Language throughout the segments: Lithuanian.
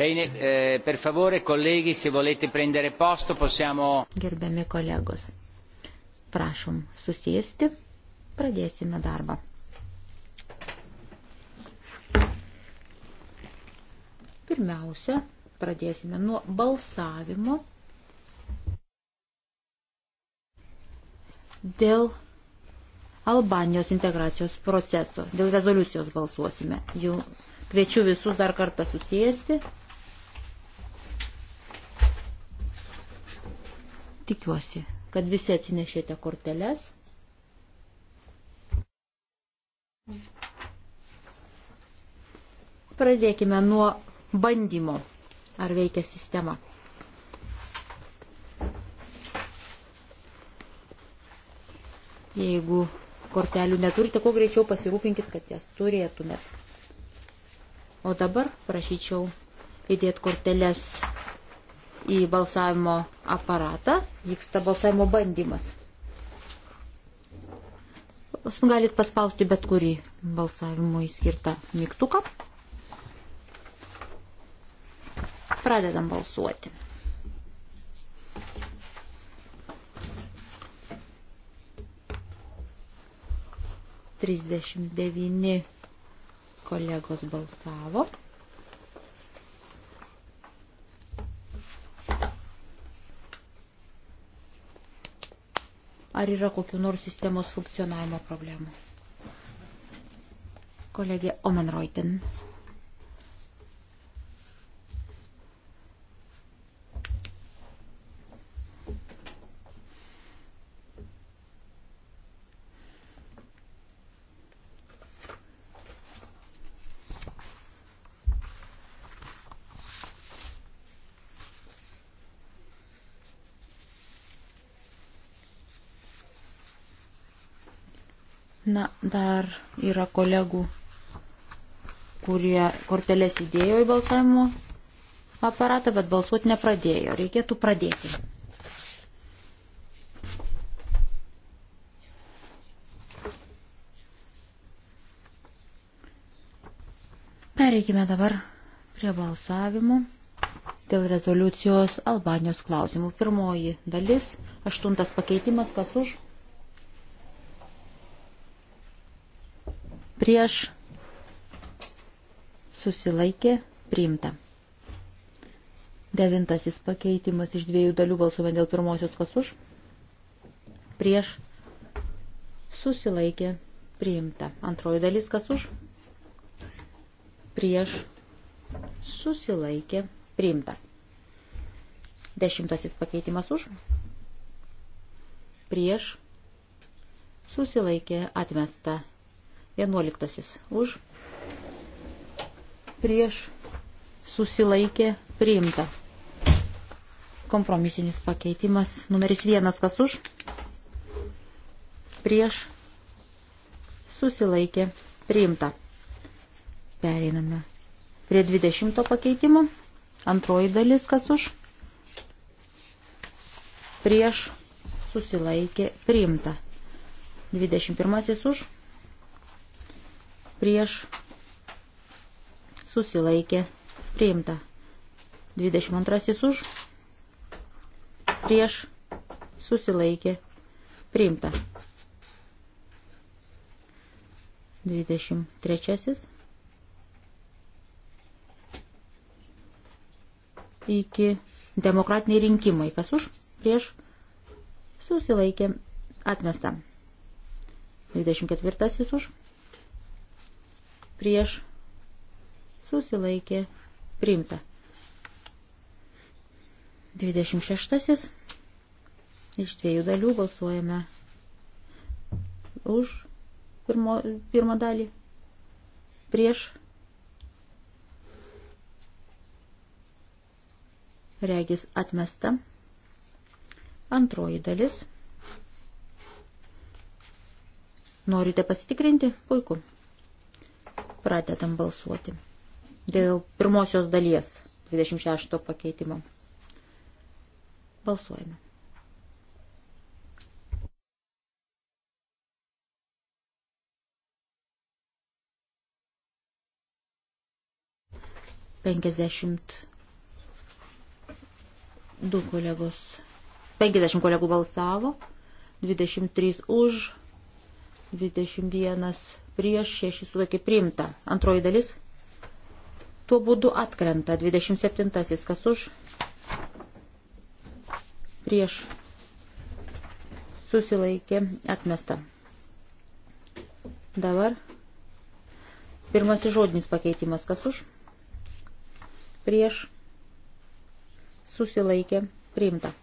Bene, eh, per favore, colleghi, se volete prendere posto, possiamo. Gerbiami kolegos, prašom susėsti, pradėsime darbą. Pirmiausia, pradėsime nuo balsavimo dėl Albanijos integracijos proceso. Dėl rezoliucijos balsuosime. Jau kviečiu visus dar kartą susėsti. Tikiuosi, kad visi atsinešėte korteles. Pradėkime nuo bandymo, ar veikia sistema. Jeigu kortelių neturite, kuo greičiau pasirūpinkit, kad jas turėtumėt. O dabar prašyčiau įdėti korteles į balsavimo aparatą, vyksta balsavimo bandymas. Galit paspausti bet kurį balsavimui skirtą mygtuką. Pradedam balsuoti. Trisdešimt devyni kolegos balsavo. Ar yra kokiu nors sistemos funkcionavimo problemų? Kolegė Omenroiten. Omenroiten. Na, dar yra kolegų, kurie kortelės įdėjo į balsavimo aparatą, bet balsuoti nepradėjo. Reikėtų pradėti. Pereikime dabar prie balsavimų dėl rezoliucijos Albanijos klausimų. Pirmoji dalis, aštuntas pakeitimas, kas už? prieš susilaikė priimta. Devintasis pakeitimas iš dviejų dalių balsuojant dėl pirmosios kas už. Prieš susilaikė priimta. Antroji dalis kas už. Prieš susilaikė priimta. Dešimtasis pakeitimas už. Prieš susilaikė atmesta. Vienuoliktasis už, prieš, susilaikė, priimta. Kompromisinis pakeitimas numeris vienas, kas už, prieš, susilaikė, priimta. Pereiname prie dvidešimto pakeitimo. Antroji dalis, kas už, prieš, susilaikė, priimta. 21 už, prieš susilaikė priimta. 22 už prieš susilaikė priimta. 23 iki demokratiniai rinkimai. Kas už prieš susilaikė atmesta. 24 už prieš susilaikė priimta. 26. Iš dviejų dalių balsuojame už pirmo, pirmą dalį, prieš regis atmesta. Antroji dalis. Norite pasitikrinti? Puiku. Pradedam balsuoti. Dėl pirmosios dalies 26 pakeitimo. Balsuojame. Penkiasdešimt du kolegos, penkiasdešimt kolegų balsavo, dvidešimt trys už, dvidešimt vienas prieš 6 sulaikė priimta. Antroji dalis. Tuo būdu atkrenta 27. Kas už? Prieš susilaikė atmesta. Dabar pirmasis žodinis pakeitimas. Kas už? Prieš susilaikė priimta.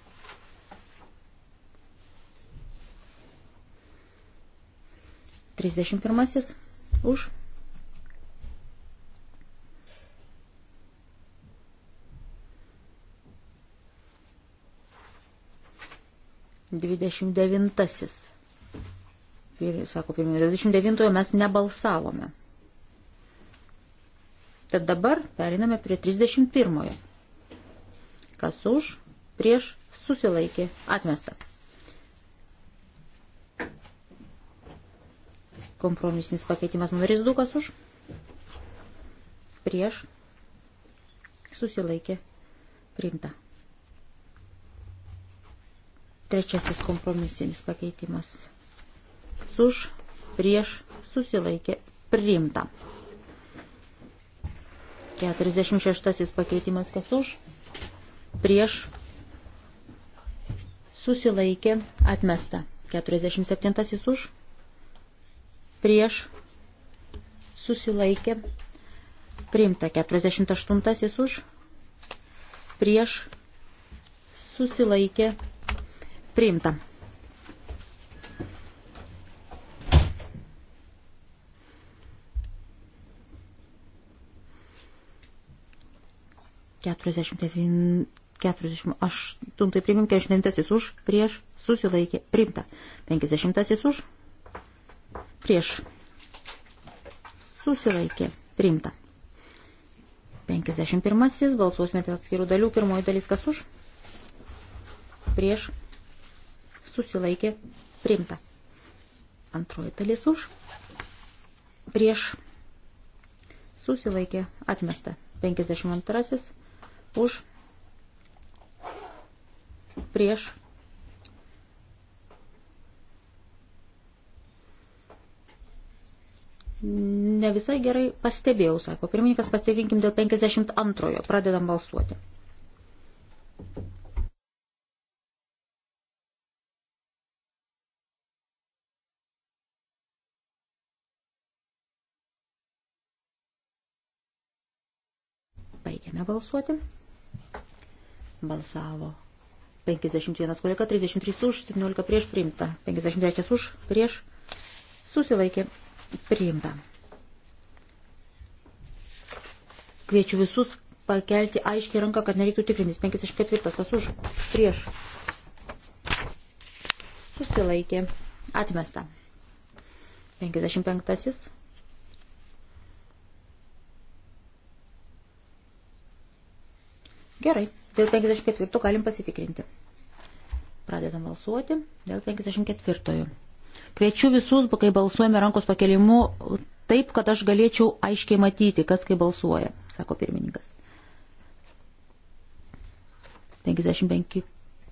31 už. Dvidešimt devintasis. Sako pirmininkas, 29 mes nebalsavome. Tad dabar periname prie 31. Kas už, prieš, susilaikė, atmesta. Kompromisinis pakeitimas numeris 2, kas už? Prieš. Susilaikė. Priimta. Trečiasis kompromisinis pakeitimas. Suž, prieš, susilaikė, priimta. 46 pakeitimas kas už, prieš, susilaikė, atmesta. 47 už, prieš susilaikė priimta. 48 už prieš susilaikė priimta. Keturiasdešimt devyni. 48 primim, 49 už, prieš, susilaikė, primta. 50 už, prieš susilaikė priimta. 51. Balsuosime dėl atskirų dalių. Pirmoji dalis kas už? Prieš susilaikė priimta. Antroji dalis už? Prieš susilaikė atmesta. 52. Už prieš Ne visai gerai pastebėjau, sako pirmininkas, pasitikinkim dėl 52-ojo, pradedam balsuoti. Baigiame balsuoti. Balsavo 51 kolega, 33 už, 17 prieš priimta, 53 už, prieš susilaikė. Priimta. Kviečiu visus pakelti aiškiai ranką, kad nereiktų tikrintis. 54. Kas už? Prieš. Susilaikė. Atmesta. 55. Gerai. Dėl 54 galim pasitikrinti. Pradedam balsuoti dėl 54. Kviečiu visus, kai balsuojame rankos pakelimu, taip, kad aš galėčiau aiškiai matyti, kas kai balsuoja, sako pirmininkas. 55,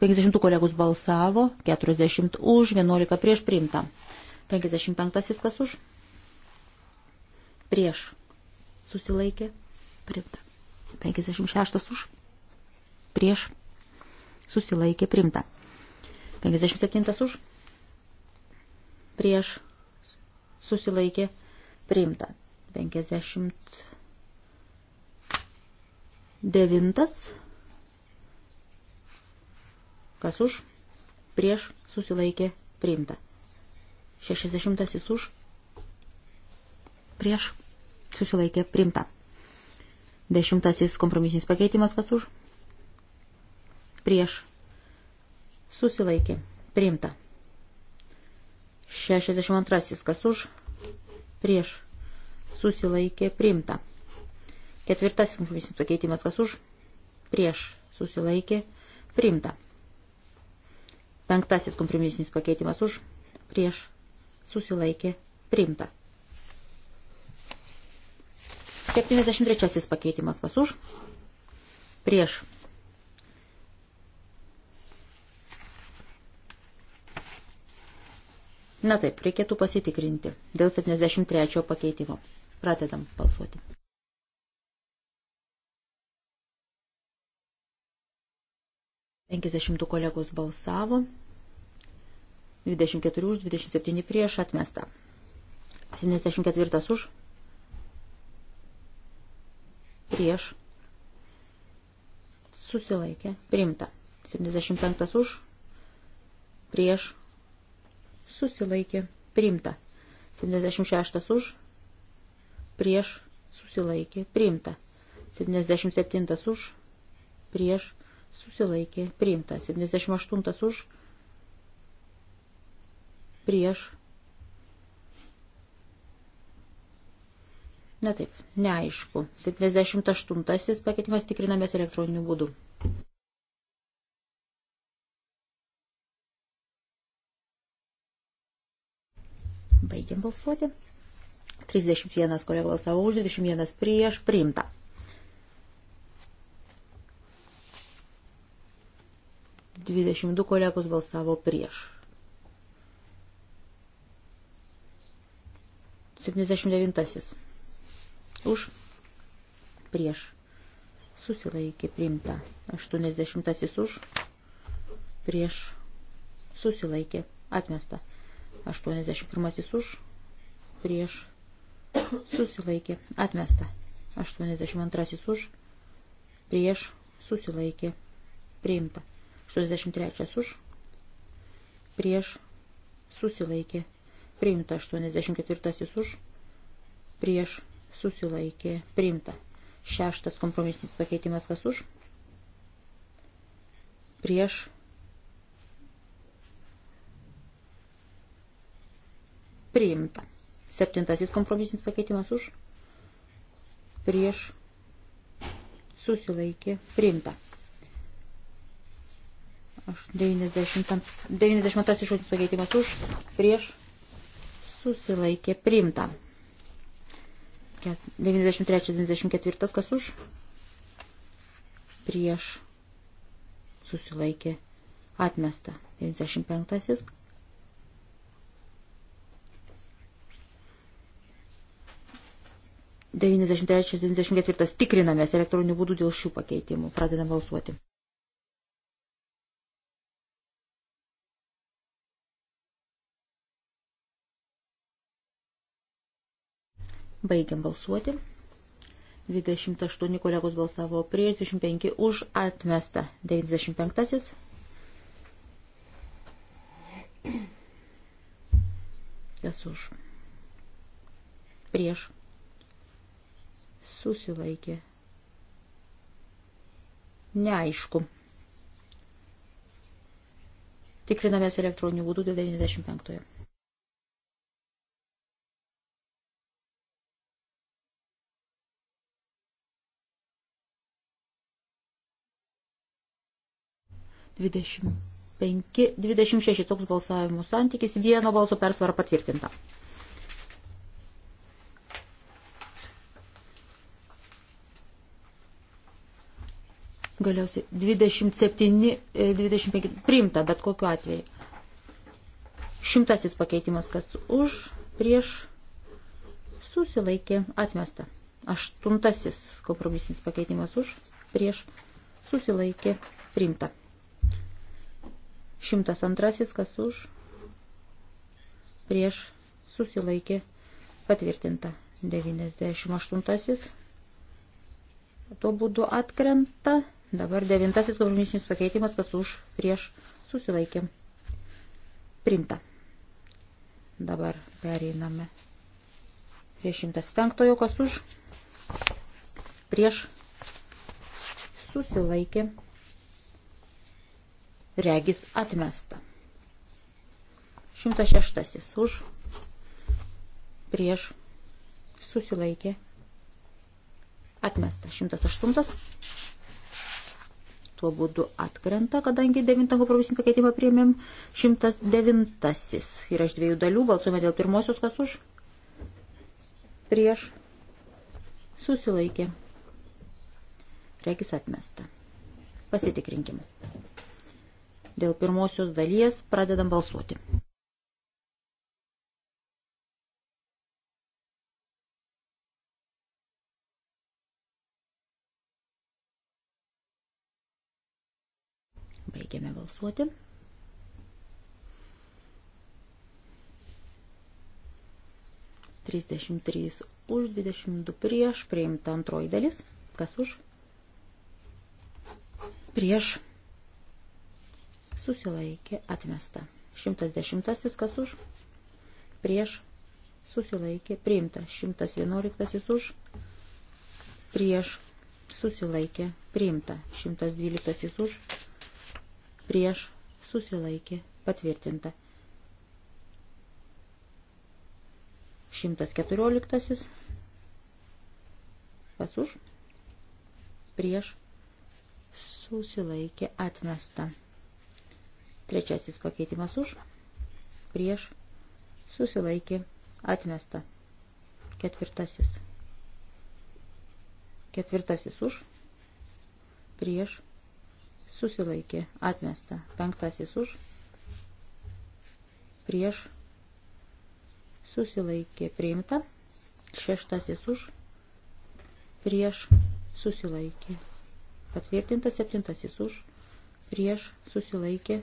50 kolegus balsavo, 40 už, 11 prieš priimta. 55 kas už? Prieš. Susilaikė. Priimta. 56 už. Prieš. Susilaikė. Priimta. 57 už prieš susilaikė priimta. 59. Kas už? Prieš susilaikė priimta. 60. už? Prieš susilaikė priimta. 10. kompromisinis pakeitimas kas už? Prieš susilaikė priimta. 62. Kas už? Prieš. Susilaikė priimta. Ketvirtasis kompromisinis pakeitimas. Kas už? Prieš. Susilaikė priimta. Penktasis kompromisinis pakeitimas už. Prieš. Susilaikė priimta. 73. pakeitimas. Kas už? Prieš. Na taip, reikėtų pasitikrinti dėl 73 pakeitimo. Pratedam balsuoti. Penkisdešimtų kolegos balsavo, 24 už, 27 prieš atmesta, 74 už, prieš, susilaikė, priimta, 75 už, prieš, susilaikė priimta. 76 už, prieš susilaikė priimta. 77 už, prieš susilaikė priimta. 78 už, prieš. Na taip, neaišku. 78 pakeitimas tikrinamės elektroniniu būdu. Baigiam balsuoti. 31 kolega balsavo už, 21 prieš, priimta. Dvidešimt du kolegos balsavo prieš. 79. Už. Prieš. Susilaikė priimta. 80. Už. Prieš. Susilaikė. Atmesta. 81 už, prieš, susilaikė, atmesta. 82 už, prieš, susilaikė, priimta. 83 už, prieš, susilaikė, priimta. 84 už, prieš, susilaikė, priimta. Šeštas kompromisinis pakeitimas kas už, prieš, priimta. Septintasis kompromisinis pakeitimas už, prieš, susilaikė, priimta. 90, 90 išorės pakeitimas už, prieš, susilaikė, priimta. 93-94 kas už, prieš, susilaikė, atmesta. 95 93-94 tikrinamės elektroniniu būdu dėl šių pakeitimų. Pradedam balsuoti. Baigiam balsuoti. 28 kolegos balsavo prieš, 25 už atmestą. 95. Kas už? Prieš susilaikė. Neaišku. Tikrinamės elektroninių būdų 95. Dvidešimt penki, dvidešimt šeši toks balsavimų santykis, vieno balso persvara patvirtinta. Galiausiai 27, 25 e, priimta, bet kokiu atveju. Šimtasis pakeitimas, kas už, prieš, susilaikė, atmesta. Aštuntasis kompromisinis pakeitimas už, prieš, susilaikė, priimta. Šimtas antrasis, kas už, prieš, susilaikė, patvirtinta. 98. Tuo būdu atkrenta Dabar devintasis kompromisinis pakeitimas, kas už prieš susilaikė. Primta. Dabar pereiname prie 105, kas už prieš susilaikė. Regis atmesta. 106 už prieš susilaikė. Atmesta. 108 tuo būdu atkrenta, kadangi 9 kompromisinį pakeitimą priėmėm 109. Yra iš dviejų dalių, balsuojame dėl pirmosios, kas už, prieš, susilaikė, reikis atmesta. Pasitikrinkim. Dėl pirmosios dalies pradedam balsuoti. Baigiame balsuoti. Trisdešimt trys už, dvidešimt du prieš, priimta antroji dalis. Kas už? Prieš. Susilaikė atmesta. Šimtas dešimtasis kas už? Prieš. Susilaikė priimta. Šimtas vienuoliktasis už? Prieš susilaikė priimta 112 už prieš susilaikė patvirtinta. 114. Kas už? Prieš susilaikė atmesta. Trečiasis pakeitimas už. Prieš susilaikė atmesta. Ketvirtasis. Ketvirtasis už. Prieš susilaikė, atmesta. Penktasis už, prieš, susilaikė, priimta. Šeštasis už, prieš, susilaikė, patvirtinta. Septintasis už, prieš, susilaikė,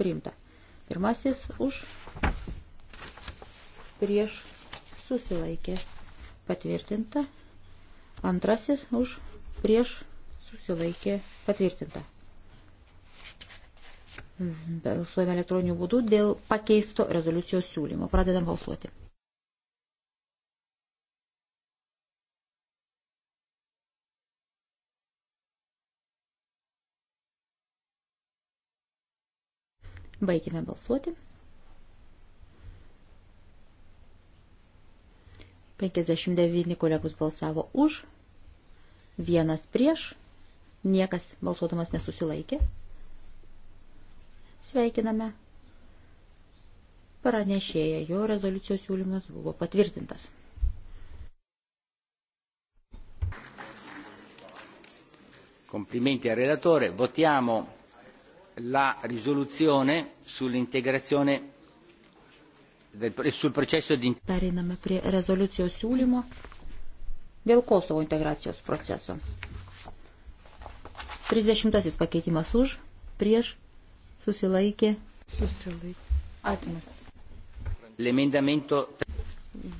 priimta. Pirmasis už, prieš, susilaikė, patvirtinta. Antrasis už, prieš, susilaikė, patvirtinta. Balsuojame elektroniniu būdu dėl pakeisto rezoliucijos siūlymo. Pradedam balsuoti. Baigime balsuoti. 59 kolegus balsavo už, vienas prieš, niekas balsuodamas nesusilaikė. Sveikiname. Pranešėja, jo rezoliucijos siūlymas buvo patvirtintas. Complimenti al relatore. Votiamo la risoluzione sull'integrazione sul processo di Pereiname prie rezoliucijos siūlymo dėl Kosovo integracijos proceso. 30 pakeitimas už, prieš susilaikė, susilaikė, atmesta. L'emendamento.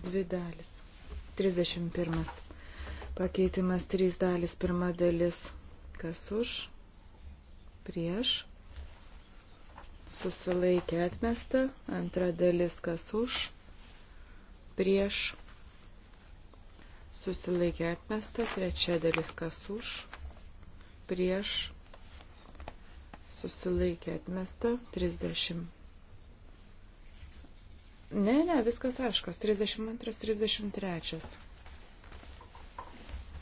Dvi dalis. 31. Pakeitimas 3 dalis. Pirma dalis. Kas už? Prieš. Susilaikė atmesta. Antra dalis. Kas už? Prieš. Susilaikė atmesta. Trečia dalis. Kas už? Prieš susilaikė atmesta 30. Ne, ne, viskas aiškas. 32, 33.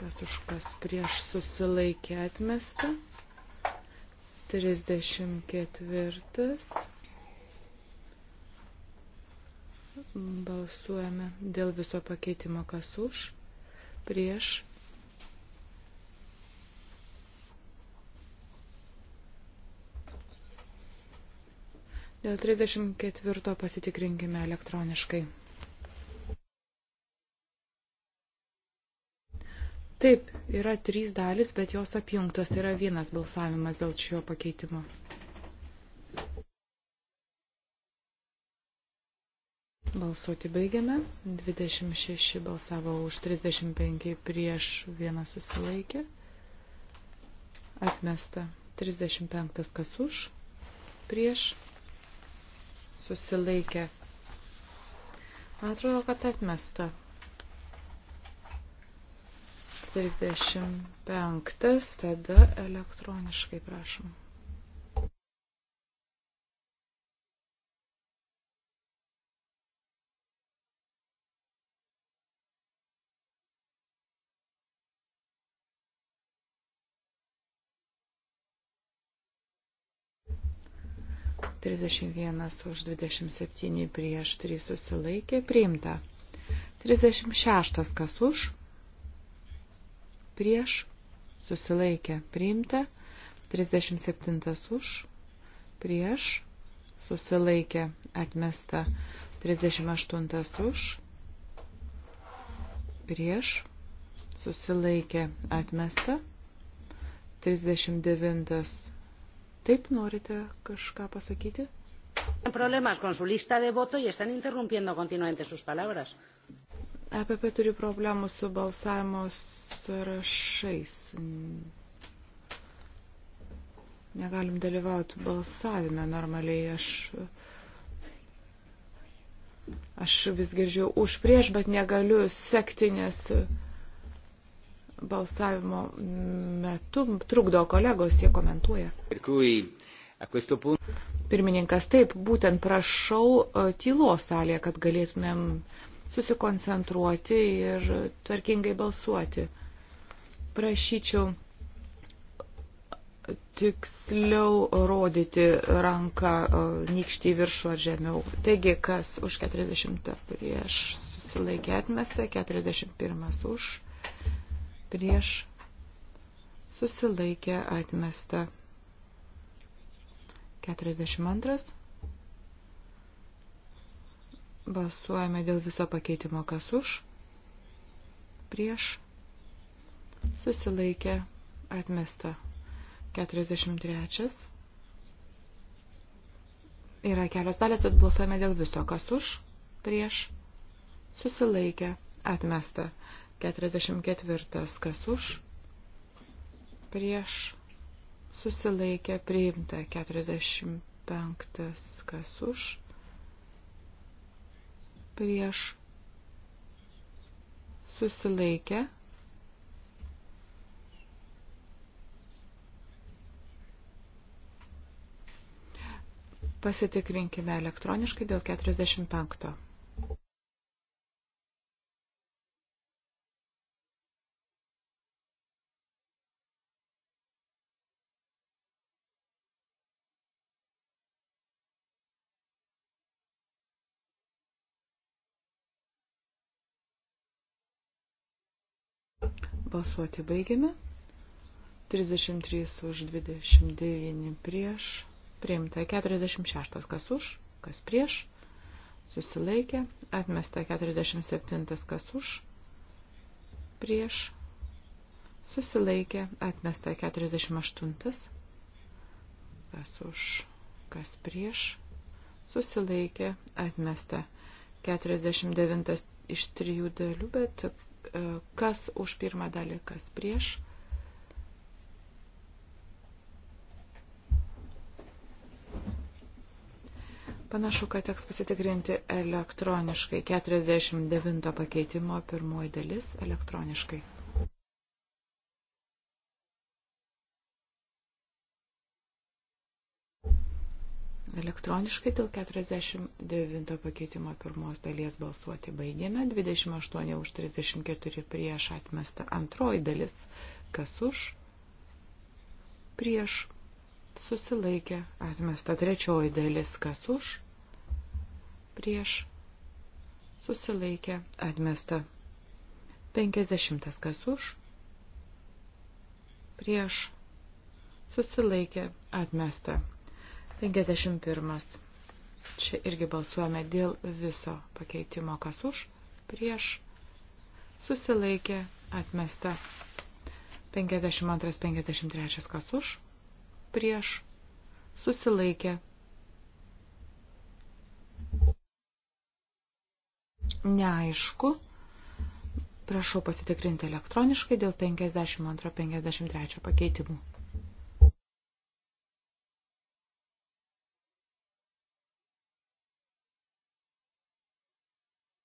Kas už kas prieš susilaikė atmesta. 34. Balsuojame dėl viso pakeitimo, kas už, prieš Dėl 34 pasitikrinkime elektroniškai. Taip, yra trys dalis, bet jos apjungtos yra vienas balsavimas dėl šio pakeitimo. Balsuoti baigiame. 26 balsavo už 35 prieš vieną susilaikė. Atmesta 35 kas už prieš susilaikė. Man atrodo, kad atmesta. 35. Tada elektroniškai prašom. 31 už 27 prieš 3 susilaikė priimta. 36 kas už prieš susilaikė priimta. 37 už prieš susilaikė atmesta. 38 už prieš susilaikė atmesta. 39 Taip, norite kažką pasakyti? problemas con su lista de voto y están interrumpiendo continuamente sus palabras. EPP turi problemų su balsavimo sąrašais. Negalim dalyvauti balsavime normaliai. Aš, aš vis girdžiu už prieš, bet negaliu sekti, nes. Uh, balsavimo metu trukdo kolegos, jie komentuoja. Pirmininkas, taip, būtent prašau e, tylos salėje, kad galėtumėm susikoncentruoti ir tvarkingai balsuoti. Prašyčiau e, tiksliau rodyti ranką e, nykštį viršų ar žemiau. Taigi, kas už 40 prieš susilaikė atmestą, 41 už prieš susilaikė atmesta. 42. Balsuojame dėl viso pakeitimo, kas už, prieš susilaikė atmesta. 43. Yra kelios dalės, bet balsuojame dėl viso, kas už, prieš susilaikė atmesta. 44. 44. Kas už? Prieš susilaikė priimta. 45. Kas už? Prieš susilaikė. Pasitikrinkime elektroniškai dėl 45. Balsuoti baigiame. 33 už 29 prieš. Priimta 46. Kas už, kas prieš. Susilaikė. Atmesta 47. Kas už, prieš. Susilaikė. Atmesta 48. Kas už, kas prieš. Susilaikė. Atmesta 49 iš trijų dalių, bet E, kas už pirmą dalį, kas prieš. Panašu, kad teks pasitikrinti elektroniškai. 49 pakeitimo pirmoji dalis elektroniškai. Elektroniškai dėl 49 pakeitimo pirmos dalies balsuoti baigėme, 28 už 34 prieš atmesta antroji dalis, kas už, prieš susilaikė, atmesta trečioji dalis, kas už, prieš susilaikė, atmesta 50 kas už, prieš susilaikė, atmesta 50 51. Čia irgi balsuojame dėl viso pakeitimo, kas už, prieš, susilaikė, atmesta. 52, 53, kas už, prieš, susilaikė. Neaišku. Prašau pasitikrinti elektroniškai dėl 52-53 pakeitimų.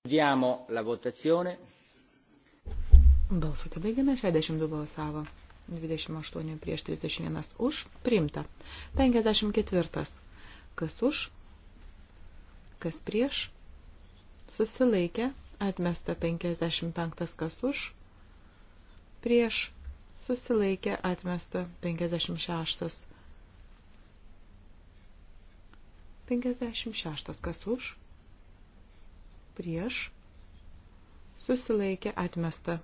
Diamo la votazione. Balsuoti baigėme, 62 balsavo, 28 prieš 31 už, priimta. 54. Kas už, kas prieš, susilaikė, atmesta 55. Kas už, prieš, susilaikė, atmesta 56. 56. Kas už, prieš, susilaikė atmesta.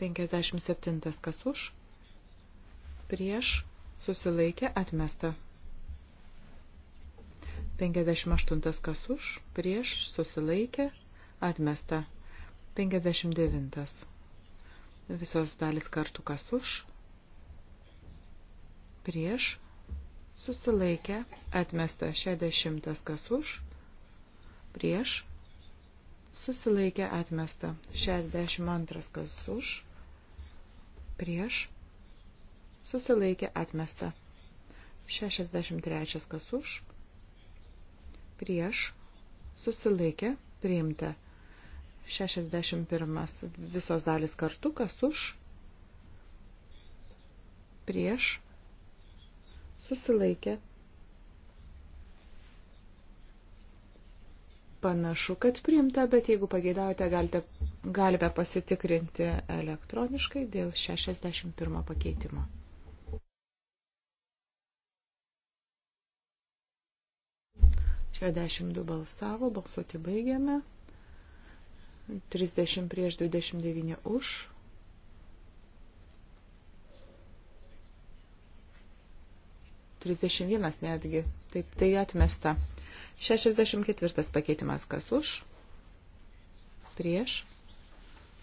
57 kas už, prieš, susilaikė atmesta. 58 kas už, prieš, susilaikė atmesta. 59 visos dalis kartų kas už, prieš, susilaikė, atmesta 60 kas už, prieš, susilaikė atmesta. 62 kas už, prieš, susilaikė atmesta. 63 kas už, prieš, susilaikė priimta. 61 visos dalis kartu, kas už, prieš, susilaikė priimta Panašu, kad priimta, bet jeigu pagėdavote, galite, galime pasitikrinti elektroniškai dėl 61 pakeitimo. Čia 12 balsavo, balsuoti baigiame. 30 prieš 29 už. Trisdešimt vienas netgi. Taip tai atmesta. 64 pakeitimas kas už, prieš,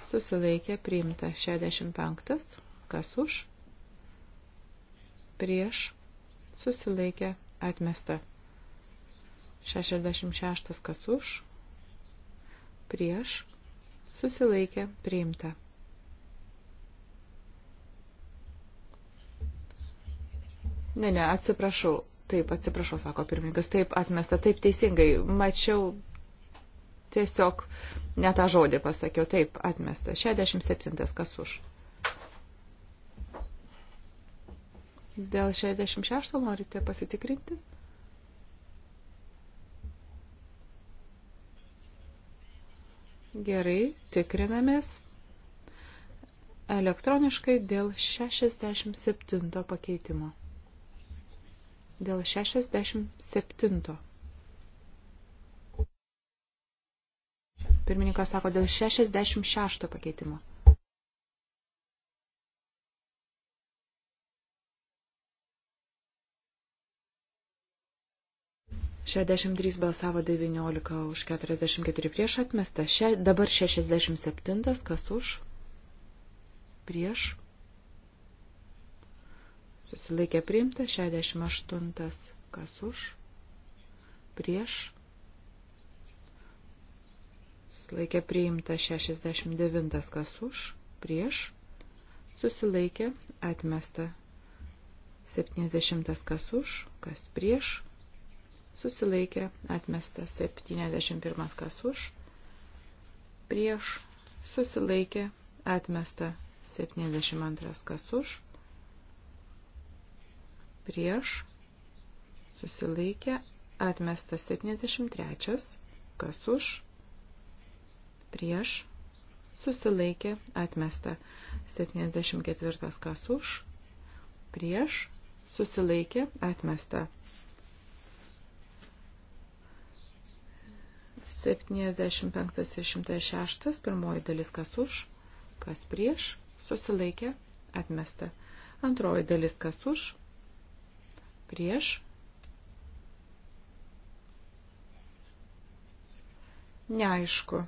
susilaikė priimta 65, kas už, prieš, susilaikė atmesta 66, kas už, prieš, susilaikė priimta. Ne, ne, atsiprašau. Taip, atsiprašau, sako pirmininkas, taip atmesta, taip teisingai. Mačiau tiesiog ne tą žodį pasakiau, taip atmesta. 67 kas už. Dėl 66 norite pasitikrinti? Gerai, tikrinamės elektroniškai dėl 67 pakeitimo dėl 67. Pirmininkas sako, dėl 66 pakeitimo. Šešdešimt trys balsavo 19 už 44 prieš atmestą. Še, dabar 67 kas už prieš susilaikė priimta, 68 kas už, prieš, susilaikė priimta, 69 kas už, prieš, susilaikė atmesta, 70 kas už, kas prieš, susilaikė atmesta, 71 kas už, prieš, susilaikė atmesta, 72 kas už, prieš, susilaikė, atmestas 73, kas už, prieš, susilaikė, atmesta 74, kas už, prieš, susilaikė, atmesta 75 ir 106, pirmoji dalis kas už, kas prieš, susilaikė, atmesta. Antroji dalis kas už, prieš. Neaišku.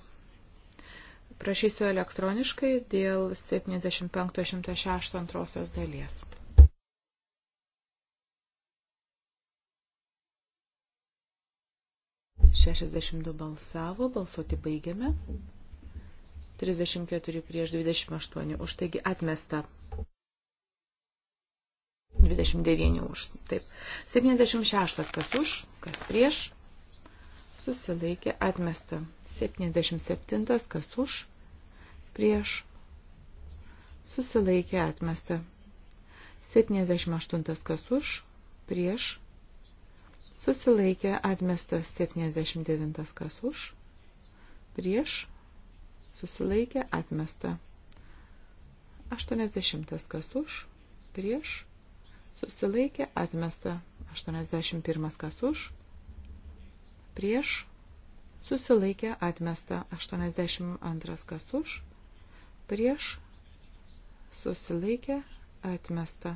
Prašysiu elektroniškai dėl 75-106 dalies. Šešiasdešimt du balsavo, balsuoti baigiame. 34 prieš 28 už taigi atmesta. 29 už. Taip. 76 kas už, kas prieš. Susilaikė atmesta. 77 kas už, prieš. Susilaikė atmesta. 78 kas už, prieš. Susilaikė atmesta. 79 kas už, prieš. Susilaikė atmesta. 80 kas už, prieš susilaikė, atmesta 81 kas už, prieš, susilaikė, atmesta 82 kas už, prieš, susilaikė, atmesta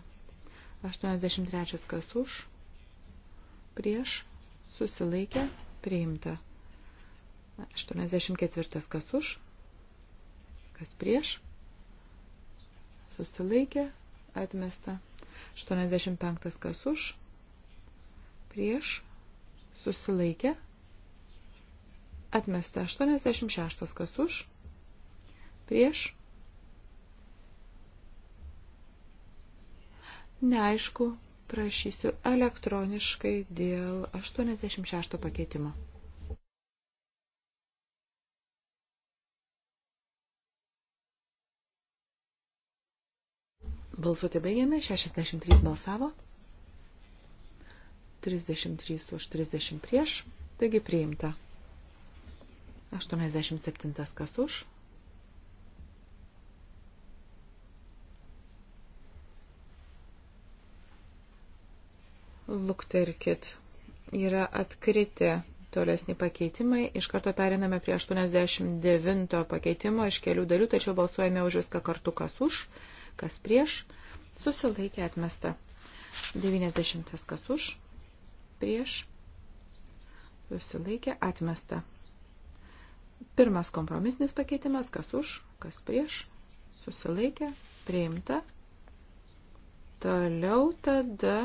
83 kas už, prieš, susilaikė, priimta 84 kas už, kas prieš, susilaikė, atmesta 84. 85 kas už, prieš, susilaikė, atmesta 86 kas už, prieš, neaišku, prašysiu elektroniškai dėl 86 pakeitimo. Balsuoti baigėme, 63 balsavo, 33 už 30 prieš, taigi priimta. 87 kas už. Lukterkit, yra atkritę tolesni pakeitimai. Iš karto periname prie 89 pakeitimo iš kelių dalių, tačiau balsuojame už viską kartu kas už. Už kas prieš, susilaikė atmesta. 90 kas už, prieš, susilaikė atmesta. Pirmas kompromisinis pakeitimas, kas už, kas prieš, susilaikė, priimta. Toliau tada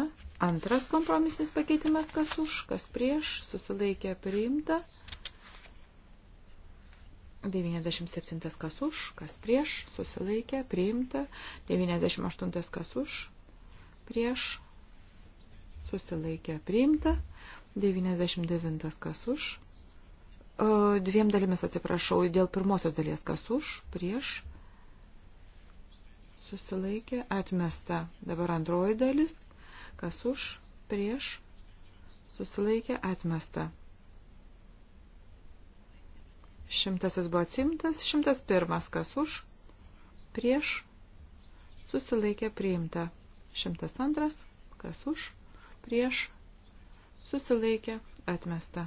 antras kompromisinis pakeitimas, kas už, kas prieš, susilaikė, priimta. 97 kas už, kas prieš, susilaikė, priimta. 98 kas už, prieš, susilaikė, priimta. 99 kas už. Dviem dalimis atsiprašau, dėl pirmosios dalies kas už, prieš, susilaikė, atmesta. Dabar antroji dalis, kas už, prieš, susilaikė, atmesta. Šimtasis buvo atsimtas, šimtas pirmas kas už, prieš, susilaikė priimta. Šimtas antras, kas už, prieš, susilaikė atmesta.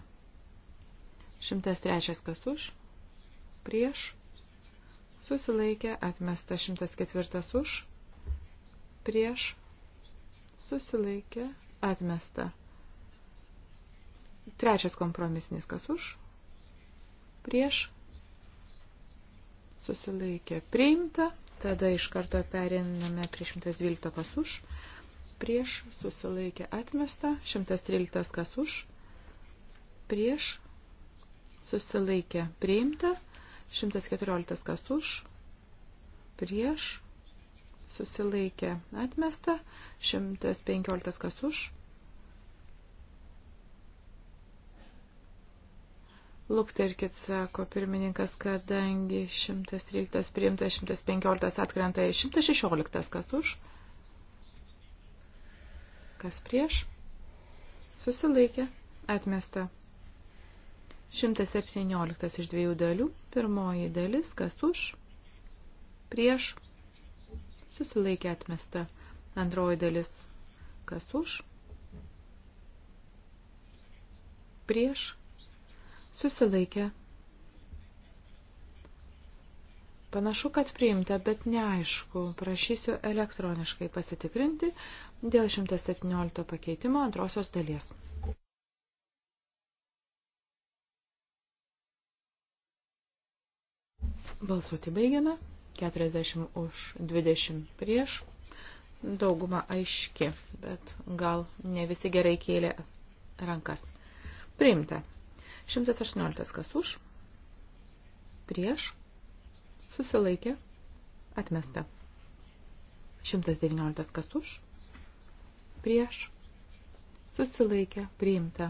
Šimtas trečias kas už, prieš, susilaikė atmesta. Šimtas ketvirtas už, prieš, susilaikė atmesta. Trečias kompromisinis kas už, prieš susilaikė priimta. Tada iš karto periname prie 112 kas už, prieš susilaikė atmesta, 113 kas už, prieš susilaikė priimta, 114 kas už, prieš susilaikė atmesta, 115 kas už, Lukterkit, sako pirmininkas, kadangi 113 priimtas, 115 atkrenta, 116 kas už, kas prieš, susilaikė, atmesta. 117 iš dviejų dalių, pirmoji dalis, kas už, prieš, susilaikė atmesta. Antroji dalis, kas už, prieš, susilaikė. Panašu, kad priimta, bet neaišku. Prašysiu elektroniškai pasitikrinti dėl 117 pakeitimo antrosios dalies. Balsuoti baigiame. 40 už 20 prieš. Dauguma aiški, bet gal ne visi gerai kėlė rankas. Priimta. 118 kas už, prieš, susilaikė, atmesta. 119 kas už, prieš, susilaikė, priimta.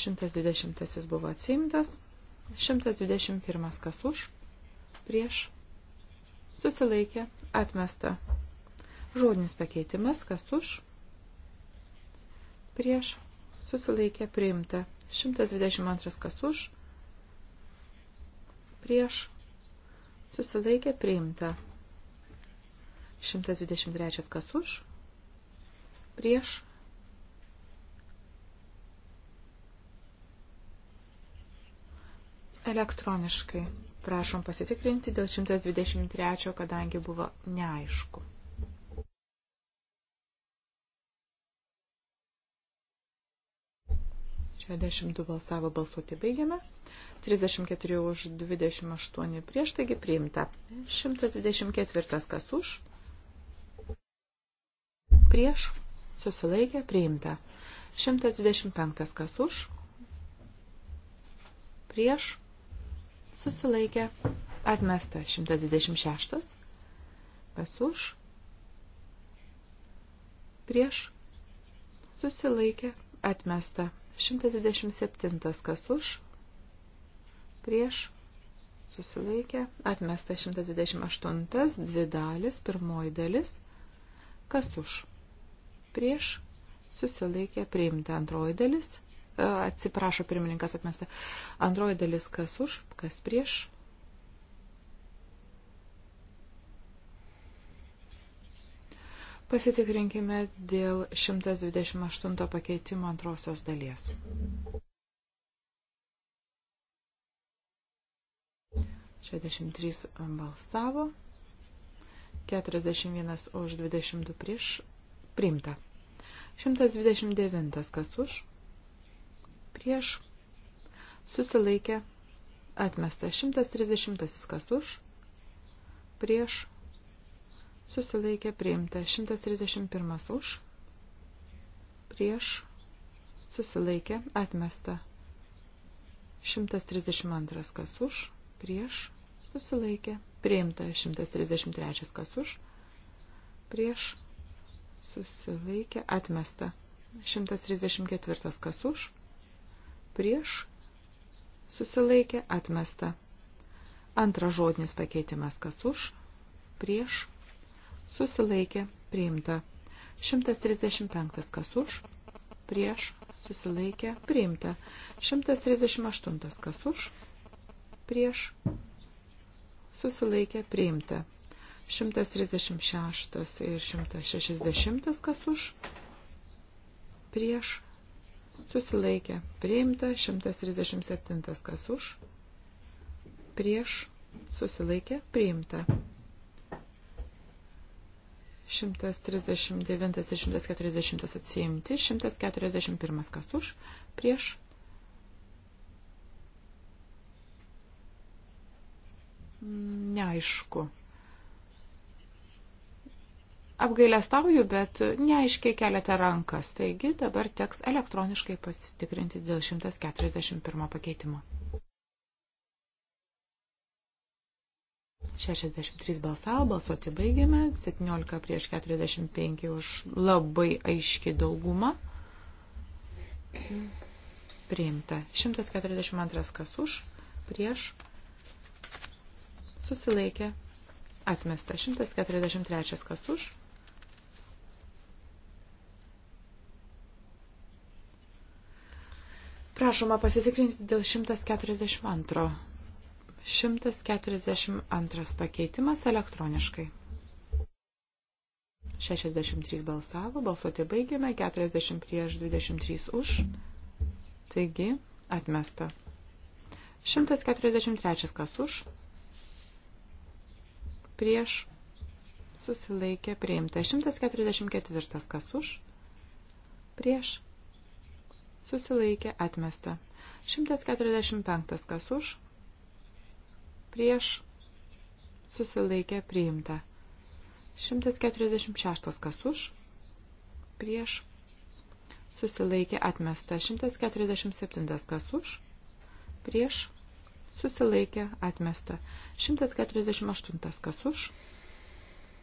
120 buvo atsiimtas, 121 kas už, prieš, susilaikė, atmesta. Žodinis pakeitimas, kas už, prieš, susilaikė priimta. 122 kas už, prieš, susilaikė priimta. 123 kas už, prieš, elektroniškai. Prašom pasitikrinti dėl 123, kadangi buvo neaišku. 62 balsavo balsuoti baigiame. 34 už 28 prieš, taigi priimta. 124 kas už. Prieš susilaikė priimta. 125 kas už. Prieš susilaikė atmesta. 126 kas už. Prieš susilaikė atmesta. 127. Kas už? Prieš? Susilaikė. Atmesta 128. Dvi dalis. Pirmoji dalis. Kas už? Prieš? Susilaikė. Priimta antroji dalis. E, atsiprašo pirmininkas atmesta. Antroji dalis. Kas už? Kas prieš? Pasitikrinkime dėl 128 pakeitimo antrosios dalies. Šešiasdešimt trys balsavo, 41 už 22 prieš priimta. 129 kas už, prieš, susilaikė, atmesta. 130 kas už, prieš, susilaikė priimta. 131 už, prieš, susilaikė atmesta. 132 kas už, prieš, susilaikė priimta. 133 kas už, prieš, susilaikė atmesta. 134 kas už, prieš, susilaikė atmesta. Antras žodinis pakeitimas kas už, prieš, susilaikė priimta. 135 kas už, prieš susilaikė priimta. 138 kas už, prieš susilaikė priimta. 136 ir 160 kas už, prieš susilaikė priimta. 137 kas už, prieš susilaikė priimta. 139 ir 140 atsiimti, 141 kas už, prieš. Neaišku. Apgailestauju, bet neaiškiai keliate rankas, taigi dabar teks elektroniškai pasitikrinti dėl 141 pakeitimo. 63 balsavo, balsuoti baigėme, 17 prieš 45 už labai aiški dauguma. Priimta. 142 kas už, prieš, susilaikė, atmesta. 143 kas už. Prašoma pasitikrinti dėl 142. 142 pakeitimas elektroniškai. 63 balsavo, balsuoti baigėme, 40 prieš 23 už, taigi atmesta. 143 kas už, prieš susilaikė priimta. 144 kas už, prieš susilaikė atmesta. 145 kas už, prieš susilaikė priimta. 146 kas už, prieš susilaikė atmesta. 147 kas už, prieš susilaikė atmesta. 148 kas už,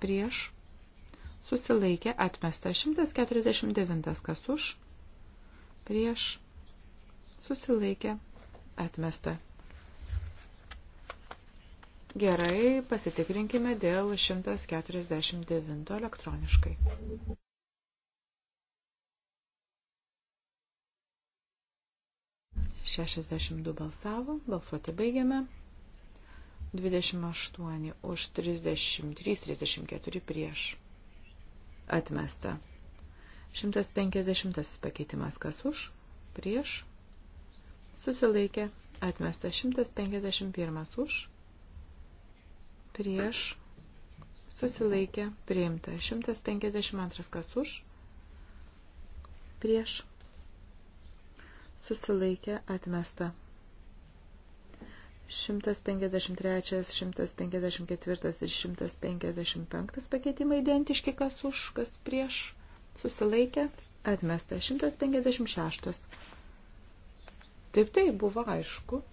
prieš susilaikė atmesta. 149 kas už, prieš susilaikė atmesta. Gerai, pasitikrinkime dėl 149 elektroniškai. Šešiasdešimt du balsavo, balsuoti baigiame. 28 už 33, 34 prieš. Atmesta. 150 pakeitimas kas už, prieš. Susilaikė. Atmesta 151 už, prieš, susilaikė, priimta. 152 kas už, prieš, susilaikė, atmesta. 153, 154 ir 155 pakeitimai identiški, kas už, kas prieš, susilaikė, atmesta. 156. Taip tai buvo aišku.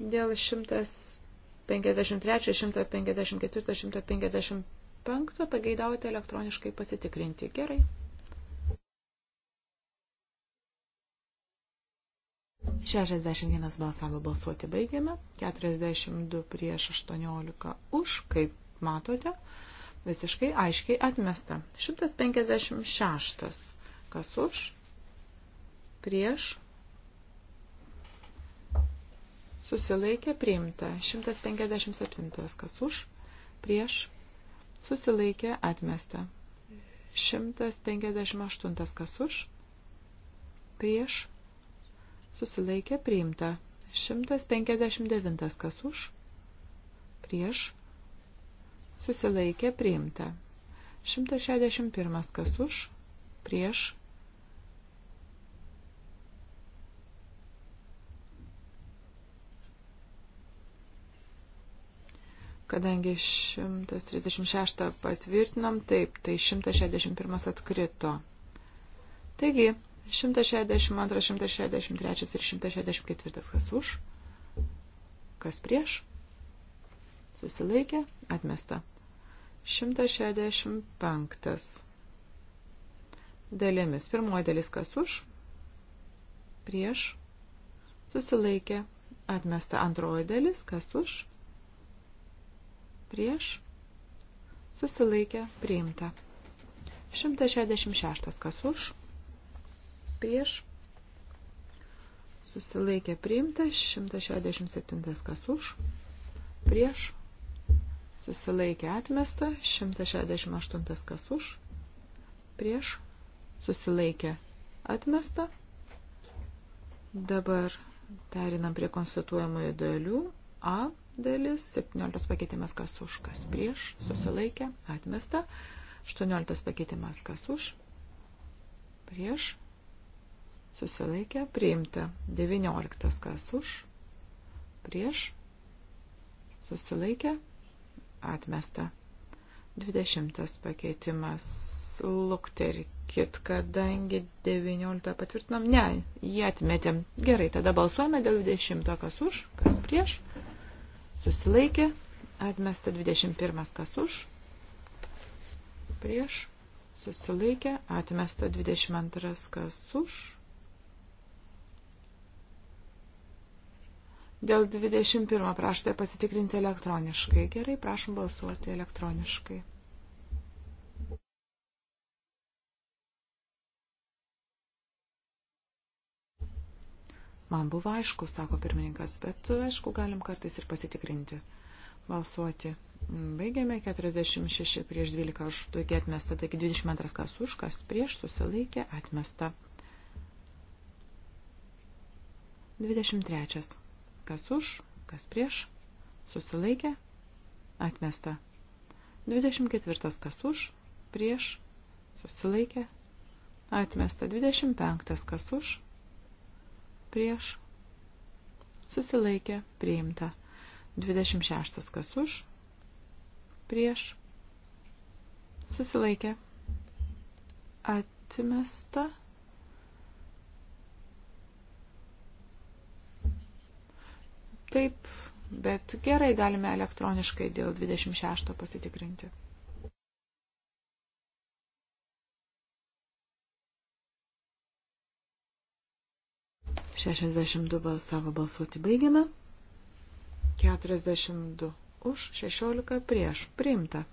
Dėl 153, 154, 155 pageidaujate elektroniškai pasitikrinti. Gerai. Šešiasdešimt vienas balsavo balsuoti baigėme, keturiasdešimt du prieš aštuoniolika už, kaip matote, visiškai aiškiai atmesta. 156. Kas už? Prieš? susilaikė priimta. 157. Kas už, prieš, susilaikė atmesta. 158. Kas už, prieš, susilaikė priimta. 159. Kas už, prieš, susilaikė priimta. 161. Kas už, prieš, Kadangi 136 patvirtinom, taip, tai 161 atkrito. Taigi, 162, 163 ir 164 kas už, kas prieš, susilaikė, atmesta. 165 dalimis. Pirmoji dalis kas už, prieš, susilaikė, atmesta. Antroji dalis kas už, prieš, susilaikė priimta. 166 kas už, prieš, susilaikė priimta, 167 kas už, prieš, susilaikė atmesta, 168 kas už, prieš, susilaikė atmesta. Dabar perinam prie konstatuojamųjų dalių. A dalis, 17 pakeitimas kas už, kas prieš, susilaikė, atmesta, 18 pakeitimas kas už, prieš, susilaikė, priimta, 19 kas už, prieš, susilaikė, atmesta, 20 pakeitimas lukterkit, kadangi 19 patvirtinam, ne, jį atmetėm. Gerai, tada balsuojame dėl 20, kas už, kas prieš, susilaikė, atmesta 21 kas už, prieš, susilaikė, atmesta 22 kas už. Dėl 21 prašote pasitikrinti elektroniškai. Gerai, prašom balsuoti elektroniškai. Man buvo aišku, sako pirmininkas, bet aišku, galim kartais ir pasitikrinti. Balsuoti. Baigėme 46 prieš 12 už tokį atmestą, taigi 22 kas už, kas prieš susilaikė atmestą. 23. Kas už, kas prieš, susilaikė, atmesta. 24. Kas už, prieš, susilaikė, atmesta. 25. Kas už, prieš, susilaikė, priimta. 26 kas už, prieš, susilaikė, atmesta. Taip, bet gerai galime elektroniškai dėl 26 pasitikrinti. 62 balsavo balsuoti baigiame. 42 už, 16 prieš. Priimta.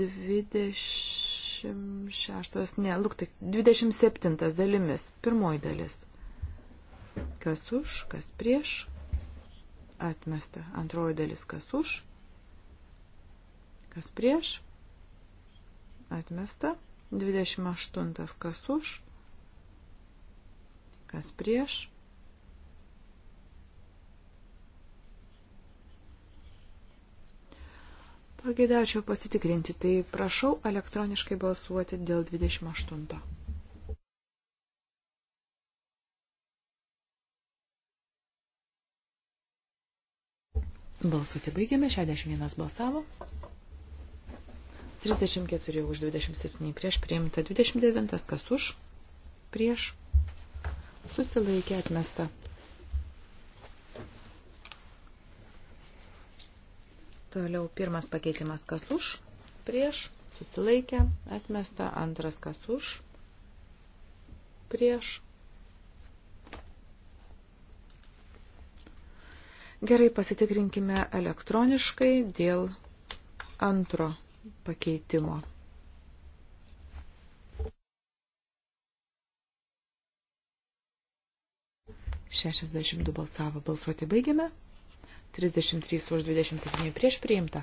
Dvidešimt šeštas, ne, lūk, tai dvidešimt septintas dalimis, pirmoji dalis. Kas už, kas prieš, atmesta. Antroji dalis, kas už, kas prieš, atmesta. 28 kas už, kas prieš. Pagėdėčiau pasitikrinti, tai prašau elektroniškai balsuoti dėl 28. Balsuoti baigėme, 61 balsavo. 34 už 27 prieš priimta, 29 kas už, prieš susilaikė atmesta. Toliau pirmas pakeitimas kas už, prieš susilaikė atmesta, antras kas už, prieš. Gerai pasitikrinkime elektroniškai dėl antro pakeitimo. Šešiasdešimt du balsavo. Balsuoti baigiame. 33 už 27 prieš priimta.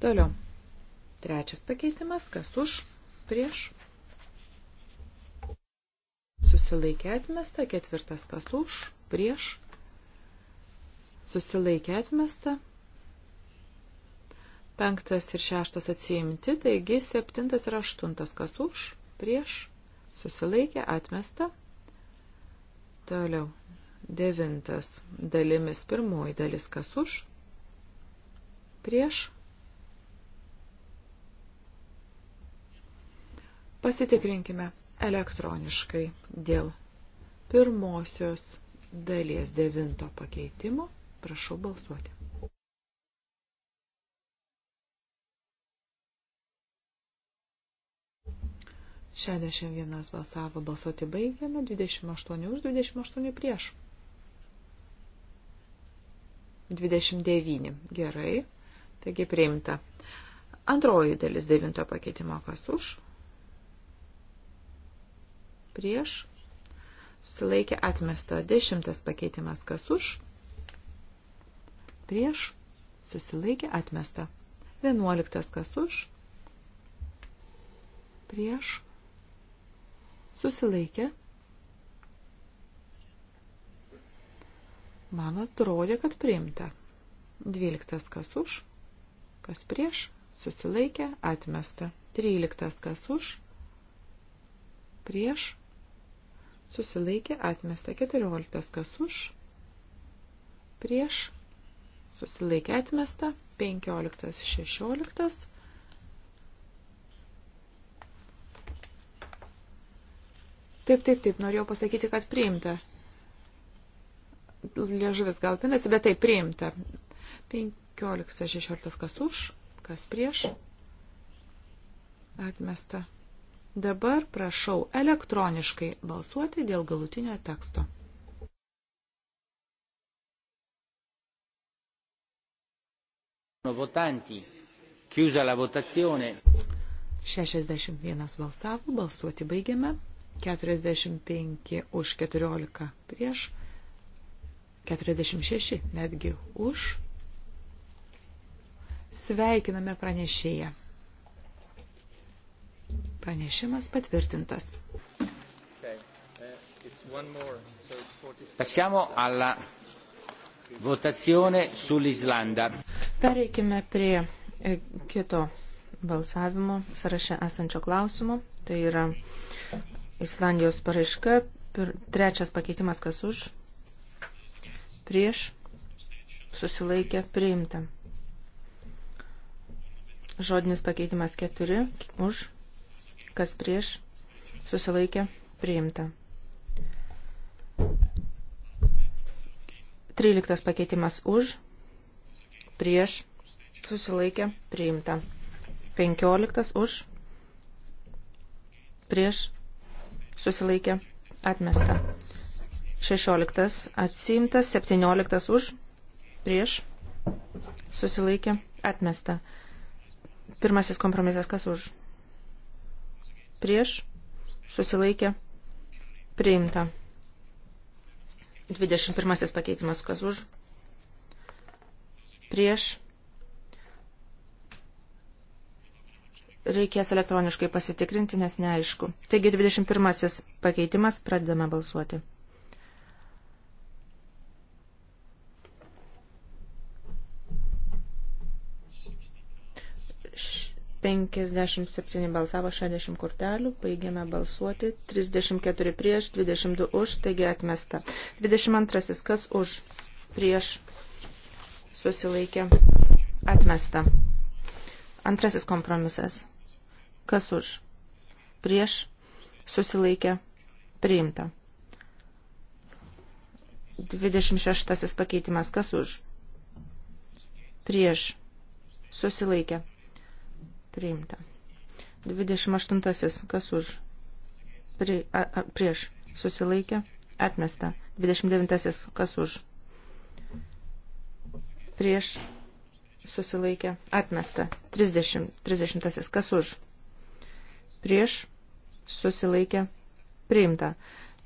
Toliau. Trečias pakeitimas. Kas už? Prieš. Susilaikė atmesta. Ketvirtas. Kas už? Prieš. Susilaikė atmesta. Penktas ir šeštas atsiimti, taigi septintas ir aštuntas kas už, prieš, susilaikė, atmesta. Toliau. Devintas dalimis pirmoji dalis kas už, prieš. Pasitikrinkime elektroniškai dėl pirmosios dalies devinto pakeitimo. Prašau balsuoti. 61 balsavo, balsuoti baigėme, 28 už, 28 prieš. 29. Gerai. Taigi priimta. Antroji dalis devinto pakeitimo kas už. Prieš. Sulaikė atmesta. Dešimtas pakeitimas kas už. Prieš. Susilaikė atmesta. Vienuoliktas kas už. Prieš susilaikė. Man atrodė, kad priimta. Dvyliktas kas už, kas prieš, susilaikė, atmesta. Tryliktas kas už, prieš, susilaikė, atmesta. Keturioliktas kas už, prieš, susilaikė, atmesta. Penkioliktas, šešioliktas. Taip, taip, taip, norėjau pasakyti, kad priimta. Liežuvis gal pinasi, bet taip, priimta. 15-16 kas už, kas prieš. Atmesta. Dabar prašau elektroniškai balsuoti dėl galutinio teksto. Votanti. Chiusa la votazione. 61 balsavo, balsuoti baigiame. 45 už 14 prieš, 46 netgi už. Sveikiname pranešėją. Pranešimas patvirtintas. Passiamo alla votazione sull'Islanda. Pereikime prie e, kito balsavimo sąraše esančio klausimo. Tai yra Islandijos paraiška. Pir, trečias pakeitimas kas už. Prieš. Susilaikė. Priimta. Žodinis pakeitimas keturi. Už. Kas prieš. Susilaikė. Priimta. Tryliktas pakeitimas už. Prieš. Susilaikė. Priimta. Penkioliktas už. Prieš susilaikė atmesta. 16 atsiimtas, 17 už, prieš, susilaikė atmesta. Pirmasis kompromisas kas už, prieš, susilaikė priimta. 21 pakeitimas kas už, prieš, Reikės elektroniškai pasitikrinti, nes neaišku. Taigi 21 pakeitimas, pradedame balsuoti. Š 57 balsavo 60 kortelių, baigėme balsuoti, 34 prieš, 22 už, taigi atmesta. 22 kas už, prieš, susilaikė, atmesta. Antrasis kompromisas. Kas už? Prieš susilaikė priimta. 26 pakeitimas. Kas už? Prieš susilaikė priimta. 28 kas už? Pri, a, a, prieš susilaikė atmesta. 29 kas už? Prieš susilaikė, atmesta. 30, 30 kas už, prieš, susilaikė, priimta.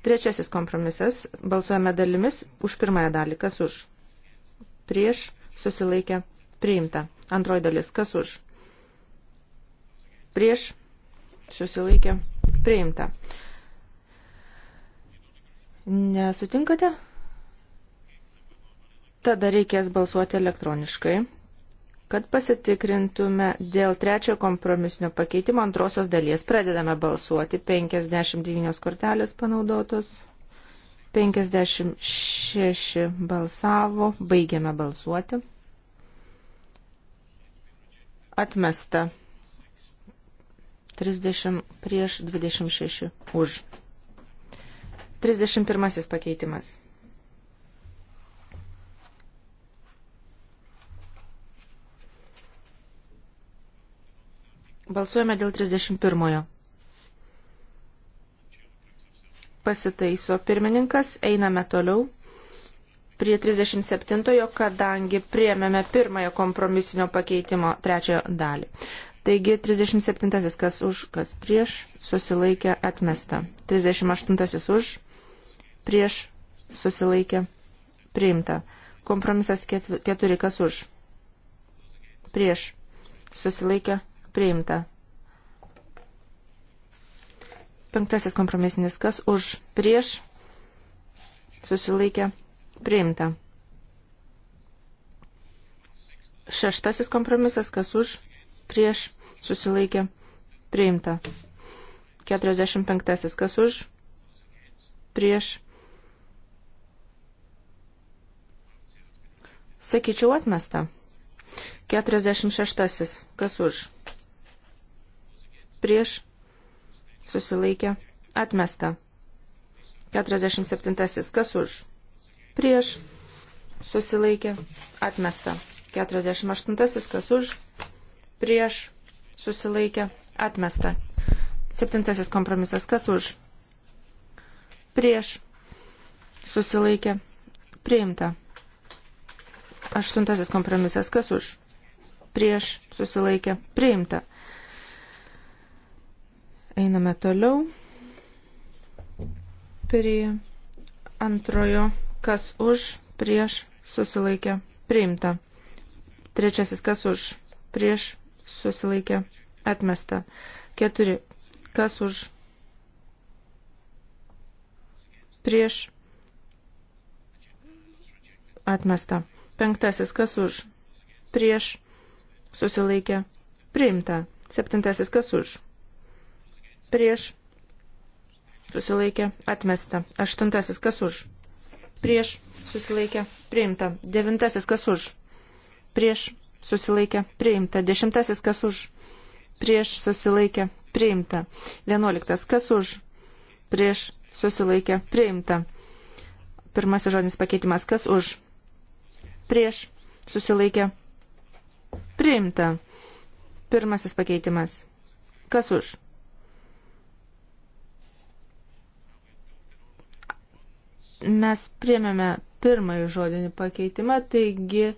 Trečiasis kompromisas, balsuojame dalimis už pirmąją dalį, kas už, prieš, susilaikė, priimta. Antroji dalis, kas už, prieš, susilaikė, priimta. Nesutinkate? Tada reikės balsuoti elektroniškai kad pasitikrintume dėl trečio kompromisinio pakeitimo antrosios dalies. Pradedame balsuoti. 59 kortelės panaudotos. 56 balsavo. Baigiame balsuoti. Atmesta. 30 prieš 26 už. 31 pakeitimas. Balsuojame dėl 31. Pasitaiso pirmininkas, einame toliau prie 37-ojo, kadangi priemėme pirmąją kompromisinio pakeitimo trečiojo dalį. Taigi 37-asis kas už, kas prieš, susilaikė atmesta. 38-asis už, prieš, susilaikė priimta. Kompromisas 4 kas už, prieš, susilaikė priimta. Penktasis kompromisinis, kas už prieš susilaikė priimta. Šeštasis kompromisas, kas už prieš susilaikė priimta. 45. Kas už prieš. Sakyčiau atmesta. 46. Kas už? prieš susilaikė atmesta. 47. Kas už? Prieš susilaikė atmesta. 48. Kas už? Prieš susilaikė atmesta. 7. Kompromisas. Kas už? Prieš susilaikė priimta. 8. Kompromisas. Kas už? Prieš susilaikė priimta. Einame toliau prie antrojo, kas už, prieš, susilaikė, priimta. Trečiasis, kas už, prieš, susilaikė, atmesta. Keturi, kas už, prieš, atmesta. Penktasis, kas už, prieš, susilaikė, priimta. Septintasis, kas už, prieš, susilaikė, atmesta. Aštuntasis, kas už, prieš, susilaikė, priimta. Devintasis, kas už, prieš, susilaikė, priimta. Dešimtasis, kas už, prieš, susilaikė, priimta. Vienuoliktas, kas už, prieš, susilaikė, priimta. Pirmasis žodinis pakeitimas, kas už, prieš, susilaikė, priimta. Pirmasis pakeitimas, kas už, Mes priemėme pirmąjį žodinį pakeitimą, taigi e,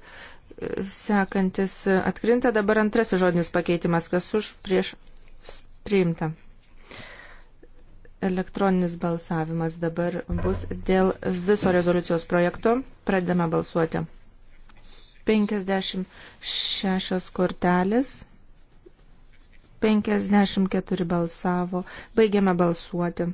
sekantis atkrinta, dabar antrasis žodinis pakeitimas, kas už prieš priimta. Elektroninis balsavimas dabar bus dėl viso rezoliucijos projekto. Pradedame balsuoti. 56 kortelės, 54 balsavo, baigiame balsuoti.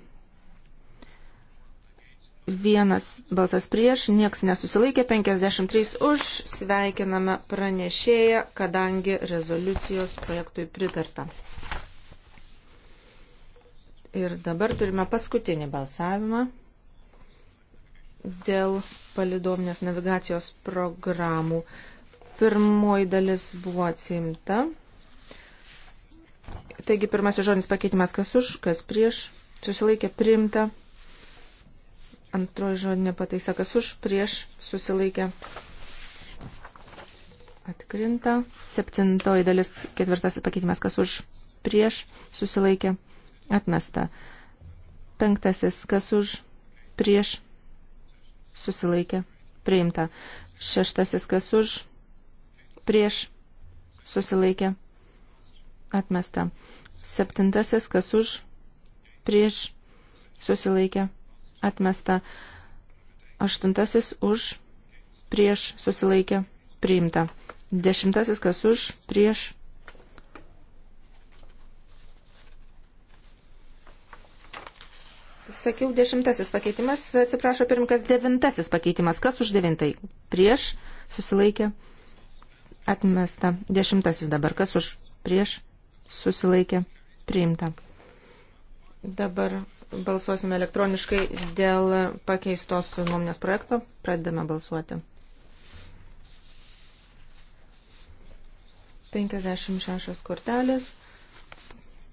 Vienas balsas prieš, nieks nesusilaikė, 53 už, sveikiname pranešėją, kadangi rezoliucijos projektui pritarta. Ir dabar turime paskutinį balsavimą dėl palidominės navigacijos programų. Pirmoji dalis buvo atsiimta. Taigi pirmasis žodis pakeitimas kas už, kas prieš. Susilaikė priimta. Antroji žodinė pataisa, kas už, prieš, susilaikė. Atkrinta. Septintoji dalis, ketvirtasis pakeitimas, kas už, prieš, susilaikė. Atmesta. Penktasis, kas už, prieš, susilaikė. Priimta. Šeštasis, kas už, prieš, susilaikė. Atmesta. Septintasis, kas už, prieš, susilaikė atmesta. Aštuntasis už, prieš susilaikė, priimta. Dešimtasis kas už, prieš. Sakiau, dešimtasis pakeitimas, atsiprašo pirmkas, devintasis pakeitimas. Kas už devintai? Prieš susilaikė, atmesta. Dešimtasis dabar, kas už, prieš susilaikė, priimta. Dabar Balsuosime elektroniškai dėl pakeistos nuomonės projekto. Pradedame balsuoti. 56 kortelės.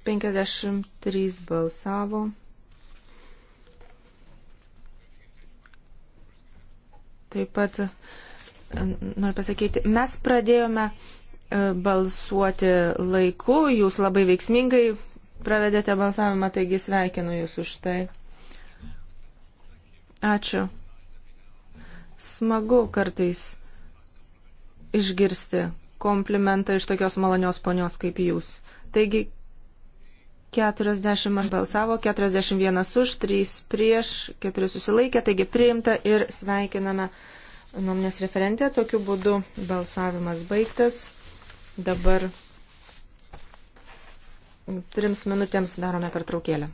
53 balsavo. Taip pat e, noriu pasakyti, mes pradėjome e, balsuoti laiku, jūs labai veiksmingai pravedėte balsavimą, taigi sveikinu Jūs už tai. Ačiū. Smagu kartais išgirsti komplimentą iš tokios malonios ponios kaip Jūs. Taigi 40 balsavo, 41 už, 3 prieš, 4 susilaikė, taigi priimta ir sveikiname nuomonės referentę. Tokiu būdu balsavimas baigtas. Dabar trims minutėms darome pertraukėlę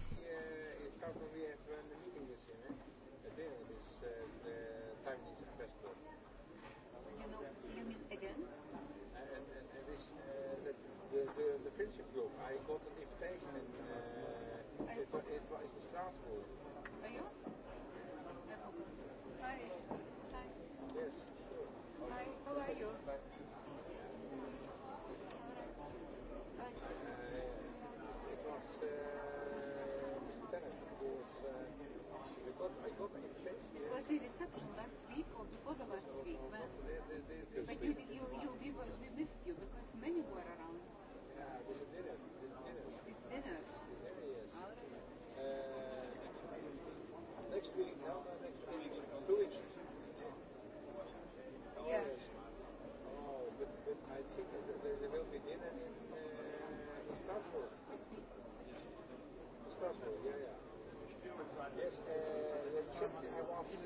I want him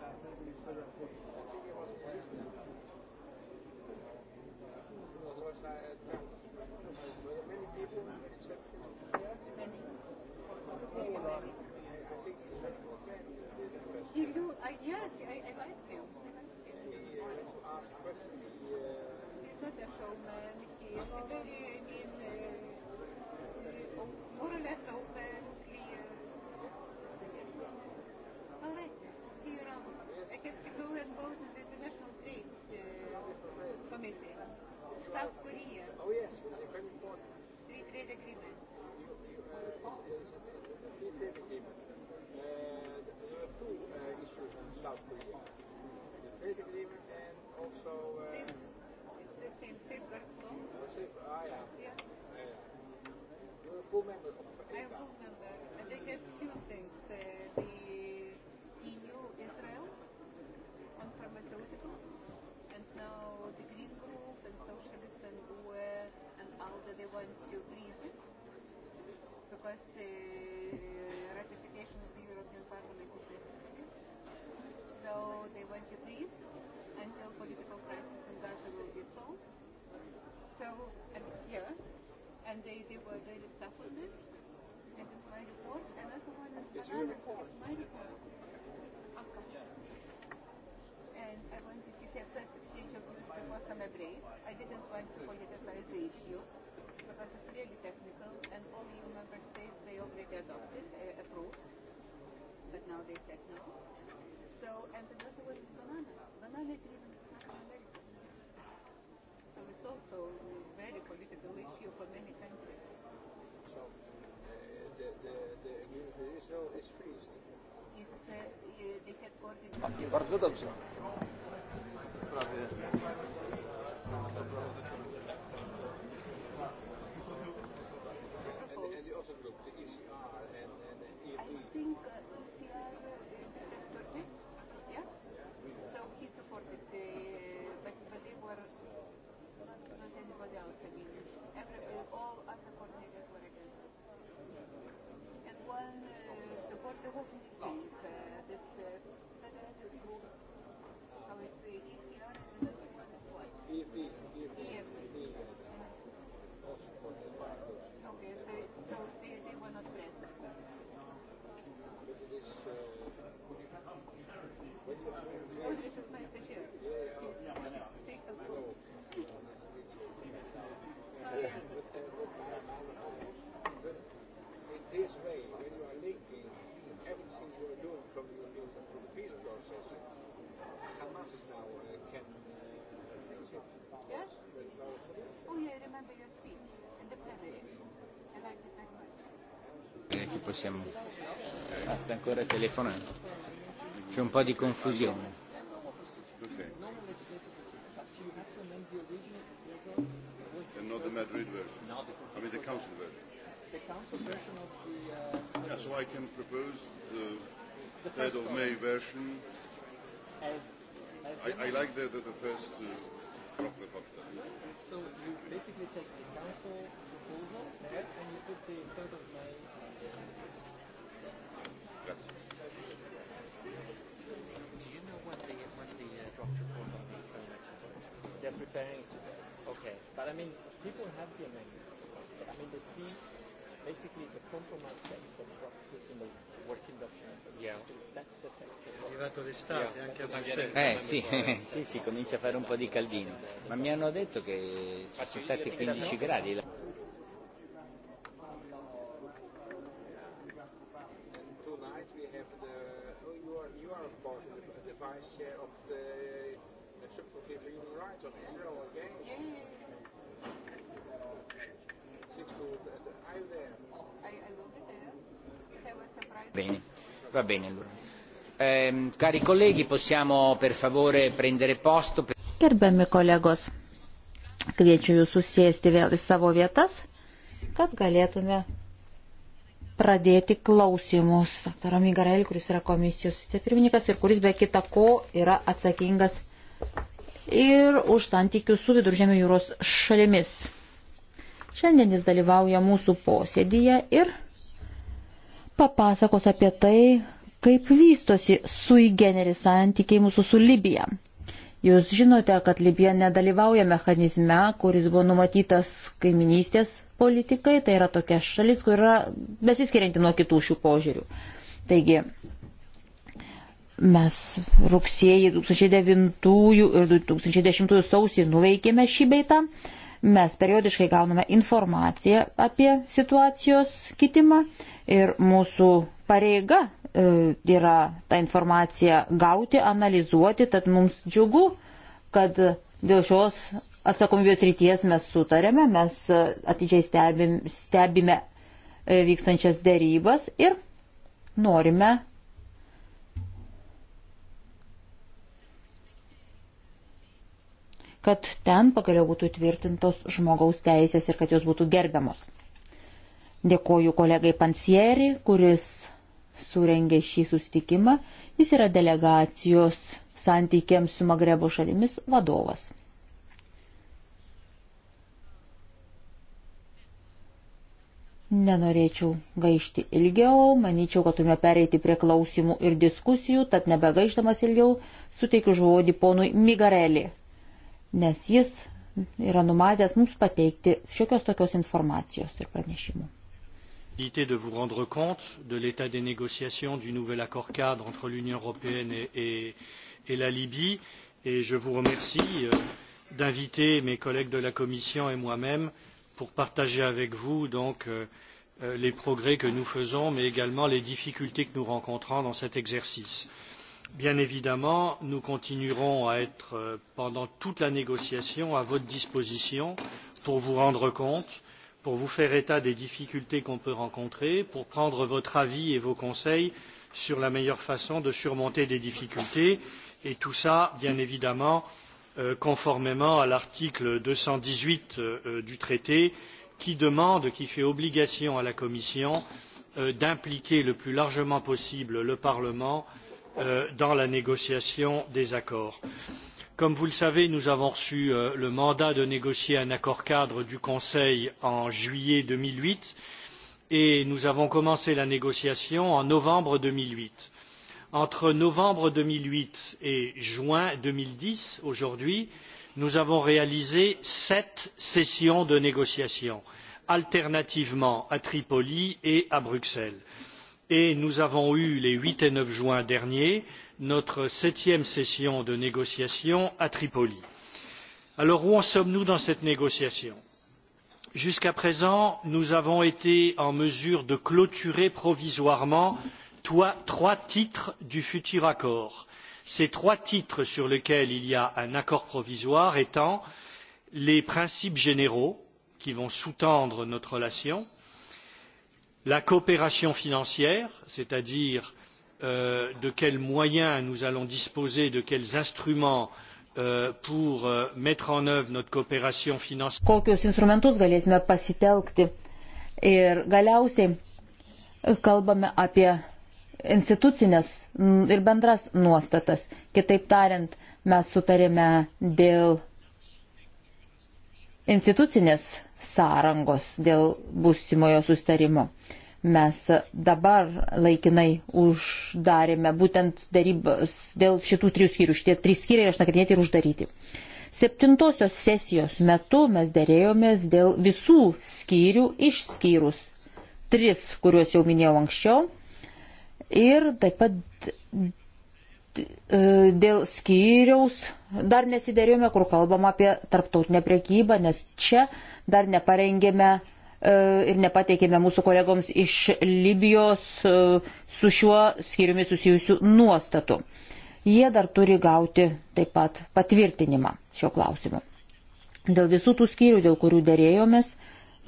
the, have to go and vote in the International Trade uh, Committee. South Korea. Oh, yes, it's very important. Free trade agreement. You, you, uh, it's, it's a free trade agreement. Uh, there are two uh, issues on South Korea. The trade agreement and also... Uh, same. It's the same safeguard clause. Uh, safe, ah, yeah. yeah. Uh, you're a full member of APA. I'm a full member. And they have two things. Uh, the once you freeze it, because uh, ratification of the European Parliament is necessary. So they want to freeze until political crisis in Gaza will be solved. So, and, yeah, and they, they were very tough on this. It is my report. Another one is it's banana. Report. It's my report. Okay. Yeah. And I wanted to have first exchange of views before summer break. I didn't want to politicize the issue because it's really technical, and all EU member states, they already adopted, uh, approved, but now they said no. So, and another one is banana. Banana agreement is not in America. So it's also a very political issue for many countries. So, uh, the, the, the agreement with Israel is freezed. It's, uh, they had coordinated... Bardzo dobrze. W sprawie... possiamo... Ah, sta ancora telefonando. C'è un po' di confusione. And not the Madrid version. I mean the council version. The council version of the. Uh, yeah, so I can propose the, the third of May version. As, as I, I like the the, the first. Uh, So you basically take the council proposal there and you put the 3rd of May. Grazie. Do you know when the, when the uh, draft report on these elections is? They're preparing today. Okay. But I mean, people have the amendments. I mean, they see basically the compromise text that Rob put in the working document. Yeah. That's the text that Rob... È arrivato d'estate, yeah. anche a Bruxelles. Eh sì, sì, sì, comincia a fare un po' di caldino. Ma mi hanno detto che ci sono stati 15 gradi. bene, va bene allora. Eh, cari colleghi, possiamo per favore prendere posto. Per... Gerbiami kolegos, kviečiu jūs susėsti vėl į savo vietas, kad galėtume pradėti klausimus. Aktaram Igarel, kuris yra komisijos vicepirmininkas ir kuris be kita ko yra atsakingas ir už santykius su viduržėmio jūros šalimis. Šiandien jis dalyvauja mūsų posėdyje ir papasakos apie tai, kaip vystosi sui generis santykiai mūsų su Libija. Jūs žinote, kad Libija nedalyvauja mechanizme, kuris buvo numatytas kaiminystės politikai, tai yra tokia šalis, kur yra besiskirianti nuo kitų šių požiūrių. Taigi, mes rugsėjį 2009 ir 2010 sausį nuveikėme šį beitą. Mes periodiškai gauname informaciją apie situacijos kitimą ir mūsų pareiga e, yra tą informaciją gauti, analizuoti, tad mums džiugu, kad dėl šios atsakomybės ryties mes sutarėme, mes e, atidžiai stebim, stebime e, vykstančias dėrybas ir norime kad ten pagaliau būtų tvirtintos žmogaus teisės ir kad jos būtų gerbiamos. Dėkoju kolegai Pansieri, kuris surengė šį sustikimą. Jis yra delegacijos santykiams su Magrebo šalimis vadovas. Nenorėčiau gaišti ilgiau, manyčiau, kad turime pereiti prie klausimų ir diskusijų, tad nebegaištamas ilgiau suteikiu žodį ponui Migarelį, nes jis yra numatęs mums pateikti šiokios tokios informacijos ir pranešimų. de vous rendre compte de l'état des négociations du nouvel accord cadre entre l'Union européenne et, et, et la Libye et je vous remercie euh, d'inviter mes collègues de la Commission et moi-même pour partager avec vous donc euh, euh les progrès que nous faisons mais également les difficultés que nous rencontrons dans cet exercice. Euh, bien évidemment nous continuerons à être euh, pendant toute la négociation à votre disposition pour vous rendre compte pour vous faire état des difficultés qu'on peut rencontrer pour prendre votre avis et vos conseils sur la meilleure façon de surmonter des difficultés et tout cela bien évidemment euh, conformément à l'article deux cent dix huit euh, du traité qui demande qui fait obligation à la commission d'impliquer le plus largement possible le parlement Euh, dans la négociation des accords. Comme vous le savez, nous avons reçu euh, le mandat de négocier un accord cadre du Conseil en juillet 2008 et nous avons commencé la négociation en novembre 2008. Entre novembre 2008 et juin 2010, aujourd'hui, nous avons réalisé sept sessions de négociation, alternativement à Tripoli et à Bruxelles et nous avons eu les huit et neuf juin dernier notre septième session de négociation à tripoli. alors où en sommes nous dans cette négociation? jusqu'à présent nous avons été en mesure de clôturer provisoirement trois titres du futur accord ces trois titres sur lesquels il y a un accord provisoire étant les principes généraux qui vont sous tendre notre relation la coopération financière, c'est-à-dire euh, de quels moyens nous allons disposer, de quels instruments euh, pour euh, mettre en œuvre notre coopération financière. Kokius instrumentus galėsime pasitelkti. Ir galiausiai e, kalbame apie institucinės ir bendras nuostatas. Kitaip tariant, mes sutarėme dėl institucinės sąrangos dėl būsimojo sustarimo. Mes dabar laikinai uždarėme būtent darybas dėl šitų trijų skyrių. Šitie trys skyriai išnagrinėti ir uždaryti. Septintosios sesijos metu mes dėrėjomės dėl visų skyrių išskyrus tris, kuriuos jau minėjau anksčiau. Ir taip pat E, dėl skyriaus dar nesidėrėjome, kur kalbam apie tarptautinę priekybą, nes čia dar neparengėme e, ir nepateikėme mūsų kolegoms iš Libijos e, su šiuo skyriumi susijusių nuostatų. Jie dar turi gauti taip pat patvirtinimą šio klausimu. Dėl visų tų skyrių, dėl kurių dėrėjomės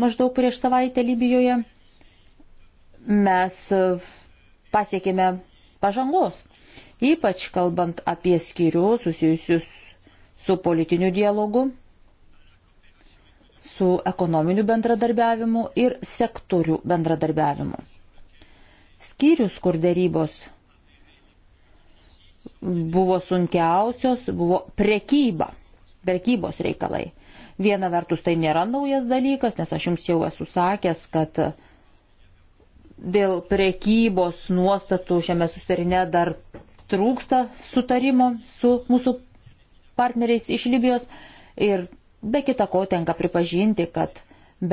maždaug prieš savaitę Libijoje, mes pasiekėme pažangos ypač kalbant apie skyrius susijusius su politiniu dialogu, su ekonominiu bendradarbiavimu ir sektorių bendradarbiavimu. Skyrius, kur dėrybos buvo sunkiausios, buvo prekyba, prekybos reikalai. Viena vertus tai nėra naujas dalykas, nes aš jums jau esu sakęs, kad uh, Dėl prekybos nuostatų šiame sustarinė dar trūksta sutarimo su mūsų partneriais iš Libijos ir be kita ko tenka pripažinti, kad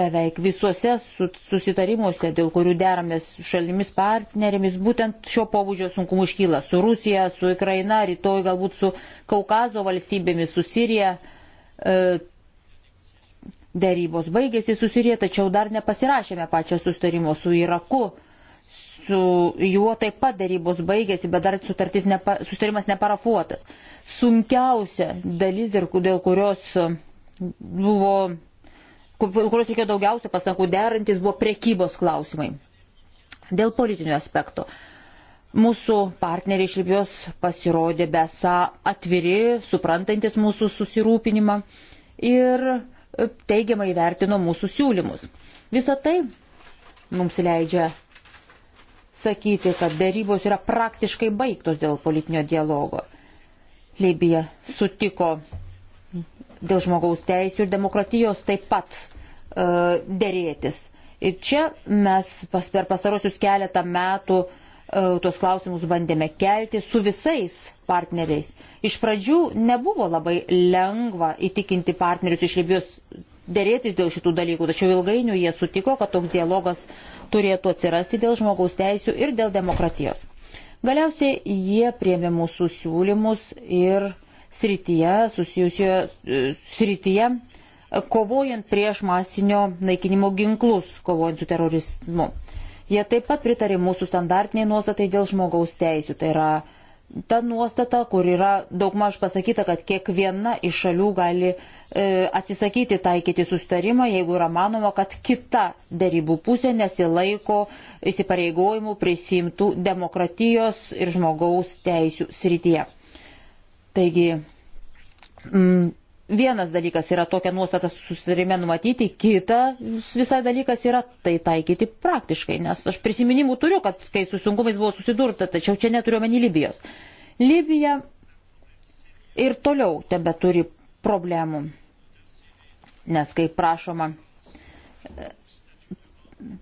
beveik visuose susitarimuose, dėl kurių deramės šalimis partnerėmis, būtent šio pobūdžio sunkumų iškyla su Rusija, su Ukraina, rytoj galbūt su Kaukazo valstybėmis, su Sirija. E, Dėrybos baigėsi susirė, tačiau dar nepasirašėme pačio sustarimo su Iraku. Su juo taip pat dėrybos baigėsi, bet dar nepa, sustarimas neparafuotas. Sunkiausia dalis, dėl kurios e, buvo, kurios reikėjo daugiausia pastangų derantis, buvo prekybos klausimai. Dėl politinių aspektų. Mūsų partneriai iš Libijos pasirodė besą atviri, suprantantis mūsų susirūpinimą. Ir teigiamai vertino mūsų siūlymus. Visą tai mums leidžia sakyti, kad dėrybos yra praktiškai baigtos dėl politinio dialogo. Libija sutiko dėl žmogaus teisų ir demokratijos taip pat uh, dėrėtis. Ir čia mes pas, per pastarosius keletą metų uh, tuos klausimus bandėme kelti su visais partneriais. Iš pradžių nebuvo labai lengva įtikinti partnerius iš Libijos dėrėtis dėl šitų dalykų, tačiau ilgainiui jie sutiko, kad toks dialogas turėtų atsirasti dėl žmogaus teisų ir dėl demokratijos. Galiausiai jie priemė mūsų siūlymus ir srityje, susijusioje e, srityje, e, kovojant prieš masinio naikinimo ginklus, kovojant su terorizmu. Jie taip pat pritarė mūsų standartiniai nuostatai dėl žmogaus teisų, tai yra ta nuostata, kur yra daugmaž pasakyta, kad kiekviena iš šalių gali e, atsisakyti taikyti sustarimą, jeigu yra manoma, kad kita darybų pusė nesilaiko įsipareigojimų prisimtų demokratijos ir žmogaus teisų srityje. Taigi, mm, vienas dalykas yra tokią nuostatą susitarime numatyti, kitas visai dalykas yra tai taikyti praktiškai, nes aš prisiminimų turiu, kad kai su sunkumais buvo susidurta, tačiau čia neturiu meni Libijos. Libija ir toliau tebe turi problemų, nes kai prašoma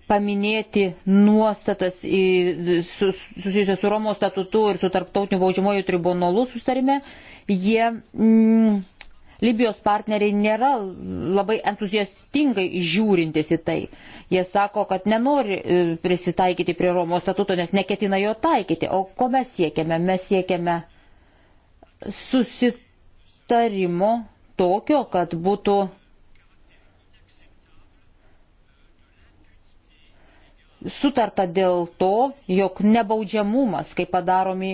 paminėti nuostatas susijusios su Romos statutu ir su tarptautiniu baudžiamoju tribunolu sustarime, jie mm, Libijos partneriai nėra labai entuziastingai žiūrintis į tai. Jie sako, kad nenori e, prisitaikyti prie Romos statuto, nes neketina jo taikyti. O ko mes siekiame? Mes siekiame susitarimo tokio, kad būtų sutarta dėl to, jog nebaudžiamumas, kai padaromi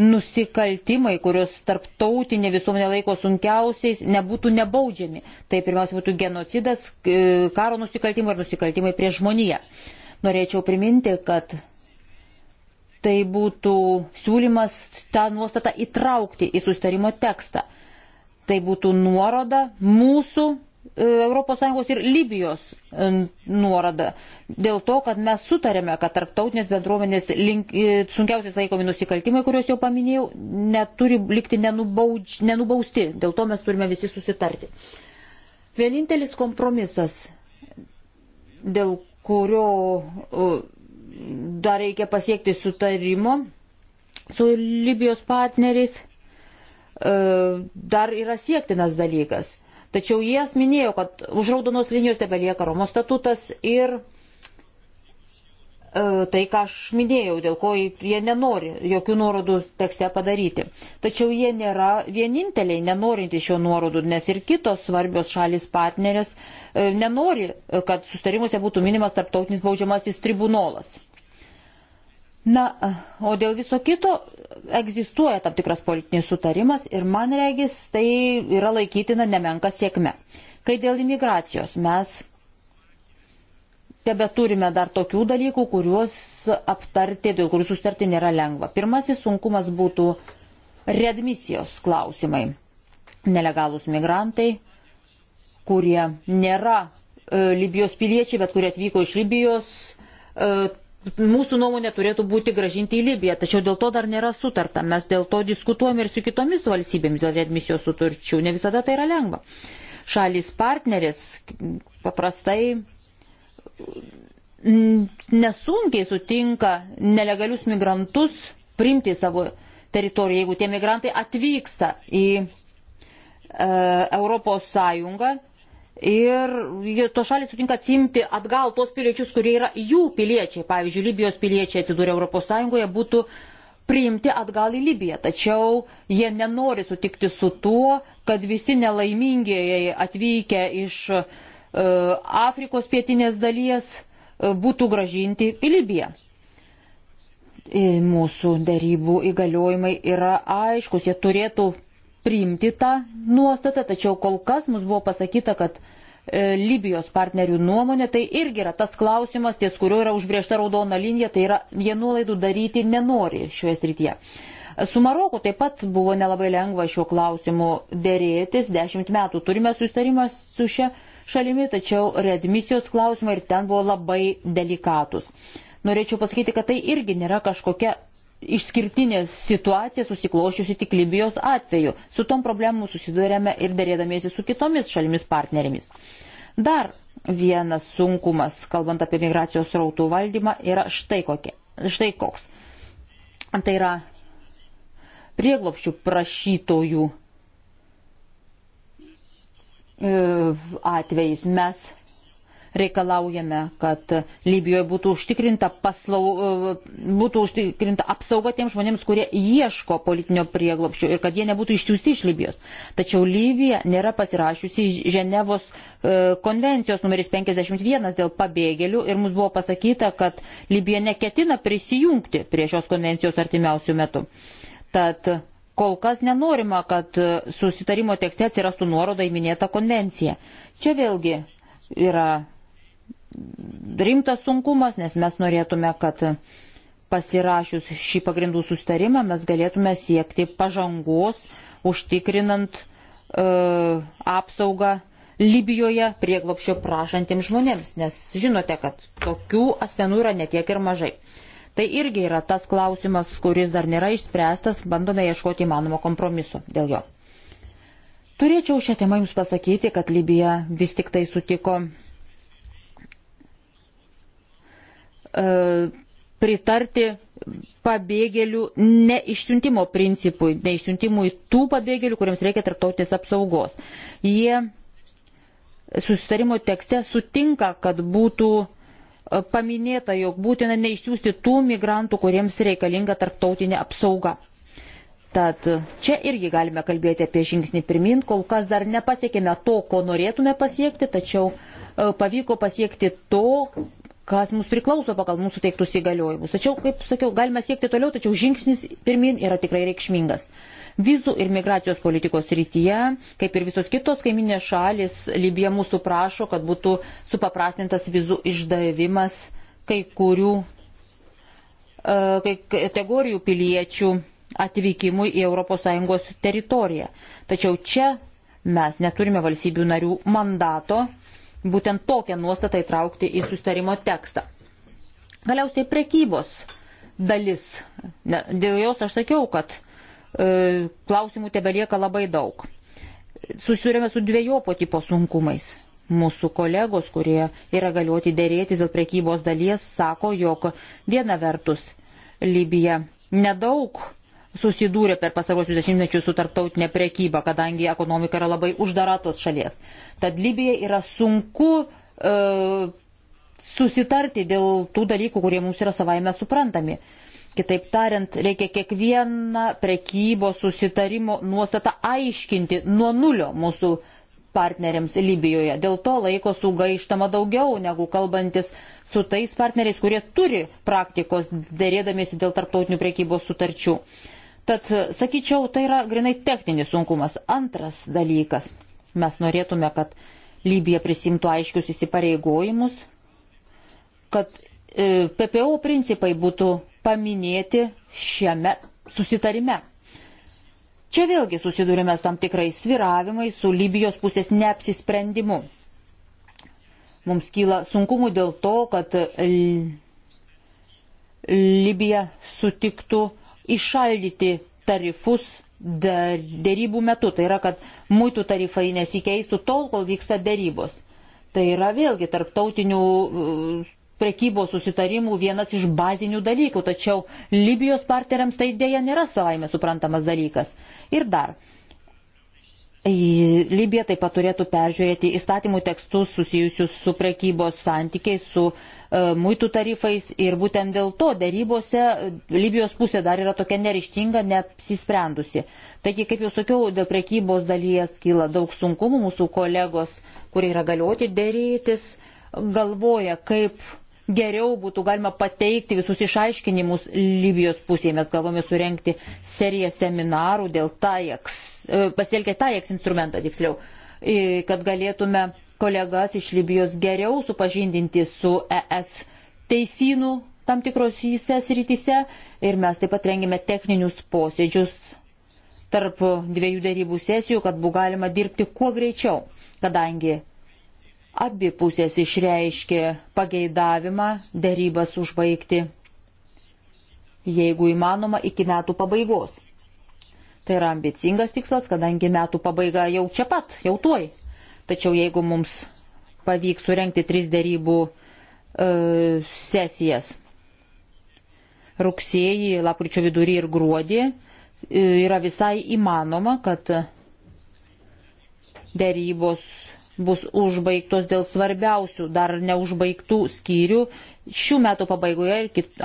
nusikaltimai, kurios tarptautinė visuomenė laiko sunkiausiais, nebūtų nebaudžiami. Tai pirmiausia būtų genocidas, e, karo nusikaltimai ir nusikaltimai prieš žmoniją. Norėčiau priminti, kad tai būtų siūlymas tą nuostatą įtraukti į sustarimo tekstą. Tai būtų nuoroda mūsų ES ir Libijos e, nuorada. Dėl to, kad mes sutarėme, kad tarptautinės bendruomenės link, e, sunkiausiais laikomi nusikaltimai, kuriuos jau paminėjau, neturi likti nenubauč, nenubausti. Dėl to mes turime visi susitarti. Vienintelis kompromisas, dėl kurio e, dar reikia pasiekti sutarimo su Libijos partneriais, dar yra siektinas dalykas Tačiau jie minėjo, kad už raudonos linijos tebelieka Romos statutas ir e, tai, ką aš minėjau, dėl ko jie nenori jokių nuorodų tekste padaryti. Tačiau jie nėra vieninteliai nenorinti šio nuorodų, nes ir kitos svarbios šalis partnerės e, nenori, kad sustarimuose būtų minimas tarptautinis baudžiamasis tribunolas. Na, o dėl viso kito egzistuoja tam tikras politinis sutarimas ir man regis tai yra laikytina nemenka sėkme. Kai dėl imigracijos mes tebe turime dar tokių dalykų, kuriuos aptarti, dėl kurių sustarti nėra lengva. Pirmasis sunkumas būtų redmisijos klausimai. Nelegalūs migrantai, kurie nėra e, Libijos piliečiai, bet kurie atvyko iš Libijos, e, mūsų nuomonė turėtų būti gražinti į Libiją, tačiau dėl to dar nėra sutarta. Mes dėl to diskutuojame ir su kitomis valstybėmis dėl readmisijos sutarčių. Ne visada tai yra lengva. Šalis partneris paprastai mm, nesunkiai sutinka nelegalius migrantus priimti savo teritoriją, jeigu tie migrantai atvyksta į e, Europos Sąjungą Ir to šalis sutinka atsimti atgal tos piliečius, kurie yra jų piliečiai. Pavyzdžiui, Libijos piliečiai atsidūrė ES, būtų priimti atgal į Libiją. Tačiau jie nenori sutikti su tuo, kad visi nelaimingieji atvykę iš uh, Afrikos pietinės dalies uh, būtų gražinti į Libiją. E, mūsų darybų įgaliojimai yra aiškus, jie turėtų priimti tą nuostatą, tačiau kol kas mums buvo pasakyta, kad e, Libijos partnerių nuomonė, tai irgi yra tas klausimas, ties kuriuo yra užbriešta raudona linija, tai yra jie nuolaidų daryti nenori šioje srityje. Su Maroku taip pat buvo nelabai lengva šiuo klausimu dėrėtis, dešimt metų turime susitarimą su šia šalimi, tačiau readmisijos klausimai ir ten buvo labai delikatus. Norėčiau pasakyti, kad tai irgi nėra kažkokia išskirtinė situacija susiklošiusi tik Libijos atveju. Su tom problemu susidurėme ir dėrėdamiesi su kitomis šalimis partnerėmis. Dar vienas sunkumas, kalbant apie migracijos rautų valdymą, yra štai, kokie, štai koks. Tai yra prieglopščių prašytojų e, atvejais mes reikalaujame, kad Libijoje būtų užtikrinta, paslau, e, būtų užtikrinta apsauga tiems žmonėms, kurie ieško politinio prieglopščio ir kad jie nebūtų išsiųsti iš Libijos. Tačiau Libija nėra pasirašiusi Ženevos e, konvencijos numeris 51 dėl pabėgėlių ir mums buvo pasakyta, kad Libija neketina prisijungti prie šios konvencijos artimiausių metų. Tad Kol kas nenorima, kad susitarimo tekste atsirastų nuoroda į minėtą konvenciją. Čia vėlgi yra rimtas sunkumas, nes mes norėtume, kad pasirašius šį pagrindų sustarimą mes galėtume siekti pažangos, užtikrinant e, apsaugą Libijoje prieglopščio prašantiems žmonėms, nes žinote, kad tokių asmenų yra netiek ir mažai. Tai irgi yra tas klausimas, kuris dar nėra išspręstas, bandome ieškoti įmanomo kompromiso dėl jo. Turėčiau šią temą Jums pasakyti, kad Libija vis tik tai sutiko E, pritarti pabėgėlių neišsiuntimo principui, neišsiuntimui tų pabėgėlių, kuriems reikia tarptautinės apsaugos. Jie susitarimo tekste sutinka, kad būtų e, paminėta, jog būtina neišsiųsti tų migrantų, kuriems reikalinga tarptautinė apsauga. Tad čia irgi galime kalbėti apie žingsnį pirmin, kol kas dar nepasiekėme to, ko norėtume pasiekti, tačiau e, pavyko pasiekti to, kas mums priklauso pagal mūsų teiktus įgaliojimus. Tačiau, kaip sakiau, galime siekti toliau, tačiau žingsnis pirmin yra tikrai reikšmingas. Vizų ir migracijos politikos rytyje, kaip ir visos kitos kaiminės šalis, Libija mūsų prašo, kad būtų supaprastintas vizų išdavimas kai kurių e, kai kategorijų piliečių atvykimui į ES teritoriją. Tačiau čia mes neturime valstybių narių mandato būtent tokią nuostatą įtraukti į sustarimo tekstą. Galiausiai prekybos dalis. Ne, dėl jos aš sakiau, kad e, klausimų tebelieka labai daug. Susidurėme su dviejopo tipo sunkumais. Mūsų kolegos, kurie yra galioti dėrėtis dėl prekybos dalies, sako, jog viena vertus Libija nedaug susidūrė per pasarosius dešimtmečius su tarptautinė priekyba, kadangi ekonomika yra labai uždara tos šalies. Tad Libija yra sunku e, susitarti dėl tų dalykų, kurie mums yra savaime suprantami. Kitaip tariant, reikia kiekvieną prekybos susitarimo nuostatą aiškinti nuo nulio mūsų partneriams Libijoje. Dėl to laiko sugaištama daugiau negu kalbantis su tais partneriais, kurie turi praktikos dėrėdamiesi dėl tarptautinių prekybos sutarčių. Tad, sakyčiau, tai yra grinai techninis sunkumas. Antras dalykas. Mes norėtume, kad Libija prisimtų aiškius įsipareigojimus, kad e, PPO principai būtų paminėti šiame susitarime. Čia vėlgi susidurime su tam tikrais sviravimais, su Libijos pusės neapsisprendimu. Mums kyla sunkumų dėl to, kad Libija sutiktų išaldyti tarifus dėrybų metu. Tai yra, kad muitų tarifai nesikeistų tol, kol vyksta dėrybos. Tai yra vėlgi tarptautinių uh, prekybos susitarimų vienas iš bazinių dalykų, tačiau Libijos partneriams tai dėja nėra savaime suprantamas dalykas. Ir dar. Libija taip pat turėtų peržiūrėti įstatymų tekstus susijusius su prekybos santykiais su E, muitų tarifais ir būtent dėl to darybose e, Libijos pusė dar yra tokia nerištinga, neapsisprendusi. Taigi, kaip jau sakiau, dėl prekybos dalies kyla daug sunkumų mūsų kolegos, kurie yra galioti dėrėtis, galvoja, kaip geriau būtų galima pateikti visus išaiškinimus Libijos pusėje. Mes galvome surenkti seriją seminarų dėl TAIEX, pasitelkę TAIEX instrumentą tiksliau, kad galėtume kolegas iš Libijos geriau supažindinti su ES teisynų tam tikrose srityse ir mes taip pat rengėme techninius posėdžius tarp dviejų dėrybų sesijų, kad būtų galima dirbti kuo greičiau, kadangi abi pusės išreiškė pageidavimą dėrybas užbaigti, jeigu įmanoma, iki metų pabaigos. Tai yra ambicingas tikslas, kadangi metų pabaiga jau čia pat, jau tuoj. Tačiau jeigu mums pavyks surenkti tris dėrybų e, sesijas rugsėjį, lapkričio vidurį ir gruodį, e, yra visai įmanoma, kad dėrybos bus užbaigtos dėl svarbiausių dar neužbaigtų skyrių šių metų pabaigoje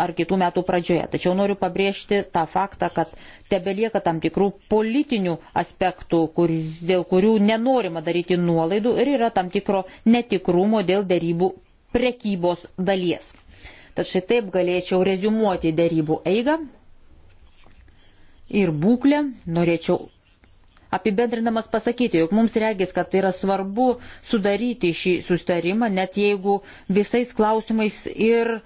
ar kitų metų pradžioje. Tačiau noriu pabrėžti tą faktą, kad tebelieka tam tikrų politinių aspektų, kur, dėl kurių nenorima daryti nuolaidų ir yra tam tikro netikrumo dėl dėrybų prekybos dalies. Tad štai taip galėčiau rezumuoti dėrybų eigą ir būklę. Norėčiau apibendrinamas pasakyti, jog mums regis, kad tai yra svarbu sudaryti šį sustarimą, net jeigu visais klausimais ir e,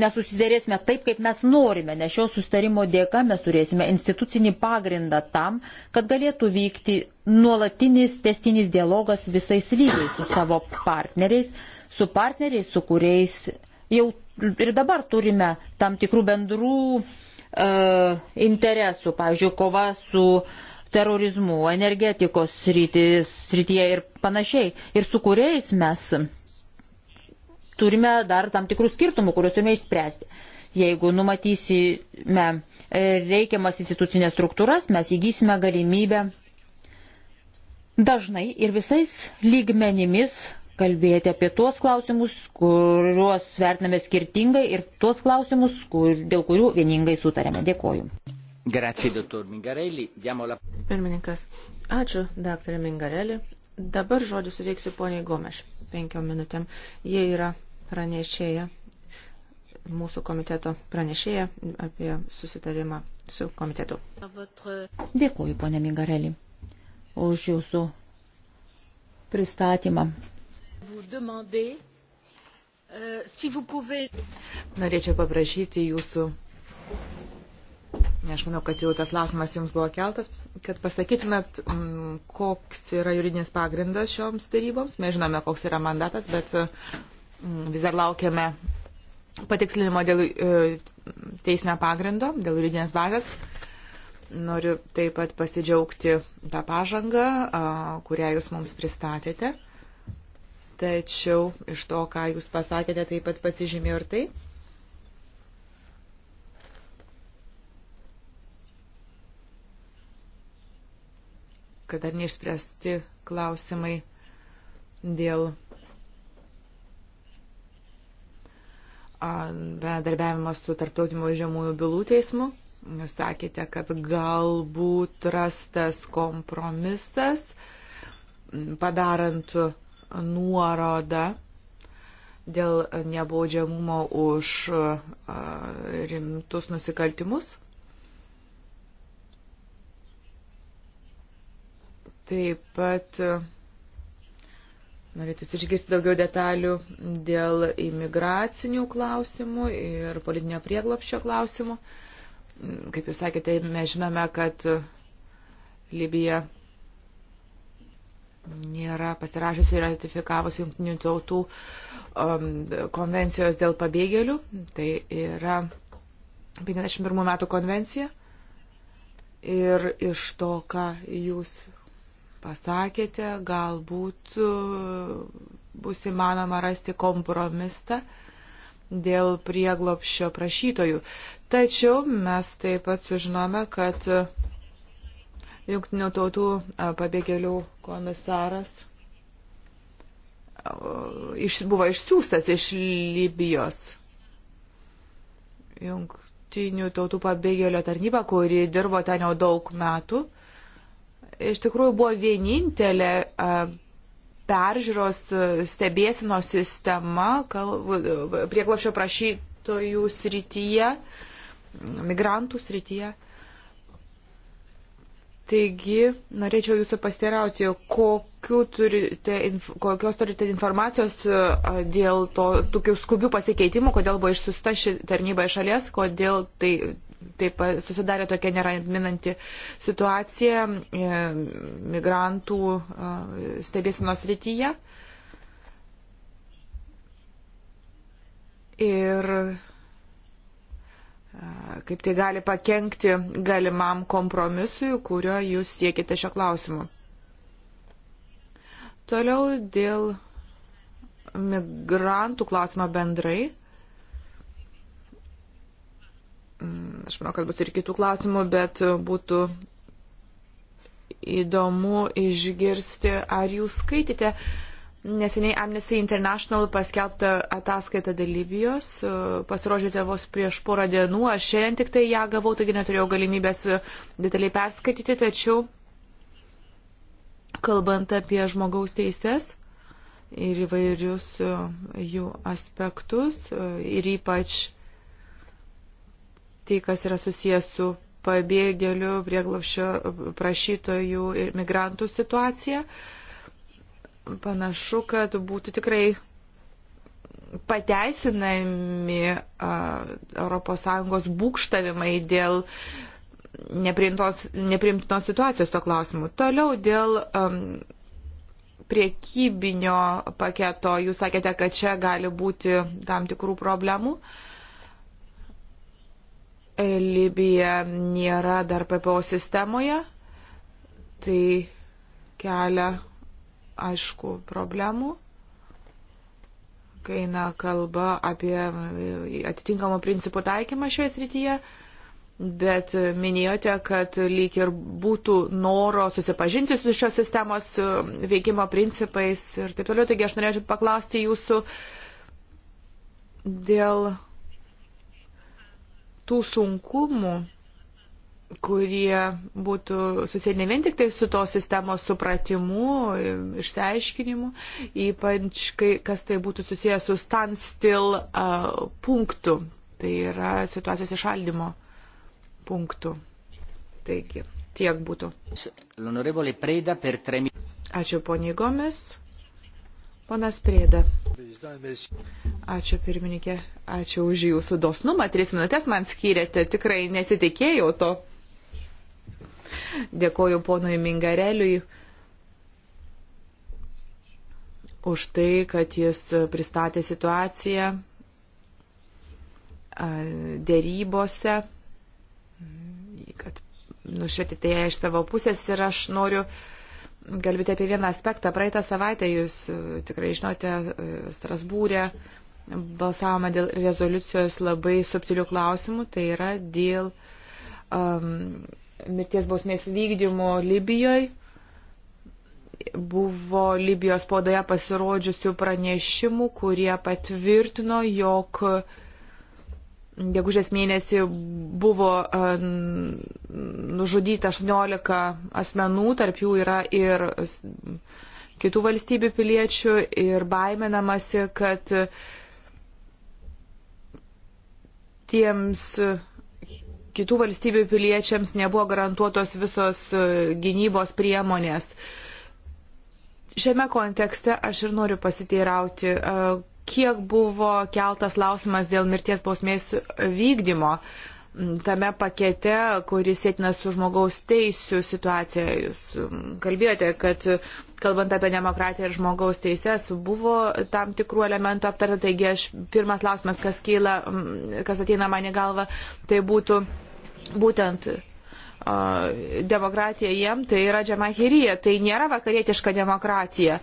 nesusidėrėsime taip, kaip mes norime, nes šio sustarimo dėka mes turėsime institucinį pagrindą tam, kad galėtų vykti nuolatinis testinis dialogas visais lygiais su savo partneriais, su partneriais, su kuriais jau ir dabar turime tam tikrų bendrų e, interesų, pavyzdžiui, kova su e, terorizmu, energetikos sritis, srityje ir panašiai, ir su kuriais mes turime dar tam tikrų skirtumų, kuriuos turime išspręsti. Jeigu numatysime reikiamas institucinės struktūras, mes įgysime galimybę dažnai ir visais lygmenimis kalbėti apie tuos klausimus, kuriuos vertiname skirtingai ir tuos klausimus, kur, dėl kurių vieningai sutarėme. Dėkoju. Grazie, doktor Mingarelli. Diamo la... Pirmininkas, ačiū, daktarė Mingarelli. Dabar žodį suteiksiu poniai Gomeš penkiom minutėm. Jie yra pranešėja, mūsų komiteto pranešėja apie susitarimą su komitetu. Dėkuoju, ponė Mingarelį, už jūsų pristatymą. Euh, Norėčiau paprašyti jūsų Aš manau, kad jau tas klausimas jums buvo keltas, kad pasakytumėt, mm, koks yra juridinis pagrindas šioms daryboms. Mes žinome, koks yra mandatas, bet mm, vis dar laukiame patikslinimo dėl e, teisinio pagrindo, dėl juridinės bazės. Noriu taip pat pasidžiaugti tą pažangą, kurią jūs mums pristatėte. Tačiau iš to, ką jūs pasakėte, taip pat pasižymėjau ir tai, kad dar neišspręsti klausimai dėl bendarbiavimo su tarptautiniu žemųjų bylų teismu. Jūs sakėte, kad galbūt rastas kompromisas, padarant nuorodą dėl nebaudžiamumo už rimtus nusikaltimus. Taip pat e, norėtųsi išgirsti daugiau detalių dėl imigracinių klausimų ir politinio prieglopščio klausimų. Mm, kaip jūs sakėte, mes žinome, kad Libija nėra pasirašęs ir ratifikavus jungtinių tautų um, konvencijos dėl pabėgėlių. Tai yra 51 metų konvencija. Ir iš to, ką jūs pasakėte, galbūt e, bus įmanoma rasti kompromistą dėl prieglopščio prašytojų. Tačiau mes taip pat sužinome, kad Junktinių tautų e, pabėgėlių komisaras e, iš, buvo išsiųstas iš Libijos. Jungtinių tautų pabėgėlio tarnyba, kuri dirbo ten jau daug metų, uh, iš tikrųjų buvo vienintelė peržiūros stebėsino sistema prieglapšio prašytojų srityje, migrantų srityje. Taigi, norėčiau jūsų pastirauti, turite, kokios turite informacijos dėl to, tokių skubių pasikeitimų, kodėl buvo išsusta ši tarnyba iš šalies, kodėl tai taip susidarė tokia neraminanti situacija e, migrantų e, stebėsinos rytyje. Ir e, kaip tai gali pakengti galimam kompromisui, kurio jūs siekite šio klausimu. Toliau dėl migrantų klausimą bendrai. Mm, aš manau, kad būtų ir kitų klausimų, bet būtų įdomu išgirsti, ar jūs skaitėte neseniai Amnesty International paskelbtą ataskaitą dėl Libijos. Pasirožėte vos prieš porą dienų, aš šiandien tik tai ją gavau, taigi neturėjau galimybės detaliai perskaityti, tačiau kalbant apie žmogaus teises ir įvairius jų aspektus ir ypač tai, kas yra susijęs su pabėgėlių, prieglapšio prašytojų ir migrantų situacija. Panašu, kad būtų tikrai pateisinami ES būkštavimai dėl neprimtinos situacijos tuo klausimu. Toliau dėl um, priekybinio paketo, jūs sakėte, kad čia gali būti tam tikrų problemų. Uh, Libija nėra dar PPO sistemoje, tai kelia aišku problemų, kai eina kalba apie atitinkamą principų taikymą šioje srityje. Bet minėjote, kad lyg ir būtų noro susipažinti su šios sistemos e, veikimo principais ir taip toliau. Taigi aš norėčiau paklausti jūsų dėl tų sunkumų, kurie būtų susiję ne vien tik tai su tos sistemos supratimu, išsiaiškinimu, ypač kai, kas tai būtų susiję su standstill uh, punktu, tai yra situacijos išaldymo punktu. Taigi, tiek būtų. Ačiū ponigomis. Panas Prėda. Ačiū pirmininkė, ačiū už jūsų dosnumą. Tris minutės man skyrėte, tikrai nesitikėjau to. Dėkoju ponui Mingareliui už tai, kad jis pristatė situaciją dėrybose, kad nušvietėte ją iš savo pusės ir aš noriu uh, kalbėti apie vieną aspektą. Praeitą savaitę jūs e, tikrai žinote, e, Strasbūrė balsavome dėl rezoliucijos labai subtilių klausimų, tai yra dėl um, mirties bausmės vykdymo Libijoje. Buvo Libijos spaudoje pasirodžiusių pranešimų, kurie patvirtino, jog uh, gegužės mėnesį buvo e, nužudyta 18 asmenų, tarp jų yra ir kitų valstybių piliečių ir baiminamasi, kad tiems kitų valstybių piliečiams nebuvo garantuotos visos e, gynybos priemonės. Šiame kontekste aš ir noriu pasiteirauti, e, kiek buvo keltas klausimas dėl mirties bausmės vykdymo tame pakete, kuris sėtina su žmogaus teisų situacija. Jūs mm, kalbėjote, kad kalbant apie demokratiją ir žmogaus teises, buvo tam tikrų elementų aptarta. Taigi aš pirmas klausimas, kas, kyla, mm, kas ateina man į galvą, tai būtų būtent demokratija jiem, tai yra džemahirija, tai nėra vakarietiška demokratija.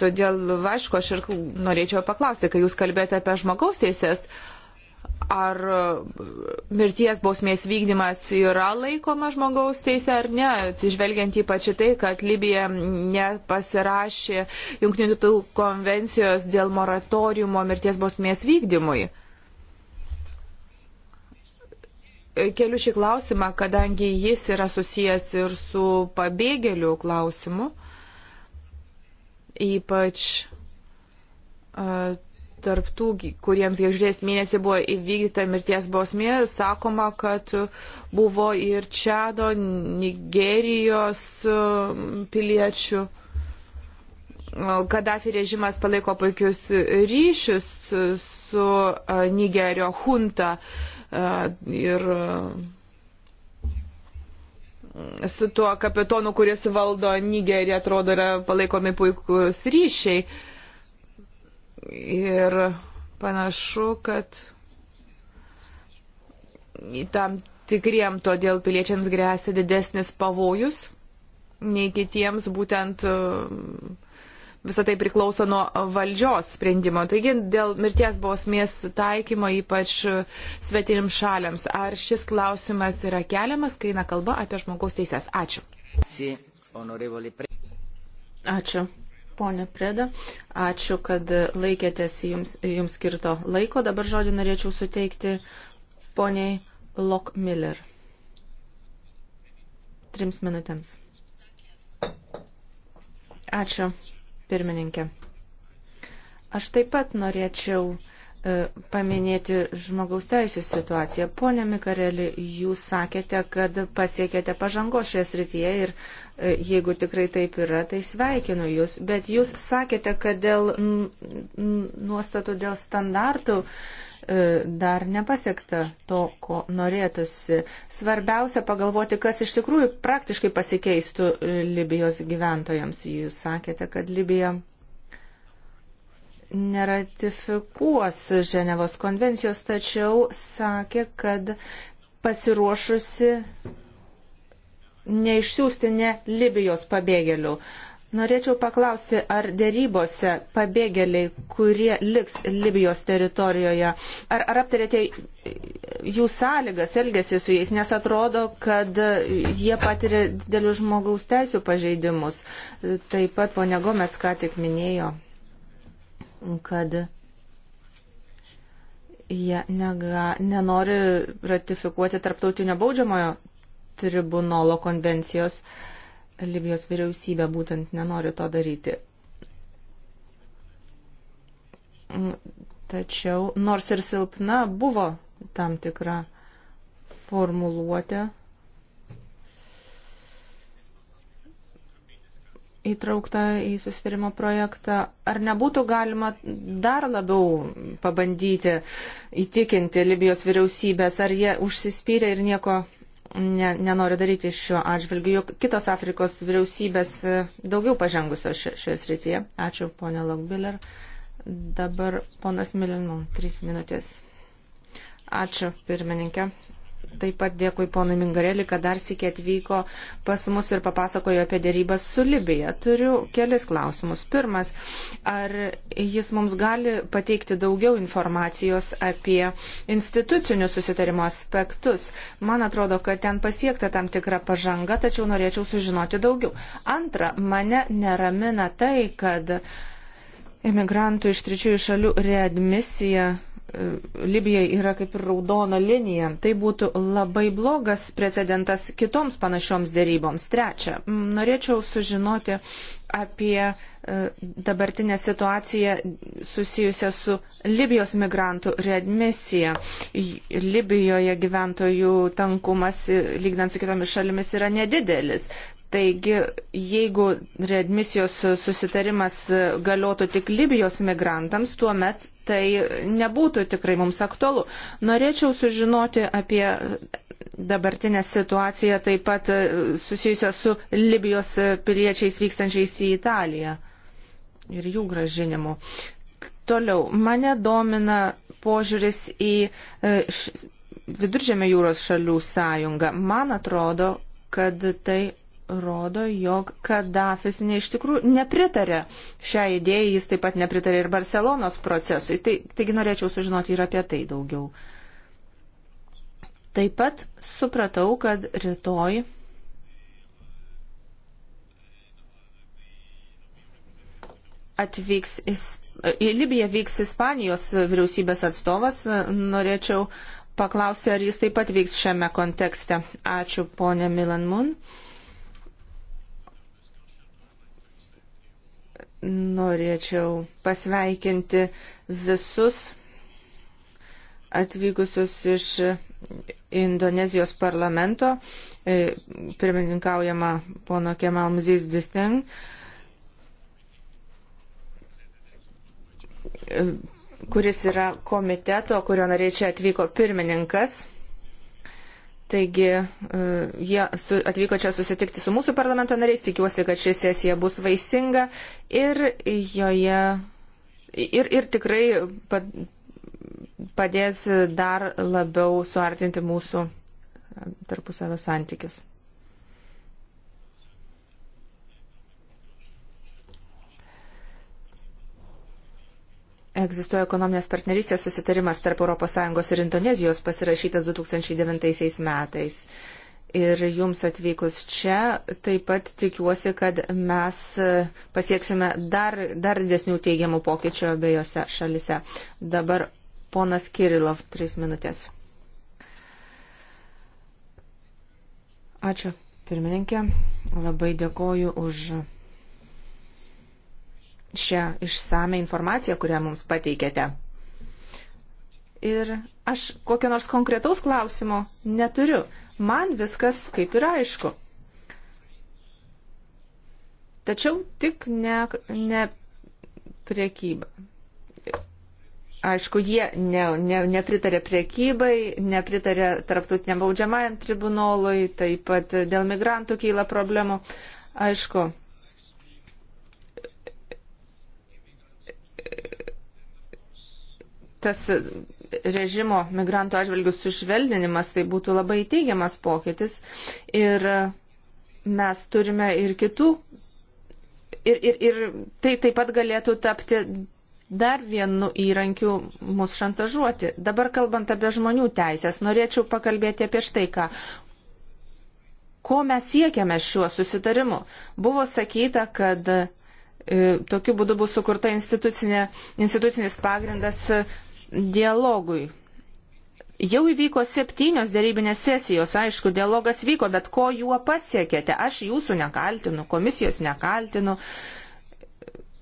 Todėl, aišku, aš ir norėčiau paklausti, kai jūs kalbėjote apie žmogaus teisės, ar e, mirties bausmės vykdymas yra laikoma žmogaus teisė ar ne, atsižvelgiant ypač į tai, kad Libija nepasirašė Junktinių tautų konvencijos dėl moratoriumo mirties bausmės vykdymui. Keliu šį klausimą, kadangi jis yra susijęs ir su pabėgėlių klausimu. Uh, ypač uh, tarptų, kuriems gegužės mėnesį buvo įvykdyta mirties bausmė, sakoma, kad buvo ir Čado, Nigerijos piliečių. Kadafi režimas palaiko puikius ryšius su Nigerio hunta ir su tuo kapitonu, kuris valdo Nigerį, atrodo, yra palaikomi puikus ryšiai. Ir panašu, kad tam tikriem todėl piliečiams grėsia didesnis pavojus nei kitiems būtent uh, visą tai priklauso nuo valdžios sprendimo. Taigi dėl mirties bausmės taikymo ypač svetinim šaliams. Ar šis klausimas yra keliamas, kai eina kalba apie žmogaus teises? Ačiū. Ačiū. Pone Preda, ačiū, kad laikėtės jums, jums skirto laiko. Dabar žodį norėčiau suteikti poniai Lokmiller. Trims minutėms. Ačiū pirmininkė. Aš taip pat norėčiau e, paminėti žmogaus teisų situaciją. Pone Mikareli, jūs sakėte, kad pasiekėte pažangos šioje srityje ir e, jeigu tikrai taip yra, tai sveikinu jūs. Bet jūs sakėte, kad dėl nuostatų, dėl standartų E, dar nepasiekta to, ko norėtųsi. Svarbiausia pagalvoti, kas iš tikrųjų praktiškai pasikeistų e, Libijos gyventojams. Jūs sakėte, kad Libija neratifikuos Ženevos konvencijos, tačiau sakė, kad pasiruošusi neišsiųsti ne Libijos pabėgėlių. Uh, Norėčiau paklausti, ar dėrybose pabėgėliai, kurie liks Libijos teritorijoje, ar, ar aptarėte jų sąlygas, elgesi su jais, nes atrodo, kad jie patiria didelius žmogaus teisų pažeidimus. Taip pat ponia Gomes ką tik minėjo, kad jie nega, nenori ratifikuoti tarptautinio baudžiamojo tribunolo konvencijos. Uh, Libijos vyriausybė būtent nenori to daryti. Mm, tačiau, nors ir silpna, buvo tam tikra formuluotė įtraukta į susitarimo projektą. Ar nebūtų galima dar labiau pabandyti įtikinti Libijos vyriausybės, ar jie užsispyrė ir nieko ne, nenori daryti šiuo atžvilgiu, jog kitos Afrikos vyriausybės e, daugiau pažengusios šioje srityje. Ačiū, ponė Lokbiller. Dabar ponas Milinų, trys minutės. Ačiū, pirmininkė. Taip pat dėkui ponui Mingarelį, kad dar sikė atvyko pas mus ir papasakojo apie dėrybas su Libija. Turiu kelis klausimus. Pirmas, ar jis mums gali pateikti daugiau informacijos apie institucinių susitarimo aspektus? Man atrodo, kad ten pasiekta tam tikra pažanga, tačiau norėčiau sužinoti daugiau. Antra, mane neramina tai, kad imigrantų iš trečiųjų šalių readmisija Libijai yra kaip ir raudona linija. Tai būtų labai blogas precedentas kitoms panašioms dėryboms. Trečia, norėčiau sužinoti apie e, dabartinę situaciją susijusią su Libijos migrantų readmisija. Libijoje gyventojų tankumas, e, lygdant su kitomis šalimis, yra nedidelis. Taigi, jeigu readmisijos susitarimas galiotų tik Libijos migrantams, tuomet tai nebūtų tikrai mums aktualu. Norėčiau sužinoti apie dabartinę situaciją taip pat susijusią su Libijos piliečiais vykstančiais į Italiją ir jų gražinimu. Toliau, mane domina požiūris į e, Viduržėmio jūros šalių sąjungą. Man atrodo, kad tai rodo, jog Kadafis ne iš tikrųjų nepritarė šią idėją, jis taip pat nepritarė ir Barcelonos procesui. Tai, taigi norėčiau sužinoti ir apie tai daugiau. Taip pat supratau, kad rytoj atvyks į Libiją vyks Ispanijos vyriausybės atstovas. Norėčiau paklausti, ar jis taip pat vyks šiame kontekste. Ačiū, ponė Milan Mun. norėčiau pasveikinti visus atvykusius iš Indonezijos parlamento, e, pirmininkaujama pono Kemal Mzis Bisteng. E, kuris yra komiteto, kurio nariai čia atvyko pirmininkas. Taigi e, jie atvyko čia susitikti su mūsų parlamento nariais, tikiuosi, kad ši sesija bus vaisinga ir joje ir, ir tikrai padės dar labiau suartinti mūsų tarpusavio santykius. egzistuoja ekonominės partnerystės susitarimas tarp ES ir Indonezijos pasirašytas 2009 metais. Ir jums atvykus čia taip pat tikiuosi, kad mes pasieksime dar, dar didesnių teigiamų pokyčių abiejose šalise. Dabar ponas Kirilov, trys minutės. Ačiū, pirmininkė. Labai dėkoju už šią išsame informaciją, kurią mums pateikėte. Ir aš kokio nors konkretaus klausimo neturiu. Man viskas kaip ir aišku. Tačiau tik ne, ne priekyba. Aišku, jie ne, ne, nepritarė priekybai, nepritarė tarptautiniam baudžiamajam tribunolui, taip pat dėl migrantų keila problemų. Aišku, tas režimo migrantų atžvilgių sušvelninimas, tai būtų labai teigiamas pokytis. Ir mes turime ir kitų. Ir, ir, ir tai taip pat galėtų tapti dar vienu įrankiu mus šantažuoti. Dabar kalbant apie žmonių teisės, norėčiau pakalbėti apie štai ką. Ko mes siekiame šiuo susitarimu? Buvo sakyta, kad e, tokiu būdu bus sukurta institucinis pagrindas dialogui. Jau įvyko septynios dėrybinės sesijos, aišku, dialogas vyko, bet ko juo pasiekėte? Aš jūsų nekaltinu, komisijos nekaltinu.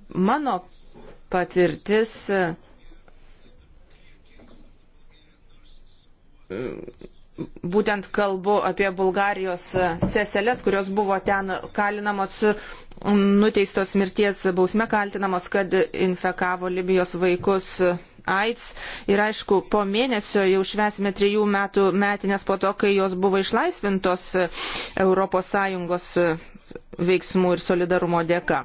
Mano patirtis būtent kalbu apie Bulgarijos seseles, kurios buvo ten kalinamos, nuteistos mirties bausme kaltinamos, kad infekavo Libijos vaikus AIDS. Ir aišku, po mėnesio jau švesime trijų metų metinės po to, kai jos buvo išlaisvintos ES veiksmų ir solidarumo dėka.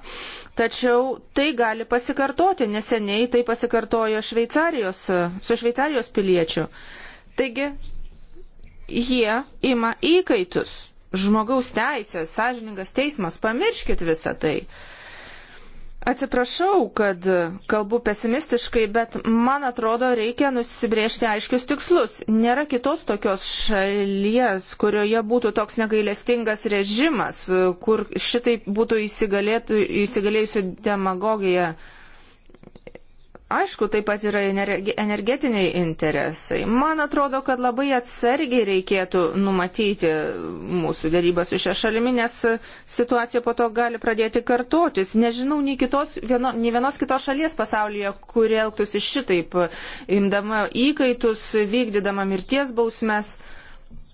Tačiau tai gali pasikartoti, neseniai tai pasikartojo Šveicarijos, su Šveicarijos piliečiu. Taigi jie ima įkaitus, žmogaus teisės, sąžiningas teismas, pamirškit visą tai. Uh, Atsiprašau, kad kalbu pesimistiškai, bet man atrodo reikia nusibriežti aiškius tikslus. Nėra kitos tokios šalies, kurioje būtų toks negailestingas režimas, kur šitai būtų įsigalėjusi demagogija Aišku, taip pat yra energetiniai interesai. Man atrodo, kad labai atsargiai reikėtų numatyti mūsų dėrybą su šia šalimi, nes situacija po to gali pradėti kartotis. Nežinau, nei, kitos, vieno, nei vienos kitos šalies pasaulyje, kuri elgtųsi šitaip, imdama įkaitus, vykdydama mirties bausmes.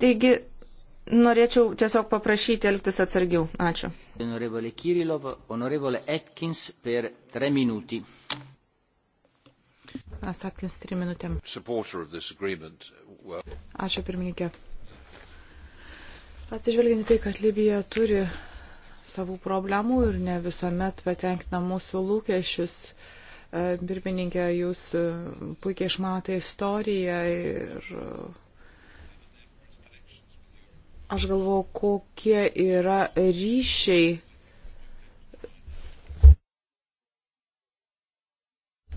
Taigi, norėčiau tiesiog paprašyti elgtis atsargiau. Ačiū. Honorevole Kirilov, honorevole Atkins per tre minuti. Asapkins, trim minutėm. Ačiū pirmininkė. Atsižvelgiant tai, kad Libija turi savų problemų ir ne visuomet patenkina mūsų lūkesčius. E, pirmininkė, jūs e, puikiai išmanote istoriją ir e, aš galvoju, kokie yra ryšiai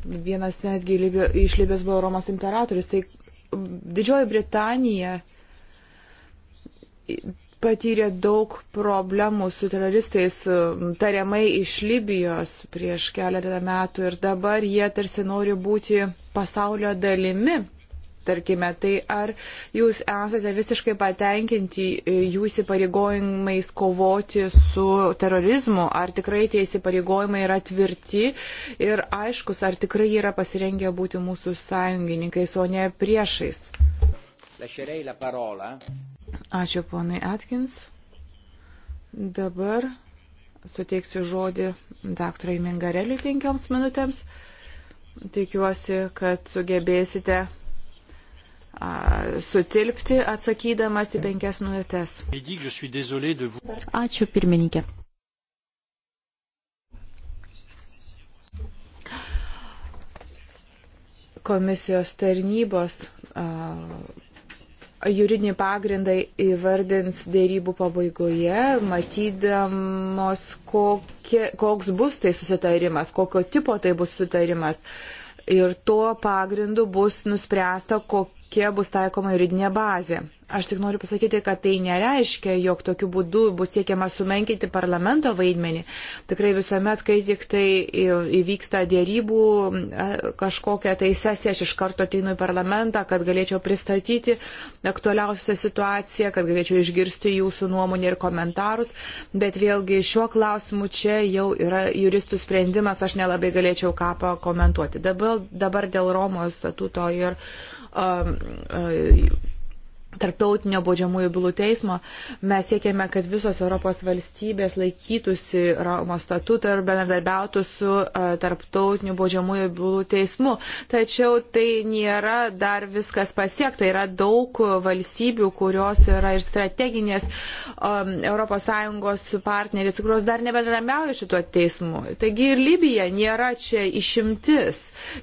Vienas netgi iš Libijos buvo Romos imperatorius. Tai Didžioji Britanija patyrė daug problemų su teroristais tariamai iš Libijos prieš keletą metų ir dabar jie tarsi nori būti pasaulio dalimi tarkime, tai ar jūs esate visiškai patenkinti e, jų įsipareigojimais kovoti su terorizmu, ar tikrai tie įsipareigojimai yra tvirti ir aiškus, ar tikrai yra pasirengę būti mūsų sąjungininkais, o ne priešais. Ačiū ponui Atkins. Dabar suteiksiu žodį daktarui Mingareliui penkioms minutėms. Tikiuosi, kad sugebėsite sutilpti atsakydamas į penkias minutės. Ačiū pirmininkė. Komisijos tarnybos juridinį pagrindą įvardins dėrybų pabaigoje, matydamos, kokie, koks bus tai susitarimas, kokio tipo tai bus susitarimas. Ir tuo pagrindu bus nuspręsta, kokie kokia bus taikoma juridinė bazė. Aš tik noriu pasakyti, kad tai nereiškia, jog tokiu būdu bus siekiama sumenkinti parlamento vaidmenį. Tikrai visuomet, kai tik tai įvyksta dėrybų kažkokia tai sesija, aš iš karto ateinu į parlamentą, kad galėčiau pristatyti aktualiausią situaciją, kad galėčiau išgirsti jūsų nuomonę ir komentarus. Bet vėlgi šiuo klausimu čia jau yra juristų sprendimas, aš nelabai galėčiau ką pakomentuoti. Dabar, dabar dėl Romos statuto ir. Uh, um, uh, Tarptautinio baudžiamųjų bylų teismo mes siekėme, kad visos Europos valstybės laikytųsi Romos statutą ir bendradarbiautų su e, Tarptautiniu baudžiamųjų bylų teismu. Tačiau tai nėra dar viskas pasiekta. Yra daug valstybių, kurios yra ir strateginės um, ES partneris, kurios dar nebendradarbiauja šituo teismu. Taigi ir Libija nėra čia išimtis.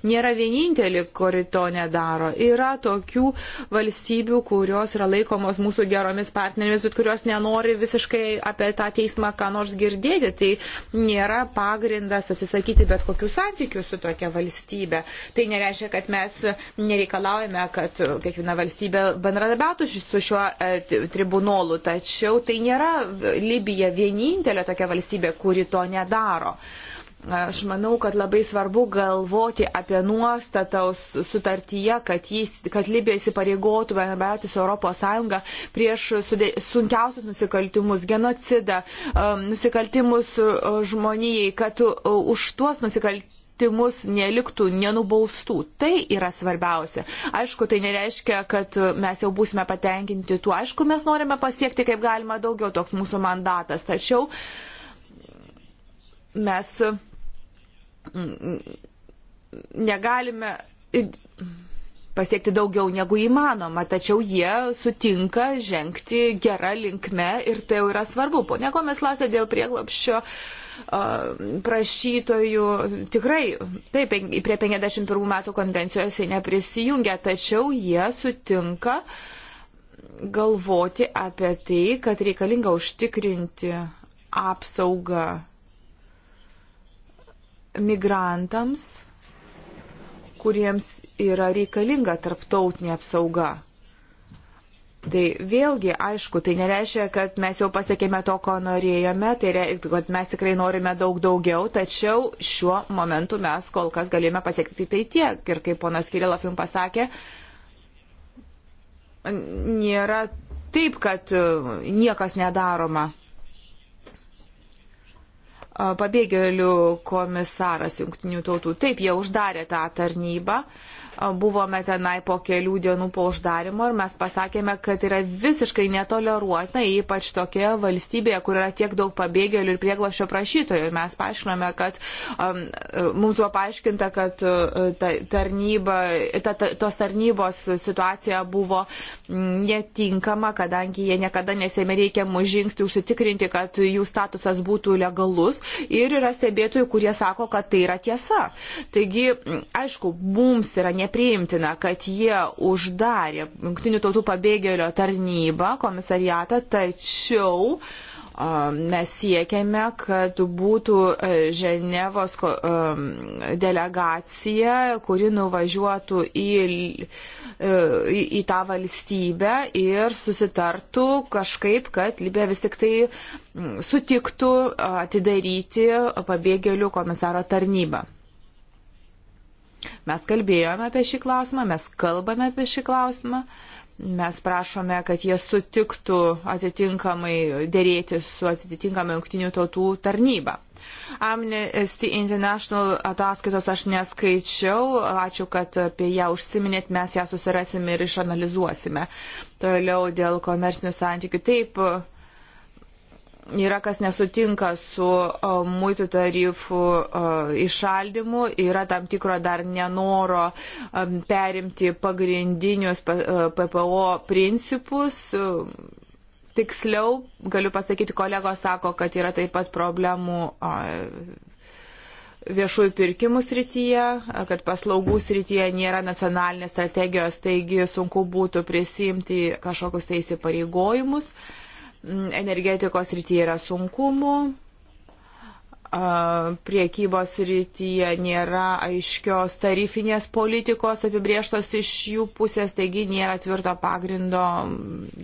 Nėra vienintelė, kuri to nedaro. Yra tokių valstybių, kurios kurios yra laikomos mūsų geromis partnerėmis, bet kurios nenori visiškai apie tą teismą ką nors girdėti. Tai nėra pagrindas atsisakyti bet kokių santykių su tokia valstybė. Tai nereiškia, kad mes nereikalaujame, kad kiekviena valstybė bendradarbiautų su šiuo e, tribunolu, tačiau tai nėra Libija vienintelė tokia valstybė, kuri to nedaro. Uh, Aš manau, kad labai svarbu galvoti apie nuostataus sutartyje, kad, jis, kad Libija įsipareigotų bendrabiauti su ES prieš sudė, sunkiausius nusikaltimus, genocidą, um, nusikaltimus uh, žmonijai, kad uh, už tuos nusikaltimus nusikaltimus neliktų nenubaustų. Tai yra svarbiausia. Aišku, tai nereiškia, kad mes jau būsime patenkinti tuo. Aišku, mes norime pasiekti kaip galima daugiau, toks mūsų mandatas. Tačiau mes negalime pasiekti daugiau negu įmanoma, tačiau jie sutinka žengti gerą linkme ir tai jau yra svarbu. Pone Gomes klausė dėl prieglopščio prašytojų. Tikrai, taip, prie 51 metų konvencijos jie neprisijungia, tačiau jie sutinka galvoti apie tai, kad reikalinga užtikrinti apsaugą migrantams, kuriems yra reikalinga tarptautinė apsauga. Tai vėlgi, aišku, tai nereiškia, kad mes jau pasiekėme to, ko norėjome, tai reiškia, kad mes tikrai norime daug daugiau, tačiau šiuo momentu mes kol kas galime pasiekti tai tiek. Ir kaip ponas Kirilafim pasakė, nėra taip, kad e, niekas nedaroma pabėgėlių komisaras jungtinių tautų. Taip, jie uždarė tą tarnybą, Buvome tenai po kelių dienų po uždarimo ir mes pasakėme, kad yra visiškai netoleruotina, ypač tokioje valstybėje, kur yra tiek daug pabėgėlių ir prieglašio prašytojų. Mes paaiškinome, kad um, mums buvo paaiškinta, kad uh, ta, tarnyba, ta, ta, tos tarnybos situacija buvo mm, netinkama, kadangi jie niekada nesėmė reikiamų žingsnių užsitikrinti, kad jų statusas būtų legalus. Ir yra stebėtojų, kurie sako, kad tai yra tiesa. Taigi, mm, aišku, mums yra ne nepriimtina, kad jie uždarė Junktinių tautų pabėgėlio tarnybą, komisariatą, tačiau mes siekiame, kad būtų e, Ženevos e, delegacija, kuri nuvažiuotų į, e, į, į tą valstybę ir susitartų kažkaip, kad Libija vis tik tai sutiktų atidaryti pabėgėlių komisaro tarnybą. Mes kalbėjome apie šį klausimą, mes kalbame apie šį klausimą, mes prašome, kad jie sutiktų atitinkamai dėrėti su atitinkamai jungtinių tautų tarnyba. Amnesty International ataskaitos aš neskaičiau, ačiū, kad apie ją užsiminėt, mes ją susirasim ir išanalizuosime. Toliau dėl komersinių santykių. Taip, yra kas nesutinka su muitų tarifų išaldimu, yra tam tikro dar nenoro perimti pagrindinius PPO principus. Tiksliau, galiu pasakyti, kolegos sako, kad yra taip pat problemų viešųjų pirkimų srityje, kad paslaugų srityje nėra nacionalinės strategijos, taigi sunku būtų prisimti kažkokius tai įsipareigojimus. Uh, energetikos rytyje yra sunkumų, priekybos rytyje nėra aiškios tarifinės politikos apibrieštos iš jų pusės, taigi nėra tvirto pagrindo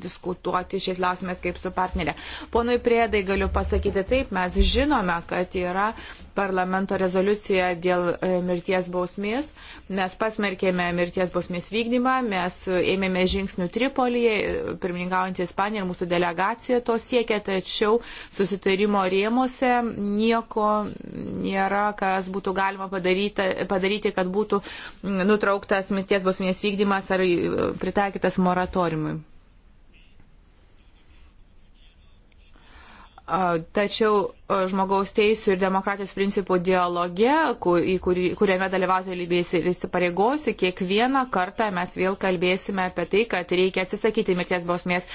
diskutuoti šiais klausimais kaip su partnerė. Ponui Priedai galiu pasakyti taip, mes žinome, kad yra parlamento rezoliuciją dėl e, mirties bausmės. Mes pasmerkėme mirties bausmės vykdymą, mes ėmėme žingsnių Tripolyje, pirmininkaujantį Ispaniją ir mūsų delegacija to siekia, tačiau susitarimo rėmose nieko nėra, kas būtų galima padaryti, padaryti kad būtų nutrauktas mirties bausmės vykdymas ar e, pritaikytas moratoriumui. Tačiau žmogaus teisų ir demokratijos principų dialoge, kuriame dalyvauti Libijas ir įsipareigosi, kiekvieną kartą mes vėl kalbėsime apie tai, kad reikia atsisakyti mirties bausmės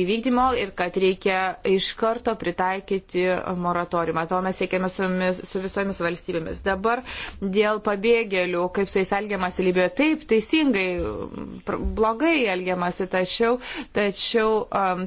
įvykdymo ir kad reikia iš karto pritaikyti moratoriumą. To mes siekiame su, su visomis valstybėmis. Dabar dėl pabėgėlių, kaip su jais elgiamasi Libijoje, taip, teisingai, blogai elgiamasi, tačiau, tačiau um,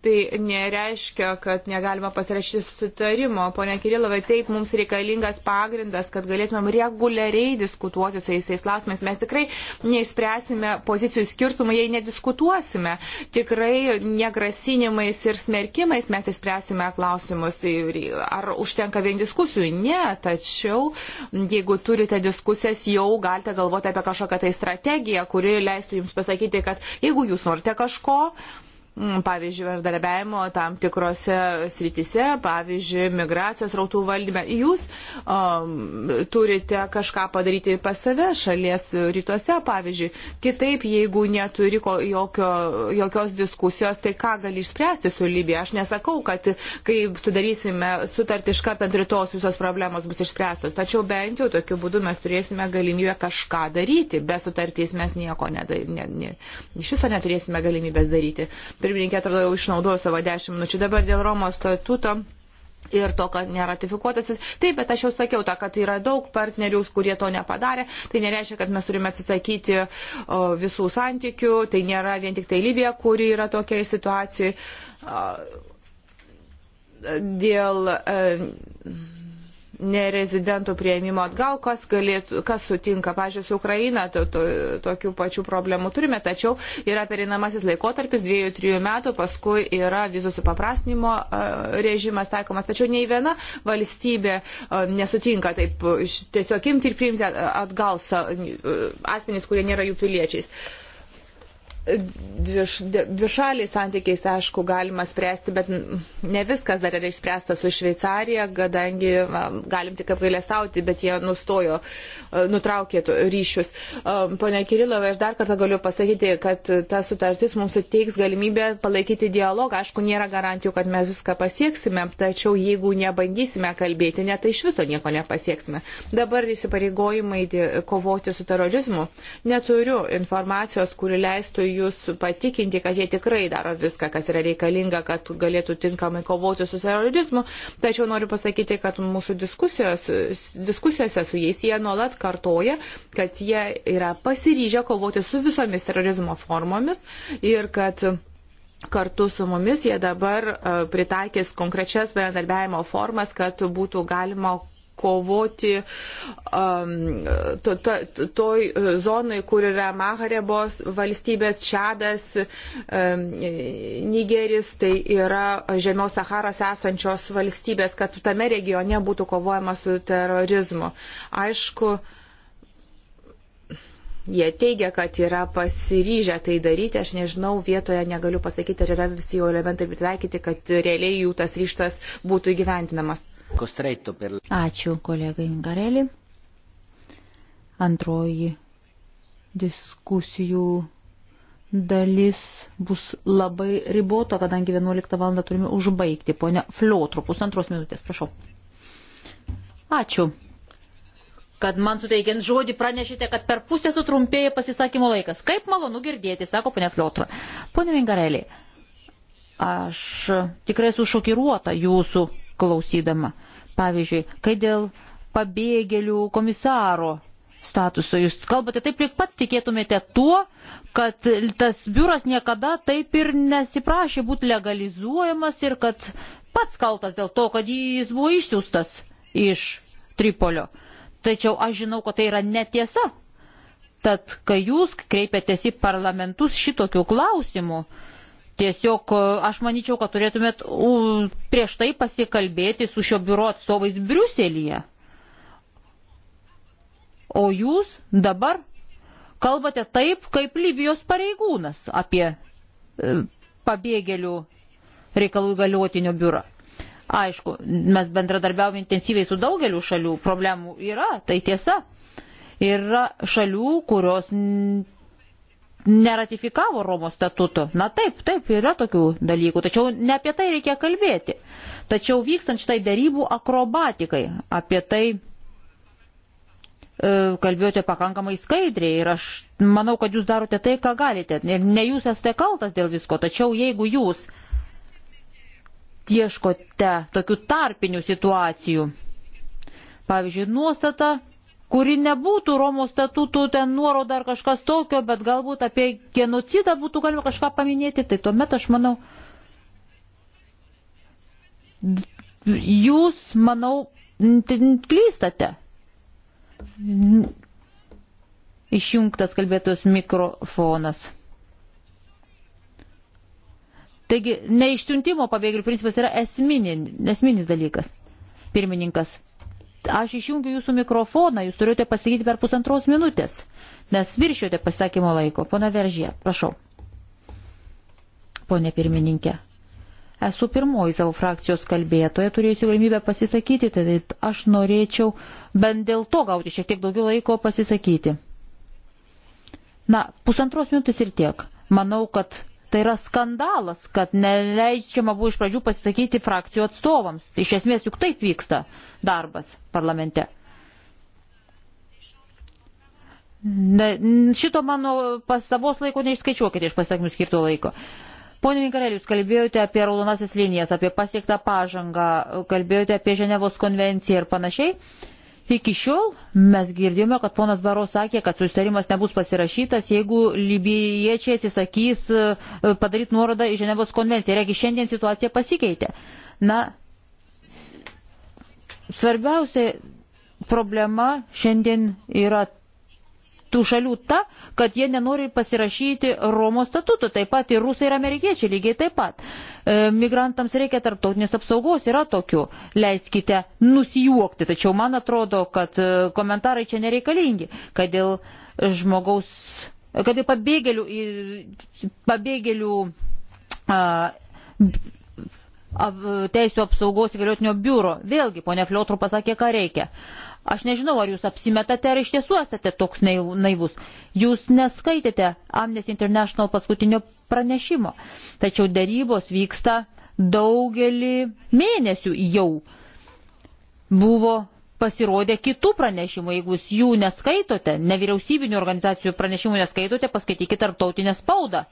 tai nereiškia, kad negalima pasirašyti sutarimo. Pone Kirilovai, taip, mums reikalingas pagrindas, kad galėtumėm reguliariai diskutuoti su jais klausimais. Mes tikrai neišspręsime pozicijų skirtumų, jei nediskutuosime. Tikrai negrasinimais ir smerkimais mes išspręsime klausimus. Tai ar užtenka vien diskusijų? Ne, tačiau jeigu turite diskusijas, jau galite galvoti apie kažkokią tai strategiją, kuri leistų jums pasakyti, kad jeigu jūs norite kažko, Mm, pavyzdžiui, vardarbiavimo tam tikrose srityse, pavyzdžiui, migracijos rautų valdyme. Jūs um, turite kažką padaryti pas save šalies rytuose, pavyzdžiui. Kitaip, jeigu neturi jokio, jokios diskusijos, tai ką gali išspręsti su Libija? Aš nesakau, kad kai sudarysime sutartį iš karto ant rytos, visos problemos bus išspręstos. Tačiau bent jau tokiu būdu mes turėsime galimybę kažką daryti. Be sutartys mes nieko nedarysime. Ne, ne, iš viso neturėsime galimybės daryti pirmininkė, atrodo, jau išnaudojo savo dešimt minučių. Dabar dėl Romos statuto. Ir to, kad neratifikuotas. Taip, bet aš jau sakiau tą, kad yra daug partnerių, kurie to nepadarė. Tai nereiškia, kad mes turime atsisakyti o, visų santykių. Tai nėra vien tik tai Libija, kuri yra tokiai situacijai. O, dėl. E, nerezidentų prieimimo atgal, kas, galėtų, kas sutinka. Pavyzdžiui, su Ukraina to, to, tokių pačių problemų turime, tačiau yra perinamasis laikotarpis dviejų, trijų metų, paskui yra vizų supaprastinimo režimas taikomas, tačiau nei viena valstybė nesutinka taip tiesiog imti ir priimti atgal asmenys, kurie nėra jų piliečiais dviš, dvišaliai santykiais, aišku, galima spręsti, bet ne viskas dar yra išspręsta su Šveicarija, kadangi galim tik apgailėsauti, bet jie nustojo, e, nutraukė ryšius. E, pone Kirilovai, aš dar kartą galiu pasakyti, kad ta sutartis mums suteiks galimybę palaikyti dialogą. Aišku, nėra garantijų, kad mes viską pasieksime, tačiau jeigu nebandysime kalbėti, net tai iš viso nieko nepasieksime. Dabar įsipareigojimai kovoti su terorizmu. Neturiu informacijos, kuri leistų jų jūs patikinti, kad jie tikrai daro viską, kas yra reikalinga, kad galėtų tinkamai kovoti su terorizmu. Tačiau noriu pasakyti, kad mūsų diskusijos, diskusijose su jais jie nuolat kartoja, kad jie yra pasiryžę kovoti su visomis terorizmo formomis ir kad kartu su mumis jie dabar e, pritaikys konkrečias bendarbiavimo formas, kad būtų galima kovoti um, to, to, toj zonai, kur yra Maharebos valstybės, Čadas, um, Nigeris, tai yra žemiau Saharos esančios valstybės, kad tame regione būtų kovojama su terorizmu. Aišku, jie teigia, kad yra pasiryžę tai daryti, aš nežinau, vietoje negaliu pasakyti, ar yra visi jo elementai pritaikyti, kad realiai jų tas ryštas būtų įgyventinamas. Ačiū kolegai Garelį. Antroji diskusijų dalis bus labai riboto, kadangi 11 val. turime užbaigti. Pone Fliotru, pusantros minutės, prašau. Ačiū, kad man suteikiant žodį pranešite, kad per pusę sutrumpėja pasisakymo laikas. Kaip malonu girdėti, sako pone Fliotru. Pone Vingarelį, aš tikrai sušokiruota jūsų klausydama. Pavyzdžiui, kai dėl pabėgėlių komisaro statuso jūs kalbate taip, lyg pats tikėtumėte tuo, kad tas biuras niekada taip ir nesiprašė būti legalizuojamas ir kad pats kaltas dėl to, kad jis buvo išsiųstas iš Tripolio. Tačiau aš žinau, kad tai yra netiesa. Tad, kai jūs kreipiatės į parlamentus šitokių klausimų, uh, Tiesiog e, aš manyčiau, kad turėtumėt prieš tai pasikalbėti su šio biuro atstovais Briuselyje. O jūs dabar kalbate taip, kaip Libijos pareigūnas apie e, pabėgėlių reikalų įgaliotinio biurą. Aišku, mes bendradarbiaujame intensyviai su daugeliu šalių, problemų yra, tai tiesa. Yra šalių, kurios neratifikavo Romos statuto. Na taip, taip, yra tokių dalykų, tačiau ne apie tai reikia kalbėti. Tačiau vykstant šitai darybų akrobatikai, apie tai e, kalbėjote pakankamai skaidriai ir aš manau, kad jūs darote tai, ką galite. Ir ne jūs esate kaltas dėl visko, tačiau jeigu jūs ieškote tokių tarpinių situacijų, pavyzdžiui, nuostata kuri nebūtų Romos statutų ten nuoroda ar kažkas tokio, bet galbūt apie genocidą būtų galima kažką paminėti, tai tuomet aš manau, jūs, manau, klystate. Išjungtas kalbėtos mikrofonas. Taigi, neišsiuntimo pabėgėlių principas yra esminis, esminis dalykas. Pirmininkas. Aš išjungiu jūsų mikrofoną, jūs turite pasakyti per pusantros minutės, nes viršijote pasakymo laiko. Pana Veržė, prašau. Pone pirmininkė, esu pirmoji savo frakcijos kalbėtoja, turėsiu galimybę pasisakyti, tai aš norėčiau bent dėl to gauti šiek tiek daugiau laiko pasisakyti. Na, pusantros minutės ir tiek. Manau, kad Tai yra skandalas, kad neleidžiama buvo iš pradžių pasisakyti frakcijų atstovams. Tai iš esmės juk taip vyksta darbas parlamente. Ne, šito mano pastabos laiko neišskaičiuokite iš pasakymų skirto laiko. Pone Minkarelius, kalbėjote apie raudonasis linijas, apie pasiektą pažangą, kalbėjote apie Ženevos konvenciją ir panašiai. Uh, Iki šiol mes girdėjome, kad ponas Baro sakė, kad susitarimas nebus pasirašytas, jeigu libijiečiai atsisakys e, padaryti nuorodą į Ženevos konvenciją. Reikia, šiandien situacija pasikeitė. Na, svarbiausia problema šiandien yra tų šalių ta, kad jie nenori pasirašyti Romos statutų, taip pat ir rusai ir amerikiečiai lygiai taip pat. E, migrantams reikia tarptautinės apsaugos, yra tokių, leiskite nusijuokti, tačiau man atrodo, kad e, komentarai čia nereikalingi, kad dėl žmogaus, kad dėl pabėgėlių, pabėgėlių a, teisų apsaugos įgaliotinio biuro. Vėlgi, ponia Fliotru pasakė, ką reikia. Aš nežinau, ar jūs apsimetate, ar iš tiesų esate toks naivus. Jūs neskaitėte Amnesty International paskutinio pranešimo. Tačiau darybos vyksta daugelį mėnesių jau. Buvo pasirodė kitų pranešimų. Jeigu jūs jų neskaitote, nevyriausybinių organizacijų pranešimų neskaitote, paskaitykite tarptautinę spaudą.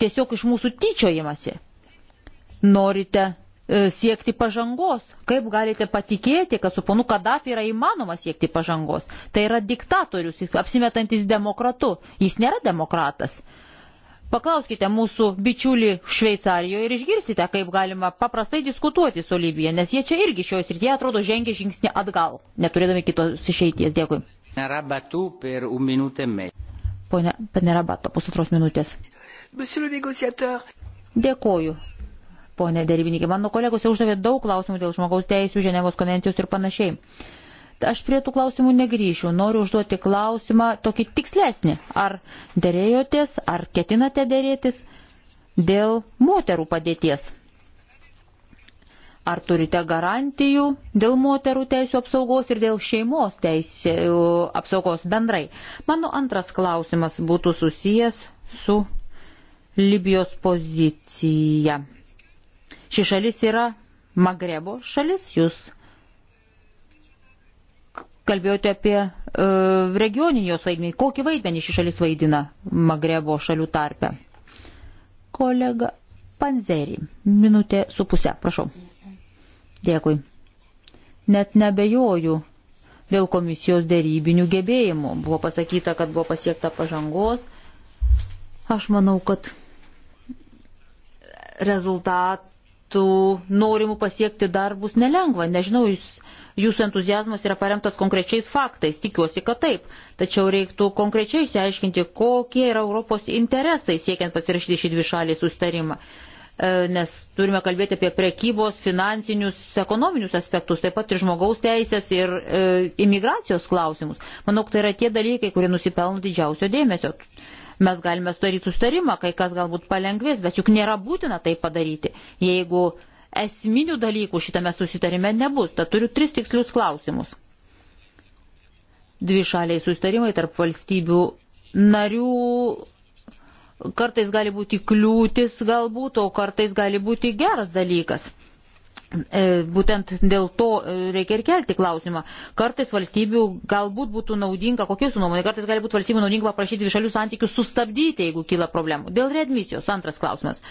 Tiesiog iš mūsų tyčiojimasi norite e, siekti pažangos. Kaip galite patikėti, kad su ponu Kadafi yra įmanoma siekti pažangos? Tai yra diktatorius, apsimetantis demokratu. Jis nėra demokratas. Paklauskite mūsų bičiulį Šveicarijoje ir išgirsite, kaip galima paprastai diskutuoti su Libija, nes jie čia irgi šios ir jie atrodo žengia žingsnį atgal, neturėdami kitos išeities. Dėkui. E pone Penerabato, pusantros minutės. Dėkoju ponė Derybininkė. Mano kolegos jau uždavė daug klausimų dėl žmogaus teisų, Ženevos konvencijos ir panašiai. Aš prie tų klausimų negryšiu. Noriu užduoti klausimą tokį tikslesnį. Ar dėrėjotės, ar ketinate dėrėtis dėl moterų padėties? Ar turite garantijų dėl moterų teisų apsaugos ir dėl šeimos teisų apsaugos bendrai? Mano antras klausimas būtų susijęs su Libijos pozicija. Ši šalis yra Magrebo šalis, jūs kalbėjote apie e, regioninį jos vaidmenį. Kokį vaidmenį ši šalis vaidina Magrebo šalių tarpe? Kolega Panzerį, minutė su pusė, prašau. Dėkui. Net nebejoju dėl komisijos dėrybinių gebėjimų. Buvo pasakyta, kad buvo pasiekta pažangos. Aš manau, kad rezultat tų norimų pasiekti dar bus nelengva. Nežinau, jūs, jūsų entuzijazmas yra paremtas konkrečiais faktais, tikiuosi, kad taip. Tačiau reiktų konkrečiai išsiaiškinti, kokie yra Europos interesai siekiant pasirašyti šį dvišalį sustarimą. E, nes turime kalbėti apie prekybos, finansinius, ekonominius aspektus, taip pat ir žmogaus teisės ir e, imigracijos klausimus. Manau, tai yra tie dalykai, kurie nusipelno didžiausio dėmesio. Mes galime sudaryti sustarimą, kai kas galbūt palengvės, bet juk nėra būtina tai padaryti, jeigu esminių dalykų šitame susitarime nebus. Tad turiu tris tikslius klausimus. Dvi šaliai sustarimai tarp valstybių narių kartais gali būti kliūtis galbūt, o kartais gali būti geras dalykas. E, būtent dėl to e, reikia ir kelti klausimą. Kartais valstybių galbūt būtų naudinga, kokia jūsų nuomonė, kartais gali būti valstybių naudinga paprašyti dvišalių santykių sustabdyti, jeigu kyla problemų. Dėl readmisijos, antras klausimas.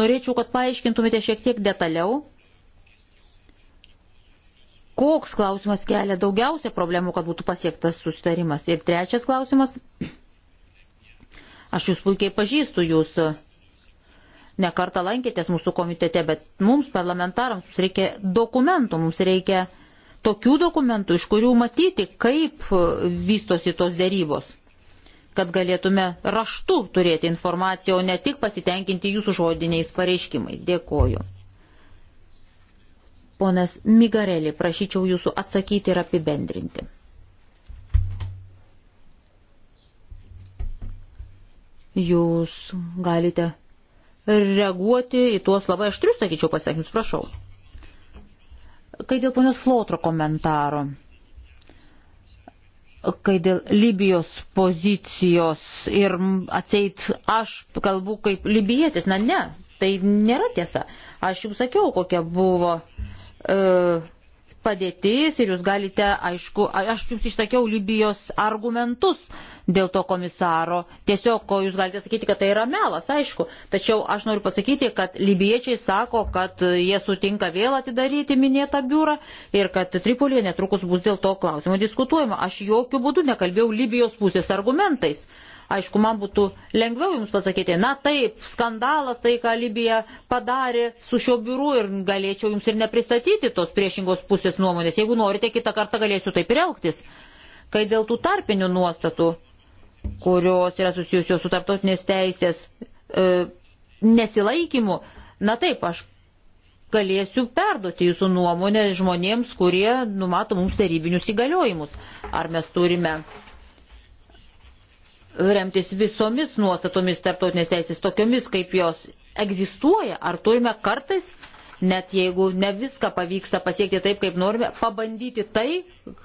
Norėčiau, kad paaiškintumėte šiek tiek detaliau, koks klausimas kelia daugiausia problemų, kad būtų pasiektas susitarimas. Ir trečias klausimas. Aš jūs puikiai pažįstu, jūs nekartą lankėtės mūsų komitete, bet mums, parlamentarams, mums reikia dokumentų, mums reikia tokių dokumentų, iš kurių matyti, kaip vystosi tos dėrybos, kad galėtume raštu turėti informaciją, o ne tik pasitenkinti jūsų žodiniais pareiškimais. Dėkoju. Ponas Migarelį, prašyčiau jūsų atsakyti ir apibendrinti. Jūs galite reaguoti į tuos labai aštrius, sakyčiau, pasiekimus. Prašau. Kai dėl ponios Flotro komentaro, kai dėl Libijos pozicijos ir atseit aš kalbu kaip libijietis, na ne, tai nėra tiesa. Aš jums sakiau, kokia buvo. Uh, padėtis ir jūs galite, aišku, aš jums išsakiau Libijos argumentus, uh, dėl to komisaro. Tiesiog, ko jūs galite sakyti, kad tai yra melas, aišku. Tačiau aš noriu pasakyti, kad libiečiai sako, kad jie sutinka vėl atidaryti minėtą biurą ir kad Tripolėje netrukus bus dėl to klausimo diskutuojama. Aš jokių būdų nekalbėjau Libijos pusės argumentais. Aišku, man būtų lengviau jums pasakyti, na taip, skandalas tai, ką Libija padarė su šio biuru ir galėčiau jums ir nepristatyti tos priešingos pusės nuomonės. Jeigu norite, kitą kartą galėsiu taip ir elgtis. Kai dėl tų tarpinių nuostatų kurios yra susijusios su tarptautinės teisės e, nesilaikymu, na taip, aš galėsiu perduoti jūsų nuomonę žmonėms, kurie numato mums darybinius įgaliojimus. Ar mes turime remtis visomis nuostatomis tarptautinės teisės, tokiomis kaip jos egzistuoja, ar turime kartais net jeigu ne viską pavyksta pasiekti taip, kaip norime, pabandyti tai,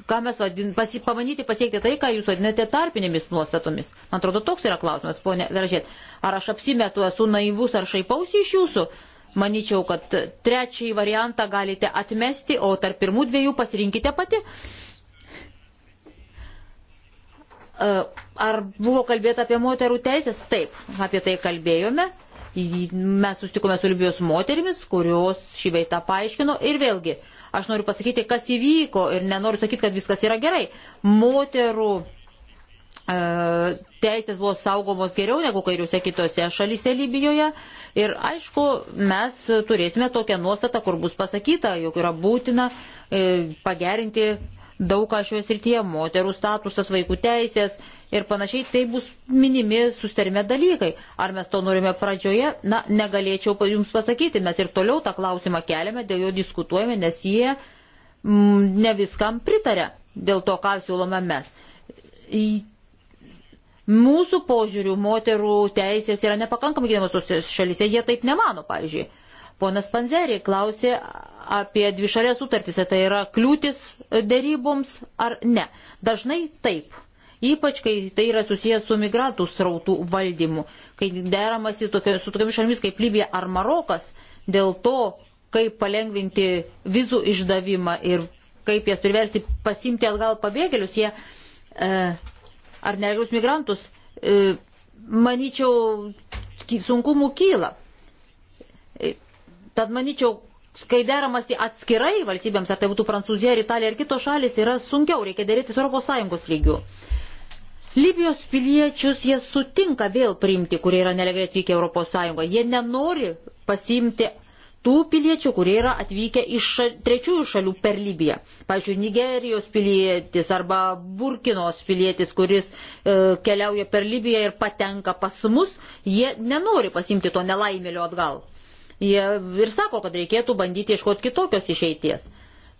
ką mes vadin, pasi, pabandyti pasiekti tai, ką jūs vadinate tarpinėmis nuostatomis. Man atrodo, toks yra klausimas, ponė Veržėt. Ar aš apsimetu, esu naivus ar šaipausi iš jūsų? Maničiau, kad trečiąjį variantą galite atmesti, o tarp pirmų dviejų pasirinkite pati. E, ar buvo kalbėta apie moterų teisės? Taip, apie tai kalbėjome. Mes sustikome su Libijos moterimis, kurios šį beitą paaiškino ir vėlgi. Aš noriu pasakyti, kas įvyko ir nenoriu sakyti, kad viskas yra gerai. Moterų e, teisės buvo saugomos geriau negu kairiuose kitose šalyse Libijoje. Ir aišku, mes turėsime tokią nuostatą, kur bus pasakyta, jog yra būtina e, pagerinti daug ką šioje srityje - moterų statusas, vaikų teisės ir panašiai, tai bus minimi sustarime dalykai. Ar mes to norime pradžioje, na, negalėčiau jums pasakyti, mes ir toliau tą klausimą keliame, dėl jo diskutuojame, nes jie m, mm, ne viskam pritarė dėl to, ką siūlome mes. Mūsų požiūrių moterų teisės yra nepakankamai gynamos tose šalise, jie taip nemano, pavyzdžiui. Ponas Panzerį klausė apie dvišalės sutartys, tai yra kliūtis dėryboms ar ne. Dažnai taip Ypač, kai tai yra susijęs su migrantų srautų valdymu, kai deramasi tokio, su tokiamis šalimis kaip Libija ar Marokas dėl to, kaip palengvinti vizų išdavimą ir kaip jas priversti pasimti atgal pabėgėlius, jie e, ar neregius migrantus, e, manyčiau, sunkumų kyla. E, tad manyčiau, kai deramasi atskirai valstybėms, ar tai būtų Prancūzija, ar Italija, ar kitos šalis, yra sunkiau, reikia dėrėtis ES lygių. Libijos piliečius jie sutinka vėl priimti, kurie yra nelegaliai atvykę Europos Sąjungą. Jie nenori pasiimti tų piliečių, kurie yra atvykę iš trečiųjų šalių per Libiją. Pavyzdžiui, Nigerijos pilietis arba Burkinos pilietis, kuris e, keliauja per Libiją ir patenka pas mus, jie nenori pasimti to nelaimėlio atgal. Jie ir sako, kad reikėtų bandyti iškoti kitokios išeities.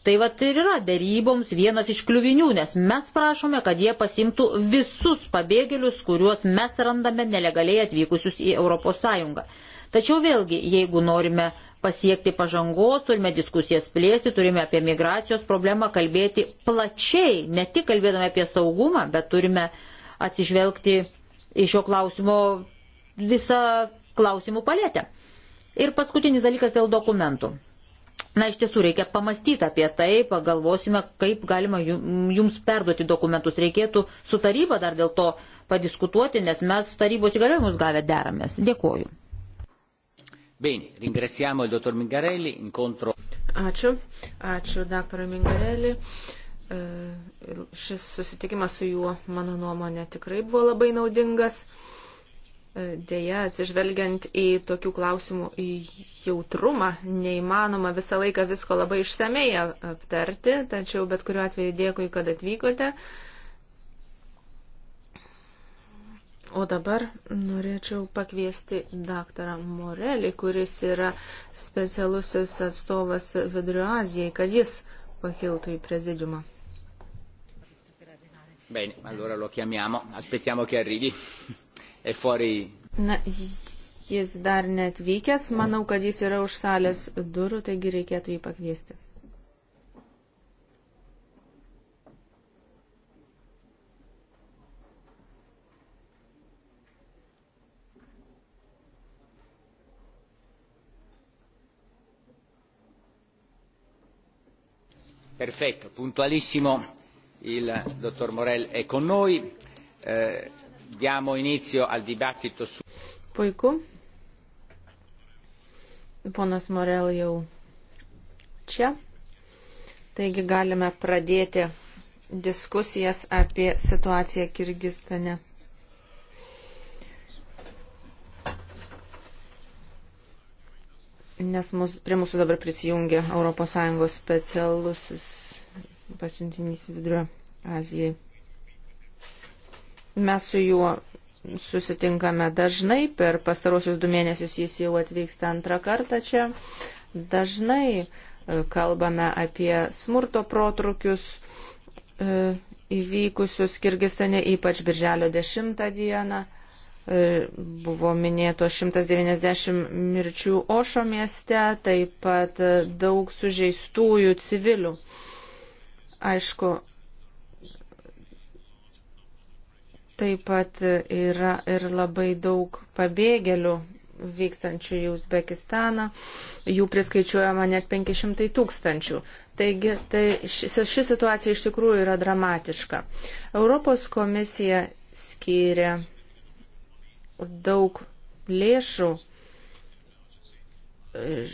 Tai va tai ir yra dėryboms vienas iš kliuvinių, nes mes prašome, kad jie pasimtų visus pabėgėlius, kuriuos mes randame nelegaliai atvykusius į ES. Tačiau vėlgi, jeigu norime pasiekti pažangos, turime diskusijas plėsti, turime apie migracijos problemą kalbėti plačiai, ne tik kalbėdami apie saugumą, bet turime atsižvelgti į šio klausimo visą klausimų paletę. Ir paskutinis dalykas dėl dokumentų. Na, iš tiesų reikia pamastyti apie tai, pagalvosime, kaip galima jums perduoti dokumentus. Reikėtų su taryba dar dėl to padiskutuoti, nes mes tarybos įgaliojimus gavę deramės. Dėkoju. Bene, ringraziamo il dottor Mingarelli, incontro. Ačiū, ačiū daktarui Mingarelli. E, šis susitikimas su juo, mano nuomonė, tikrai buvo labai naudingas. Deja, atsižvelgiant į tokių klausimų jautrumą, neįmanoma visą laiką visko labai išsamei aptarti, tačiau bet kuriuo atveju dėkui, kad atvykote. O dabar norėčiau pakviesti daktarą Morelį, kuris yra specialusis atstovas Vidurio Azijai, kad jis pakiltų į prezidiumą. Bene, allora lo chiamiamo, aspettiamo che arrivi eforei. Na, jis dar netvykęs, manau, kad jis yra už salės durų, taigi reikėtų jį pakviesti. Perfetto, puntualissimo, il dottor Morel è con noi. Eh, Diamo inizio al dibattito su. Puiku. Ponas Morel jau čia. Taigi galime pradėti diskusijas apie situaciją Kirgistane. Nes mus, prie mūsų dabar prisijungia ES specialusis pasiuntinys vidurio Azijai. Mes su juo susitinkame dažnai, per pastarosius du mėnesius jis jau atvyksta antrą kartą čia. Dažnai e, kalbame apie smurto protrukius e, įvykusius Kirgistane, ypač birželio 10 dieną. E, buvo minėto 190 mirčių Ošo mieste, taip pat daug sužeistųjų civilių. Aišku, Taip pat yra ir labai daug pabėgėlių vykstančių į Uzbekistaną, jų priskaičiuojama net 500 tūkstančių. Taigi tai, ši, ši situacija iš tikrųjų yra dramatiška. Europos komisija skyrė daug lėšų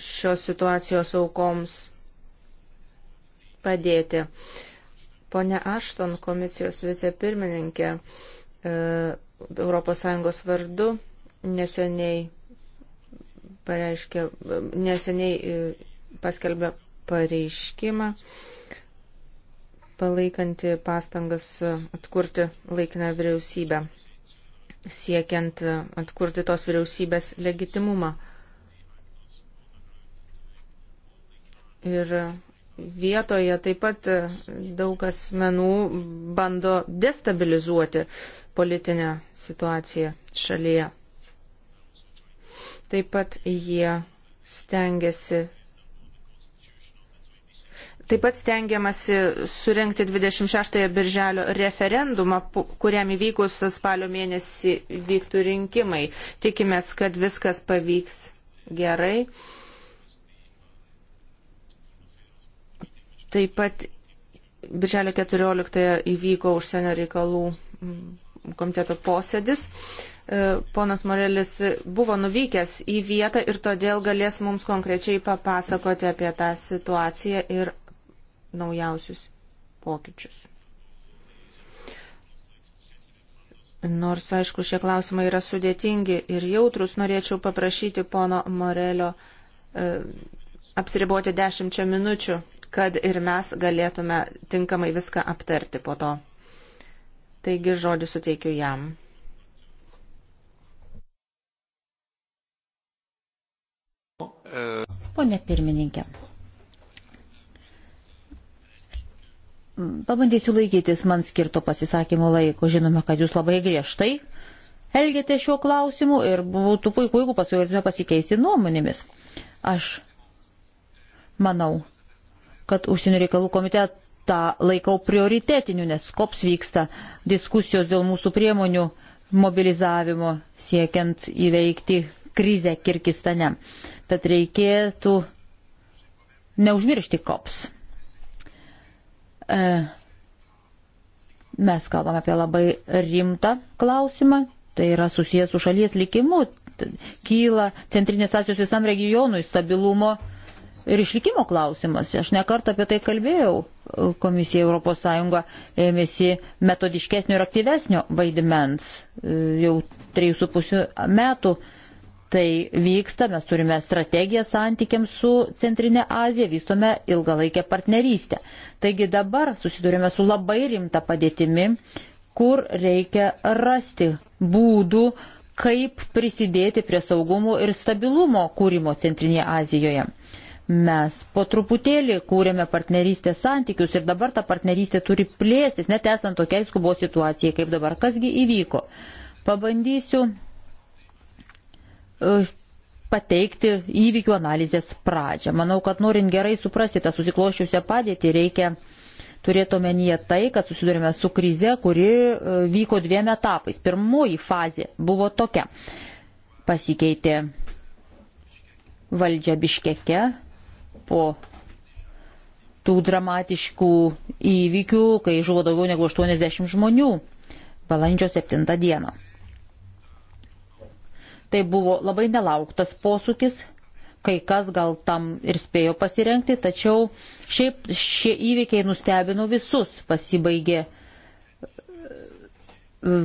šios situacijos aukoms padėti. Pone Ašton, komisijos vicepirmininkė, pirmininkė ES vardu neseniai pareiškė, neseniai e, paskelbė pareiškimą palaikanti pastangas atkurti laikiną vyriausybę, siekiant atkurti tos vyriausybės legitimumą. Ir vietoje taip pat e, daug asmenų bando destabilizuoti politinę situaciją šalyje. Taip pat jie stengiasi. Taip pat stengiamasi surenkti 26 birželio referendumą, kuriam įvykus spalio mėnesį vyktų rinkimai. Tikimės, kad viskas pavyks gerai Taip pat Birželio 14 įvyko užsienio reikalų mm, komiteto posėdis. E, ponas Morelis buvo nuvykęs į vietą ir todėl galės mums konkrečiai papasakoti apie tą situaciją ir naujausius pokyčius. Nors, aišku, šie klausimai yra sudėtingi ir jautrus, norėčiau paprašyti pono Morelio e, apsiriboti dešimčia minučių kad ir mes galėtume tinkamai viską aptarti po to. Taigi žodį suteikiu jam. Pone pirmininkė. Pabandysiu laikytis man skirto pasisakymo laiko. Žinome, kad jūs labai griežtai elgėte šiuo klausimu ir būtų puiku, jeigu paskui galėtume pasikeisti nuomonėmis. Aš manau, kad užsienio reikalų komitetą laikau prioritetiniu, nes kops vyksta diskusijos dėl mūsų priemonių mobilizavimo siekiant įveikti krizę Kirgistane. Tad reikėtų neužmiršti kops. E, mes kalbame apie labai rimtą klausimą, tai yra susijęs su šalies likimu, kyla Centrinės Asijos visam regionui stabilumo ir išlikimo klausimas. Aš nekart apie tai kalbėjau. Komisija ES ėmėsi metodiškesnio ir aktyvesnio vaidmens. E, jau 3,5 metų tai vyksta, mes turime strategiją santykiams su Centrinė Azija, vystome ilgalaikę partnerystę. Taigi dabar susidurime su labai rimta padėtimi, kur reikia rasti būdų, kaip prisidėti prie saugumo ir stabilumo kūrimo Centrinėje Azijoje. Mes po truputėlį kūrėme partnerystės santykius ir dabar ta partnerystė turi plėstis, net esant tokiai skubos situacijai kaip dabar. Kasgi įvyko? Pabandysiu e, pateikti įvykių analizės pradžią. Manau, kad norint gerai suprasti tą susikloščiusią padėtį, reikia turėti omenyje tai, kad susidurime su krize, kuri e, vyko dviem etapais. Pirmoji fazė buvo tokia. Pasikeitė valdžia Biškeke, po tų dramatiškų įvykių, kai žuvo daugiau negu 80 žmonių balandžio 7 dieną. Tai buvo labai nelauktas posūkis, kai kas gal tam ir spėjo pasirenkti, tačiau šiaip šie įvykiai nustebino visus, pasibaigė e,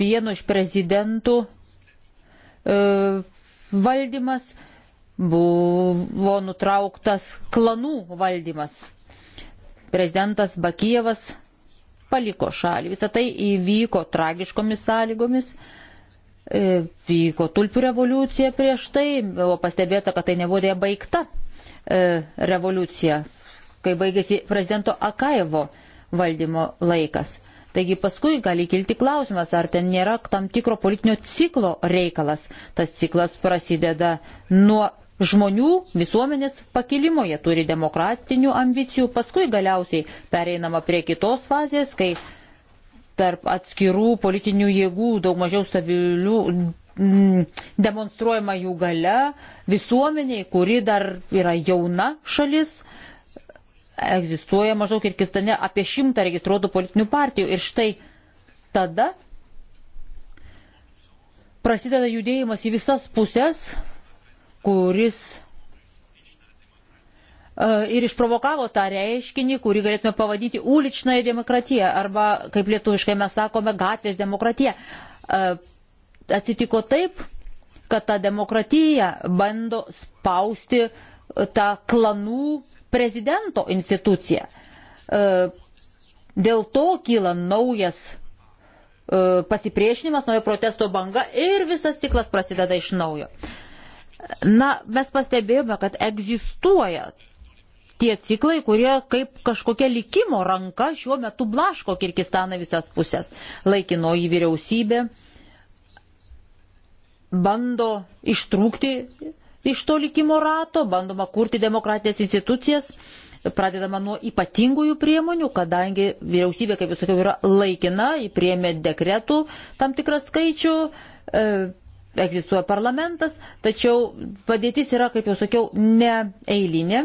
vieno iš prezidentų e, valdymas buvo nutrauktas klanų valdymas. Prezidentas Bakijevas paliko šalį. Visą tai įvyko tragiškomis sąlygomis. E, vyko tulpių revoliucija prieš tai, buvo pastebėta, kad tai nebuvo dėja baigta e, revoliucija, kai baigėsi prezidento Akaevo valdymo laikas. Taigi paskui gali kilti klausimas, ar ten nėra tam tikro politinio ciklo reikalas. Tas ciklas prasideda nuo žmonių, visuomenės pakilimo, jie turi demokratinių ambicijų, paskui galiausiai pereinama prie kitos fazės, kai tarp atskirų politinių jėgų daug mažiau savilių mm, demonstruojama jų gale visuomeniai, kuri dar yra jauna šalis, egzistuoja maždaug ir Kirgistane apie šimtą registruotų politinių partijų. Ir štai tada prasideda judėjimas į visas pusės, kuris e, ir išprovokavo tą reiškinį, kurį galėtume pavadinti uličnąją demokratiją arba, kaip lietuviškai mes sakome, gatvės demokratija. E, atsitiko taip, kad ta demokratija bando spausti tą klanų prezidento instituciją. E, dėl to kyla naujas pasipriešinimas, nauja protesto banga ir visas ciklas prasideda iš naujo. Na, mes pastebėjome, kad egzistuoja tie ciklai, kurie kaip kažkokia likimo ranka šiuo metu blaško Kirgistaną visas pusės. Laikinoji vyriausybė bando ištrūkti iš to likimo rato, bandoma kurti demokratijas institucijas, pradedama nuo ypatingųjų priemonių, kadangi vyriausybė, kaip jūs sakiau, yra laikina, įpriemė dekretų tam tikrą skaičių. E, egzistuoja parlamentas, tačiau padėtis yra, kaip jau sakiau, neeilinė.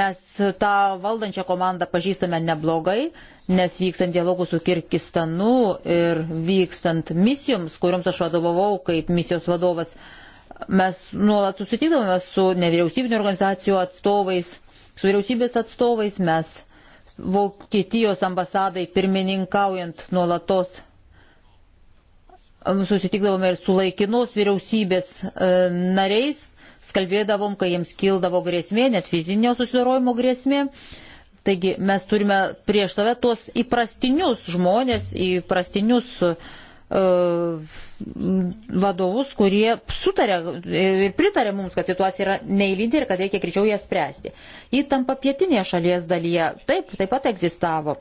Mes tą valdančią komandą pažįstame neblogai, nes vykstant dialogų su Kirgistanu ir vykstant misijoms, kuriuoms aš vadovavau kaip misijos vadovas, mes nuolat susitikdavome su nevyriausybinio organizacijų atstovais, su vyriausybės atstovais, mes Vokietijos ambasadai pirmininkaujant nuolatos susitikdavome ir su laikinos vyriausybės e, nariais, skalbėdavom, kai jiems kildavo grėsmė, net fizinio susidorojimo grėsmė. Taigi mes turime prieš save tuos įprastinius žmonės, įprastinius uh, vadovus, kurie sutarė ir e, pritarė mums, kad situacija yra neįlydė ir kad reikia greičiau ją spręsti. Įtampa pietinėje šalies dalyje taip, taip pat egzistavo.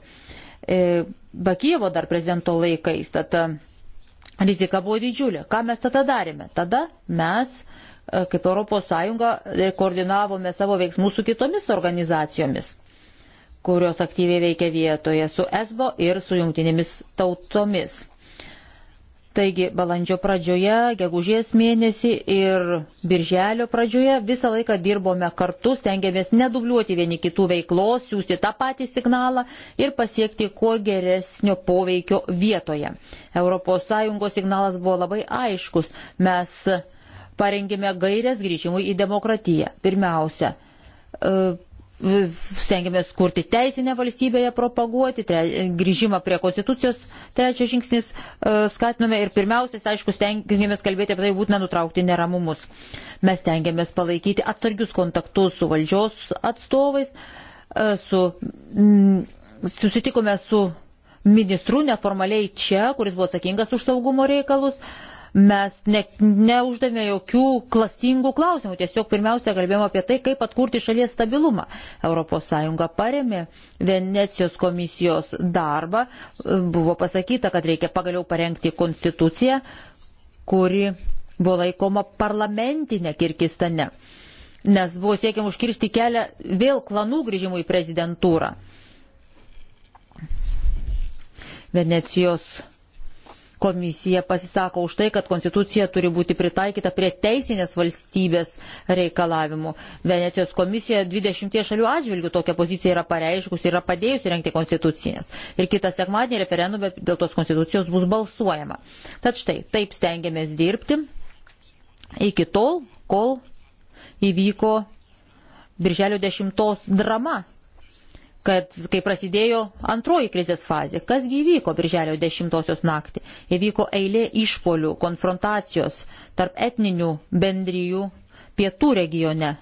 Be Kievo dar prezidento laikais. Tad uh, rizika buvo didžiulė. Ką mes tada darėme? Tada mes, e, kaip ES, e, koordinavome savo veiksmus su kitomis organizacijomis kurios aktyviai veikia vietoje su ESBO ir su jungtinėmis tautomis. Taigi balandžio pradžioje, gegužės mėnesį ir birželio pradžioje visą laiką dirbome kartu, stengiamės nedubliuoti vieni kitų veiklos, siūsti tą patį signalą ir pasiekti kuo geresnio poveikio vietoje. ES signalas buvo labai aiškus. Mes parengėme gairias grįžimui į demokratiją. Pirmiausia, e, stengiamės kurti teisinę valstybėje, propaguoti, tre, grįžimą prie konstitucijos, trečias žingsnis e, skatiname ir pirmiausias, aišku, stengiamės kalbėti apie tai, būtina nutraukti neramumus. Mes stengiamės palaikyti atsargius kontaktus su valdžios atstovais, e, su, m, susitikome su ministru neformaliai čia, kuris buvo atsakingas už saugumo reikalus. Uh, Mes ne, neuždavėme jokių klastingų klausimų, tiesiog pirmiausia kalbėjome apie tai, kaip atkurti šalies stabilumą. ES paremė Venecijos komisijos darbą, buvo pasakyta, kad reikia pagaliau parengti konstituciją, kuri buvo laikoma parlamentinė Kirgistane, nes buvo siekiama užkirsti kelią vėl klanų grįžimui į prezidentūrą. Venecijos Komisija pasisako už tai, kad konstitucija turi būti pritaikyta prie teisinės valstybės reikalavimų. Venecijos komisija 20 šalių atžvilgių tokią poziciją yra pareiškusi ir yra padėjusi renkti konstitucijas. Ir kitą sekmadienį referendume dėl tos konstitucijos bus balsuojama. Tad štai, taip stengiamės dirbti iki tol, kol įvyko Birželio 10 drama kad kai prasidėjo antroji krizės fazė, kas gyvyko birželio 10 naktį, įvyko eilė išpolių, konfrontacijos tarp etninių bendryjų pietų regione.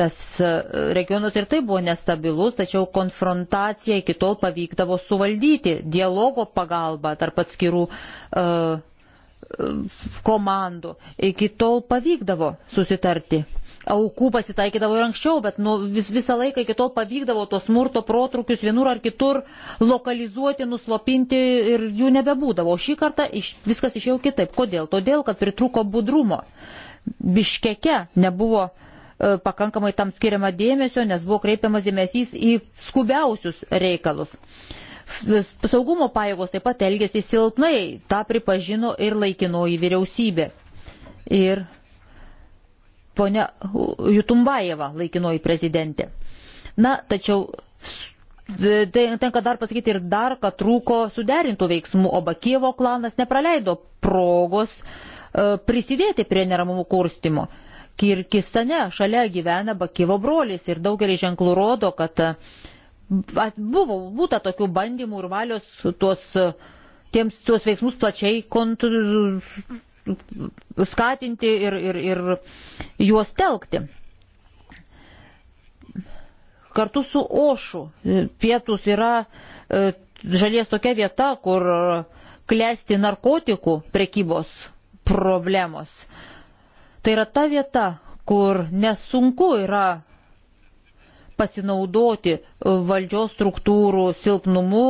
Tas e, regionas ir tai buvo nestabilus, tačiau konfrontaciją iki tol pavykdavo suvaldyti dialogo pagalba tarp atskirų uh, komandų. Iki tol pavykdavo susitarti. Aukų pasitaikydavo ir anksčiau, bet nu, vis, visą laiką iki tol pavykdavo tos smurto protrukius vienur ar kitur lokalizuoti, nuslopinti ir jų nebebūdavo. O šį kartą iš, viskas išėjo kitaip. Kodėl? Todėl, kad pritruko budrumo. Biškeke nebuvo e, pakankamai tam skiriama dėmesio, nes buvo kreipiamas dėmesys į skubiausius reikalus. E, Saugumo pajėgos taip pat elgėsi silpnai, tą pripažino ir laikinoji vyriausybė. Ir ponia Jutumbajeva, laikinoji prezidentė. Na, tačiau tai tenka dar pasakyti ir dar, kad trūko suderintų veiksmų, o Bakievo klanas nepraleido progos e, prisidėti prie neramumų kurstimo. Kirgistane šalia gyvena Bakievo brolis ir daugelis ženklų rodo, kad uh, Buvo būta tokių bandymų ir valios tuos, tiems, tuos veiksmus plačiai kontr... skatinti ir, ir, ir juos telkti. Kartu su Ošu pietus yra e, žalies tokia vieta, kur klesti narkotikų prekybos problemos. Tai yra ta vieta, kur nesunku yra pasinaudoti e, valdžios struktūrų silpnumu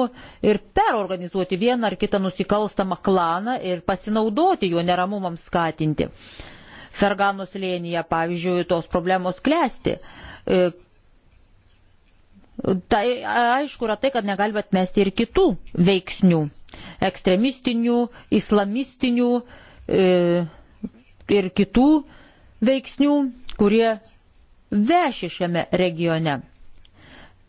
ir perorganizuoti vieną ar kitą nusikalstamą klaną ir pasinaudoti juo neramumams skatinti. Ferganos lėnyje, pavyzdžiui, tos problemos klesti. E, tai aišku yra tai, kad negalime atmesti ir kitų veiksnių - ekstremistinių, islamistinių e, ir kitų veiksnių, kurie veši šiame regione.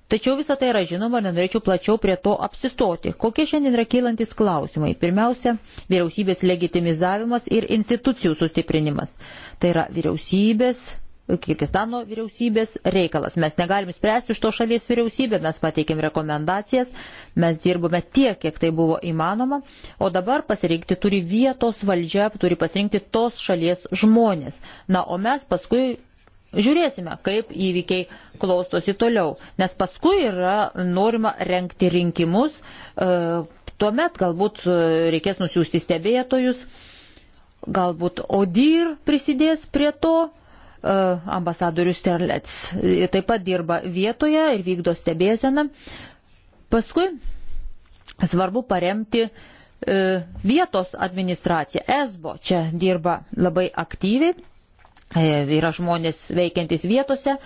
Tačiau visą tai yra žinoma, nenorėčiau plačiau prie to apsistoti. Kokie šiandien yra kylantis klausimai? Pirmiausia, vyriausybės legitimizavimas ir institucijų sustiprinimas. Tai yra vyriausybės, Kirgistano vyriausybės reikalas. Mes negalim spręsti už to šalies vyriausybę, mes pateikėm rekomendacijas, mes dirbome tiek, kiek tai buvo įmanoma, o dabar pasirinkti turi vietos valdžia, turi pasirinkti tos šalies žmonės. Na, o mes paskui Žiūrėsime, kaip įvykiai klostosi toliau, nes paskui yra norima renkti rinkimus, e, tuomet galbūt e, reikės nusiųsti stebėtojus, galbūt Odyr prisidės prie to, e, ambasadorius Terlets taip pat dirba vietoje ir vykdo stebėseną. Paskui svarbu paremti vietos administraciją. ESBO čia dirba labai aktyviai E, yra žmonės veikiantis vietose.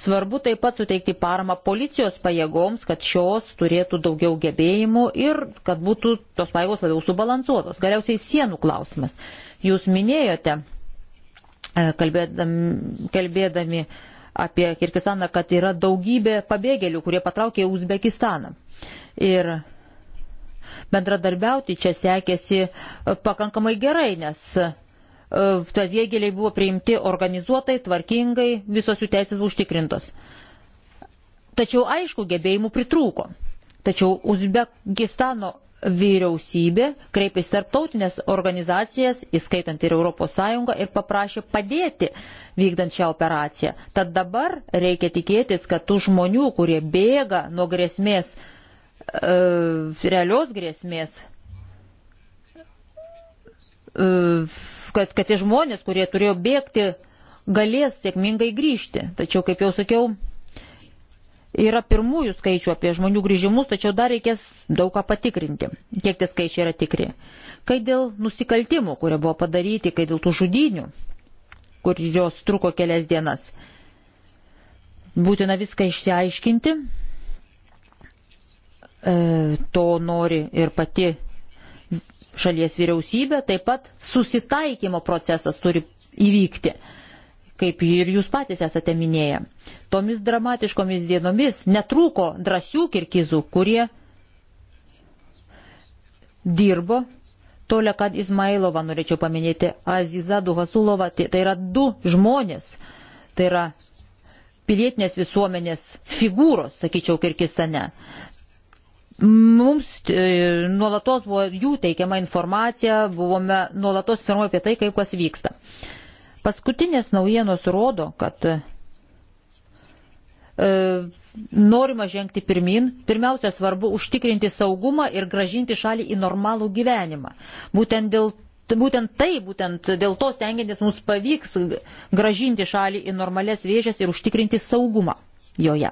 Svarbu taip pat suteikti paramą policijos pajėgoms, kad šios turėtų daugiau gebėjimų ir kad būtų tos pajėgos labiau subalansuotos. Galiausiai sienų klausimas. Jūs minėjote, e, kalbėdami, kalbėdami apie Kirgistaną, kad yra daugybė pabėgėlių, kurie patraukė į Uzbekistaną. Ir bendradarbiauti čia sekėsi pakankamai gerai, nes E, tas jėgeliai buvo priimti organizuotai, tvarkingai, visos jų teisės buvo užtikrintos. Tačiau aišku, gebėjimų pritrūko. Tačiau Uzbekistano vyriausybė kreipėsi tarptautinės organizacijas, įskaitant ir ES, ir paprašė padėti vykdant šią operaciją. Tad dabar reikia tikėtis, kad tų žmonių, kurie bėga nuo grėsmės, e, realios grėsmės, e, kad, kad tie žmonės, kurie turėjo bėgti, galės sėkmingai grįžti. Tačiau, kaip jau sakiau, yra pirmųjų skaičių apie žmonių grįžimus, tačiau dar reikės daug ką patikrinti, kiek tie skaičiai yra tikri. Kai dėl nusikaltimų, kurie buvo padaryti, kai dėl tų žudinių, kur jos truko kelias dienas, būtina viską išsiaiškinti. E, to nori ir pati šalies vyriausybė, taip pat susitaikymo procesas turi įvykti, kaip ir jūs patys esate minėję. Tomis dramatiškomis dienomis netrūko drąsių kirkizų, kurie dirbo. Tolia, kad Izmailovą norėčiau paminėti, Azizą Duhasulovą, tai, tai yra du žmonės, tai yra pilietinės visuomenės figūros, sakyčiau, Kirgistane. Mums e, nuolatos buvo jų teikiama informacija, buvome nuolatos informuojami apie tai, kaip kas vyksta. Paskutinės naujienos rodo, kad e, norima žengti pirmin, pirmiausia svarbu užtikrinti saugumą ir gražinti šalį į normalų gyvenimą. Būtent dėl būtent tai, būtent dėl to stengiantis mums pavyks gražinti šalį į normales vėžės ir užtikrinti saugumą joje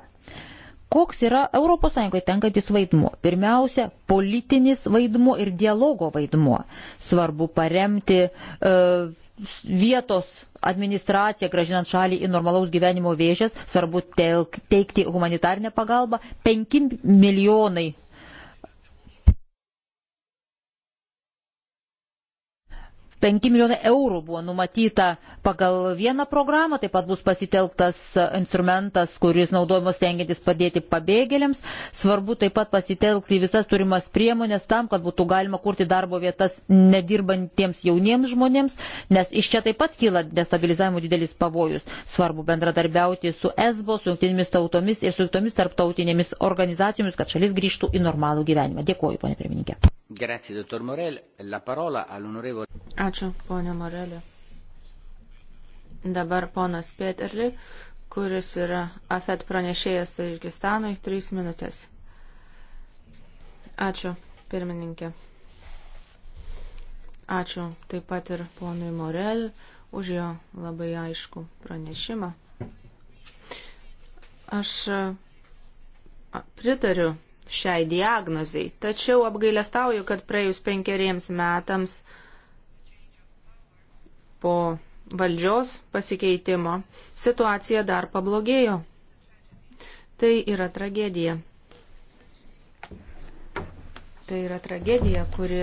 koks yra ES tenkantis vaidmuo. Pirmiausia, politinis vaidmuo ir dialogo vaidmuo. Svarbu paremti e, vietos administraciją, gražinant šalį į normalaus gyvenimo vėžės, svarbu telk, teikti humanitarinę pagalbą. 5 milijonai 5 milijonai eurų buvo numatyta pagal vieną programą, taip pat bus pasitelktas instrumentas, kuris naudojamas tengiantis padėti pabėgėliams. Svarbu taip pat pasitelkti visas turimas priemonės tam, kad būtų galima kurti darbo vietas nedirbantiems jauniems žmonėms, nes iš čia taip pat kyla destabilizavimo didelis pavojus. Svarbu bendradarbiauti su ESBO, su jungtinėmis tautomis ir su kitomis tarptautinėmis organizacijomis, kad šalis grįžtų į normalų gyvenimą. Dėkuoju, ponė pirmininkė. Grazie, dottor Morel. La parola all'onorevole. Ačiū, ponė Morelė. Dabar ponas Pieterli, kuris yra AFET pranešėjas Tajikistanui, trys minutės. Ačiū, pirmininkė. Ačiū taip pat ir ponui Morel už jo labai aišku pranešimą. Aš pritariu šiai diagnozijai. Tačiau apgailestauju, kad praėjus penkeriems metams po valdžios pasikeitimo situacija dar pablogėjo. Tai yra tragedija. Tai yra tragedija, kuri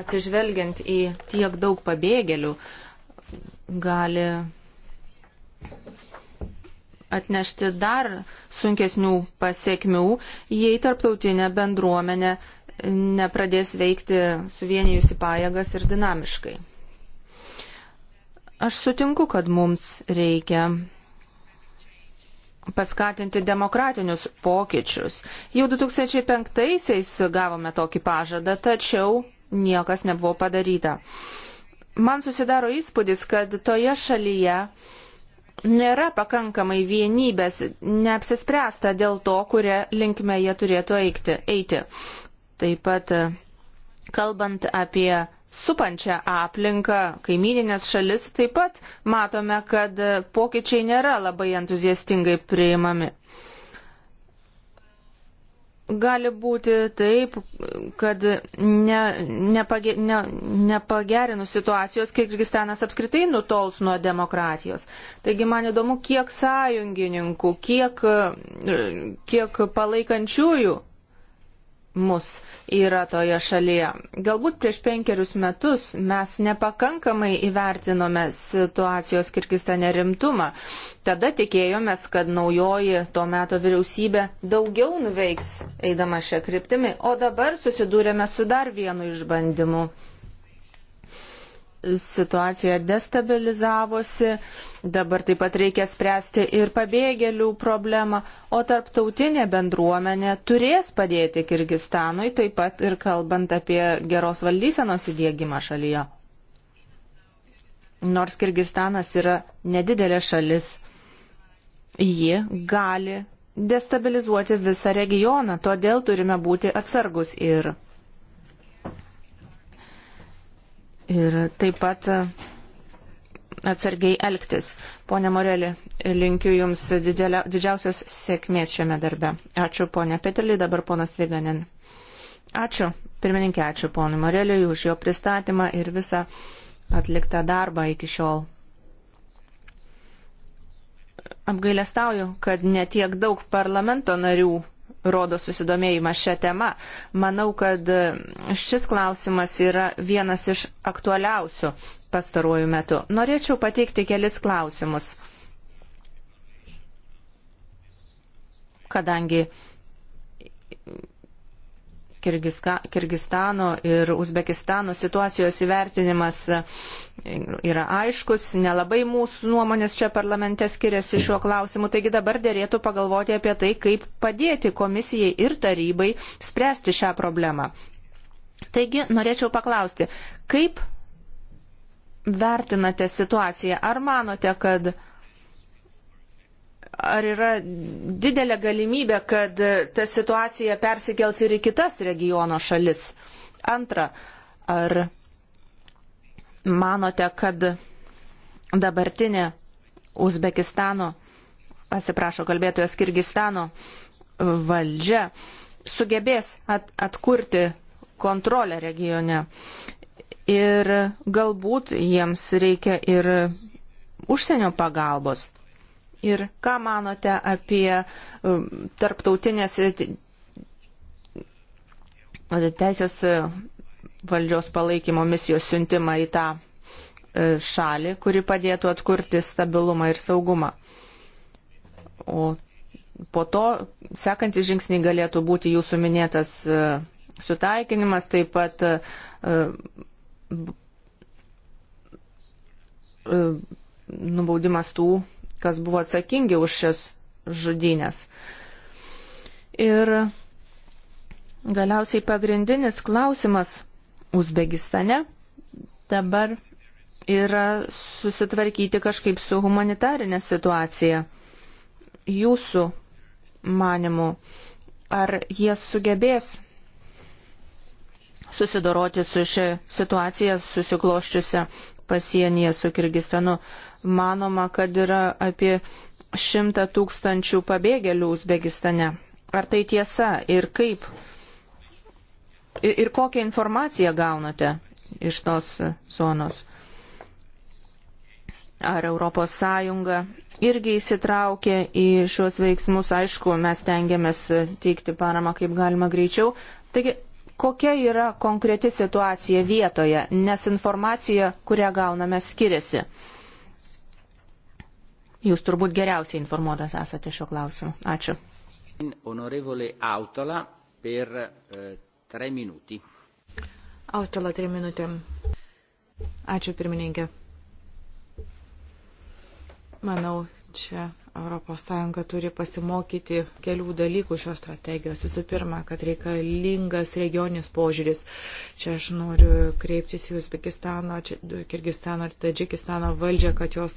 atsižvelgiant į tiek daug pabėgėlių gali atnešti dar sunkesnių pasiekmių, jei tarptautinė bendruomenė nepradės veikti suvienijusi pajėgas ir dinamiškai. Aš sutinku, kad mums reikia paskatinti demokratinius pokyčius. Jau 2005-aisiais gavome tokį pažadą, tačiau niekas nebuvo padaryta. Man susidaro įspūdis, kad toje šalyje nėra pakankamai vienybės, neapsispręsta dėl to, kurią linkme jie turėtų eiti. Taip pat e, kalbant apie supančią aplinką, kaimininės šalis, taip pat matome, kad e, pokyčiai nėra labai entuziastingai priimami gali būti taip, kad ne, nepage, ne, nepagerinus situacijos, Kirgistanas apskritai nutols nuo demokratijos. Taigi man įdomu, kiek sąjungininkų, kiek, kiek palaikančiųjų mus yra toje šalyje. Galbūt prieš penkerius metus mes nepakankamai įvertinome situacijos Kirgistane rimtumą. Tada tikėjomės, kad naujoji to meto vyriausybė daugiau nuveiks eidama šią kryptimį, o dabar susidūrėme su dar vienu išbandymu situacija destabilizavosi, dabar taip pat reikia spręsti ir pabėgėlių problemą, o tarptautinė bendruomenė turės padėti Kirgistanui, taip pat ir kalbant apie geros valdysenos įdėgymą šalyje. Nors Kirgistanas yra nedidelė šalis, ji gali destabilizuoti visą regioną, todėl turime būti atsargus ir ir taip pat atsargiai elgtis. Pone Morelį, linkiu Jums didelio, didžiausios sėkmės šiame darbe. Ačiū, ponė Petelį, dabar ponas Viganin. Ačiū, pirmininkė, ačiū ponui Moreliui už jo pristatymą ir visą atliktą darbą iki šiol. Apgailestauju, kad netiek daug parlamento narių rodo susidomėjimą šią temą. Manau, kad šis klausimas yra vienas iš aktualiausių pastaruoju metu. Norėčiau pateikti kelis klausimus, kadangi Kirgiska, Kirgistano ir Uzbekistano situacijos įvertinimas yra aiškus, nelabai mūsų nuomonės čia parlamente skiriasi šiuo klausimu, taigi dabar dėrėtų pagalvoti apie tai, kaip padėti komisijai ir tarybai spręsti šią problemą. Taigi norėčiau paklausti, kaip vertinate situaciją? Ar manote, kad Ar yra didelė galimybė, kad ta situacija persikels ir į kitas regiono šalis? Antra, ar manote, kad dabartinė Uzbekistano, pasiprašo kalbėtojas Kirgistano valdžia sugebės at, atkurti kontrolę regione. Ir galbūt jiems reikia ir užsienio pagalbos. Ir ką manote apie um, tarptautinės e, e, teisės e, valdžios palaikymo misijos siuntimą į tą šalį, kuri padėtų atkurti stabilumą ir saugumą? O po to sekantis žingsniai galėtų būti jūsų minėtas sutaikinimas, taip pat nubaudimas tų kas buvo atsakingi už šias žudynės. Ir galiausiai pagrindinis klausimas Uzbekistane dabar yra susitvarkyti kažkaip su humanitarinė situacija. Jūsų manimu, ar jie sugebės susidoroti su šia situacija susikloščiusią pasienyje su Kirgistanu. Manoma, kad yra apie šimtą tūkstančių pabėgėlių Uzbekistane. Ar tai tiesa ir kaip? Ir, ir kokią informaciją gaunate iš tos zonos? Ar Europos Sąjunga irgi įsitraukė į šios veiksmus? Aišku, mes tengiamės teikti paramą kaip galima greičiau. Taigi, kokia yra konkreti situacija vietoje, nes informacija, kurią gauname, skiriasi. Jūs turbūt geriausiai informuotas esate šio klausimu. Ačiū. Honorevole Autola per e, tre minuti. Autola trim minutėm. Ačiū pirmininkė. Manau, Čia ES turi pasimokyti kelių dalykų šios strategijos. Visų pirma, kad reikalingas regioninis požiūris. Čia aš noriu kreiptis į Uzbekistano, Kirgistano ir Tadžikistano valdžią, kad jos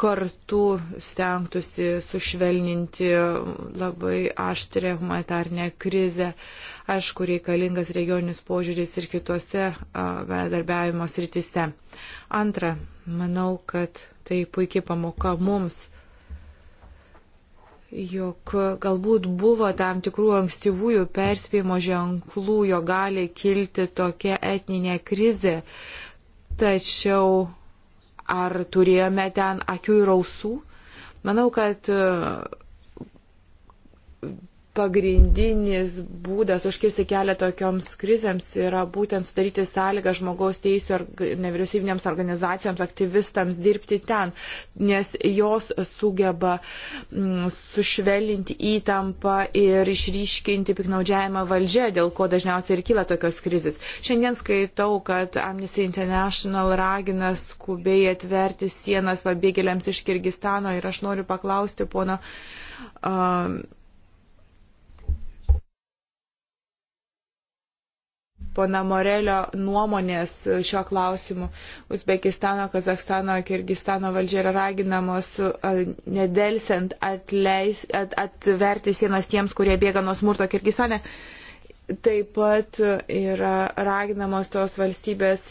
kartu stengtųsi sušvelninti labai aštrę humanitarnę krizę. Aišku, reikalingas regioninis požiūris ir kitose bendarbiavimo sritise. Antra, Manau, kad tai puikiai pamoka mums, jog galbūt buvo tam tikrų ankstyvųjų perspėjimo ženklų, jo gali kilti tokia etninė krizė. Tačiau ar turėjome ten akių ir ausų? Manau, kad pagrindinis būdas užkirsti kelią tokioms krizėms yra būtent sudaryti sąlygą žmogaus teisų ir nevyriausybinėms organizacijoms, aktyvistams dirbti ten, nes jos sugeba mm, sušvelninti įtampą ir išryškinti piknaudžiavimą valdžia, dėl ko dažniausiai ir kyla tokios krizės. Šiandien skaitau, kad Amnesty International ragina skubiai atverti sienas pabėgėliams iš Kirgistano ir aš noriu paklausti pono. Um, uh, pana Morelio nuomonės šiuo klausimu. Uzbekistano, Kazakstano, Kirgistano valdžia yra raginamos nedelsiant atleis, at, atverti sienas tiems, kurie bėga nuo smurto Kirgistane. Taip pat yra raginamos tos valstybės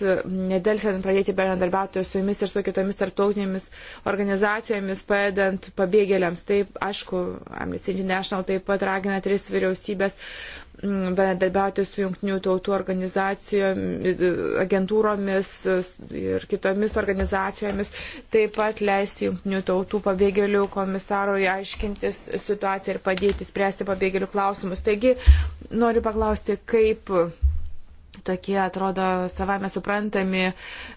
nedelsiant pradėti bendradarbiauti su jumis ir su kitomis tarptautinėmis organizacijomis, padedant pabėgėliams. Taip, aišku, Amnesty International taip pat ragina tris vyriausybės uh, bendarbiauti su jungtinių tautų organizacijomis, agentūromis ir kitomis organizacijomis, taip pat leisti jungtinių tautų pabėgėlių komisarui aiškintis situaciją ir padėti spręsti pabėgėlių klausimus. Taigi noriu paklausti, kaip tokie atrodo savame suprantami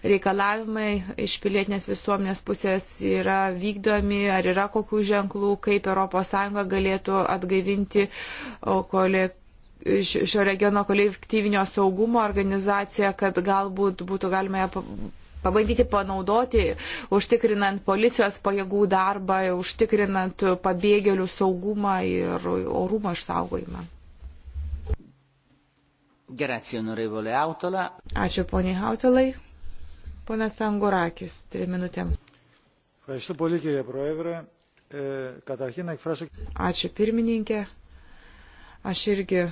reikalavimai iš pilietinės visuomenės pusės yra vykdomi, ar yra kokių ženklų, kaip ES galėtų atgaivinti kolektyvą šio regiono kolektyvinio saugumo organizacija, kad galbūt būtų galima ją pabandyti panaudoti, užtikrinant policijos pajėgų darbą, užtikrinant pabėgėlių saugumą ir orumo išsaugojimą. Grazie, onorevole Autola. Ačiū, poniai Autolai. Ponas Angurakis, trim minutėm. E, Ačiū, pirmininkė. Aš irgi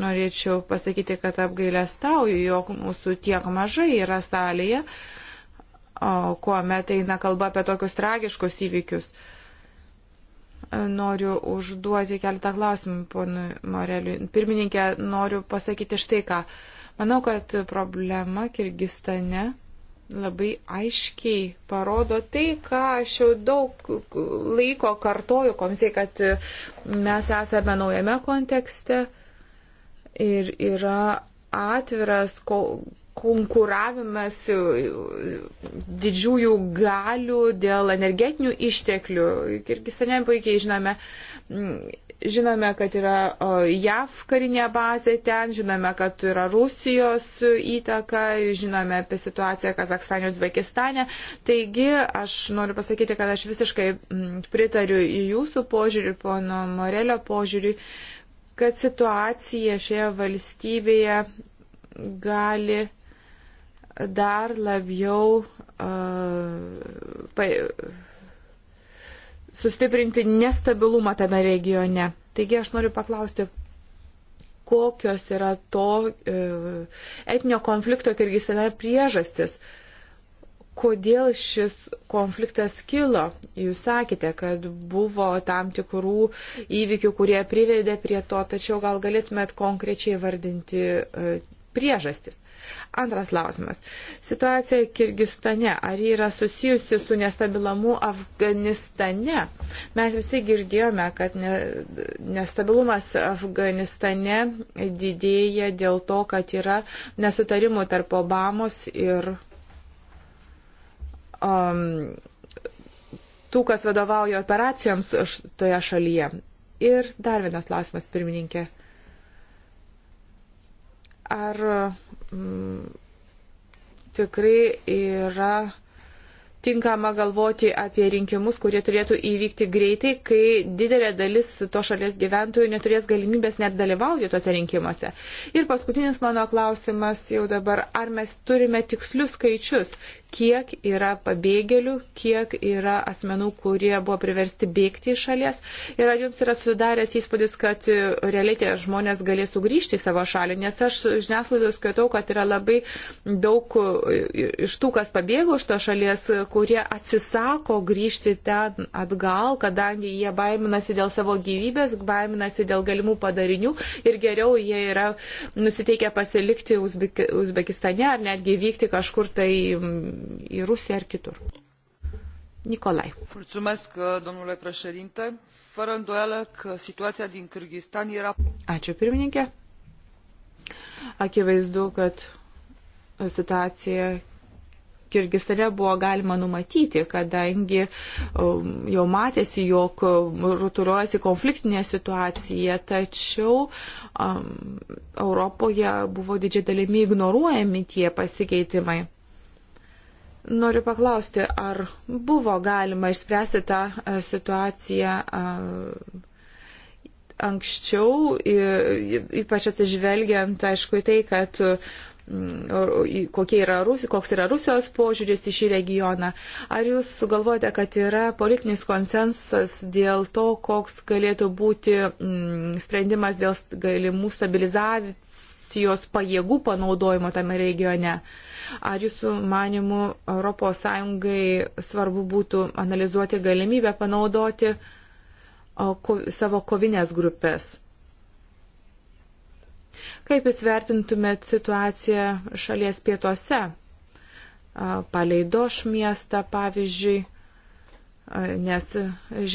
norėčiau pasakyti, kad apgailestauju, jog mūsų tiek mažai yra salėje, kuomet eina kalba apie tokius tragiškus įvykius. Noriu užduoti keletą klausimų, ponui Moreliui. Pirmininkė, noriu pasakyti štai ką. Manau, kad problema Kirgistane labai aiškiai parodo tai, ką aš jau daug laiko kartoju komisijai, kad mes esame naujame kontekste ir yra atviras ko, konkuravimas e, didžiųjų galių dėl energetinių išteklių. Kirgistane puikiai žinome, žinome, kad yra JAV karinė bazė ten, žinome, kad yra Rusijos įtaka, žinome apie situaciją Kazakstane, Uzbekistane. Taigi aš noriu pasakyti, kad aš visiškai pritariu jūsų požiūriui, pono Morelio požiūriui kad situacija šioje valstybėje gali dar labiau uh, pa, sustiprinti nestabilumą tame regione. Taigi aš noriu paklausti, kokios yra to uh, e, etnio konflikto Kirgistane priežastis. Uh, kodėl šis konfliktas kilo. Jūs sakėte, kad buvo tam tikrų įvykių, kurie privedė prie to, tačiau gal galėtumėt konkrečiai vardinti e, priežastis. Antras klausimas. Situacija Kirgistane. Ar ji yra susijusi su nestabilumu Afganistane? Mes visi girdėjome, kad ne, nestabilumas Afganistane didėja dėl to, kad yra nesutarimų tarp Obamos ir um, tų, kas vadovauja operacijoms toje šalyje. Ir dar vienas klausimas, pirmininkė. Ar mm, tikrai yra tinkama galvoti apie rinkimus, kurie turėtų įvykti greitai, kai didelė dalis to šalies gyventojų neturės galimybės net dalyvauti tose rinkimuose. Ir paskutinis mano klausimas jau dabar, ar mes turime tikslius skaičius, kiek yra pabėgėlių, kiek yra asmenų, kurie buvo priversti bėgti iš šalies. Ir ar jums yra sudaręs įspūdis, kad realiai tie žmonės galės sugrįžti į savo šalį? Nes aš žiniasklaidoje skaitau, kad yra labai daug iš tų, kas pabėgo iš to šalies, kurie atsisako grįžti ten atgal, kadangi jie baiminasi dėl savo gyvybės, baiminasi dėl galimų padarinių ir geriau jie yra nusiteikę pasilikti Uzbekistane ar netgi vykti kažkur tai į Rusiją ar kitur. Nicolai. Mulțumesc, domnule președinte. Fără îndoială că situația din Kyrgyzstan era... Ačiū pirmininkė. Akivaizdu, kad situacija Kirgistane buvo galima numatyti, kadangi um, jau matėsi, jog um, rutuliuojasi konfliktinė situacija, tačiau um, Europoje buvo didžiai dalimi ignoruojami tie pasikeitimai. Noriu paklausti, ar buvo galima išspręsti tą e, situaciją anksčiau, ypač atsižvelgiant, aišku, į tai, kad kokie yra Rusi, koks yra Rusijos požiūris į šį regioną. Ar jūs galvojate, kad yra politinis konsensus dėl to, koks galėtų būti sprendimas dėl galimų stabilizacijų? Rusijos pajėgų panaudojimo tame regione. Ar jūsų manimų ES svarbu būtų analizuoti galimybę panaudoti savo kovinės grupės? Kaip jūs vertintumėt situaciją šalies pietuose, paleidoš miestą pavyzdžiui, nes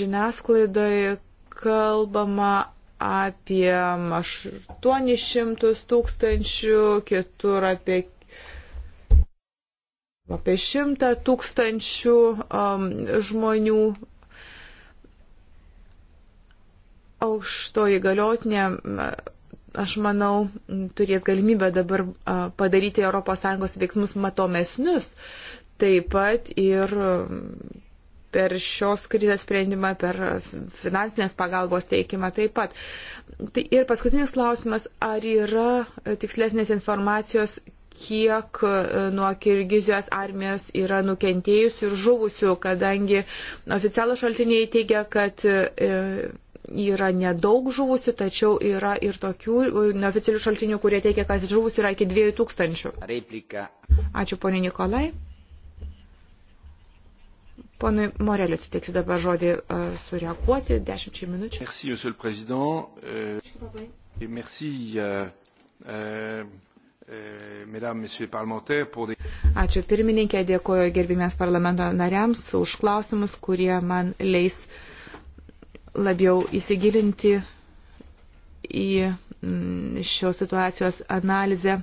žiniasklaidoje kalbama apie 800 tūkstančių, kitur apie apie šimtą tūkstančių um, žmonių. Aukšto įgaliotinė, aš manau, turės galimybę dabar padaryti ES veiksmus matomesnius, taip pat ir per šios krizės sprendimą, per finansinės pagalbos teikimą taip pat. Tai ir paskutinis klausimas, ar yra tikslesnės informacijos, kiek e, nuo Kirgizijos armijos yra nukentėjusių ir žuvusių, kadangi oficialų šaltiniai teigia, kad e, yra nedaug žuvusių, tačiau yra ir tokių e, neoficialių šaltinių, kurie teigia, kad žuvusių yra iki 2000. Replika. Ačiū, ponė Nikolai. Ponui Moreliu suteiksiu dabar žodį uh, sureaguoti dešimčiai minučių. Merci, monsieur le président. Uh, et merci, uh, uh, mesdames, messieurs les parlementaires, pour des... Ačiū pirmininkė, dėkuoju gerbimiems parlamento nariams už klausimus, kurie man leis labiau įsigilinti į mm, šios situacijos analizę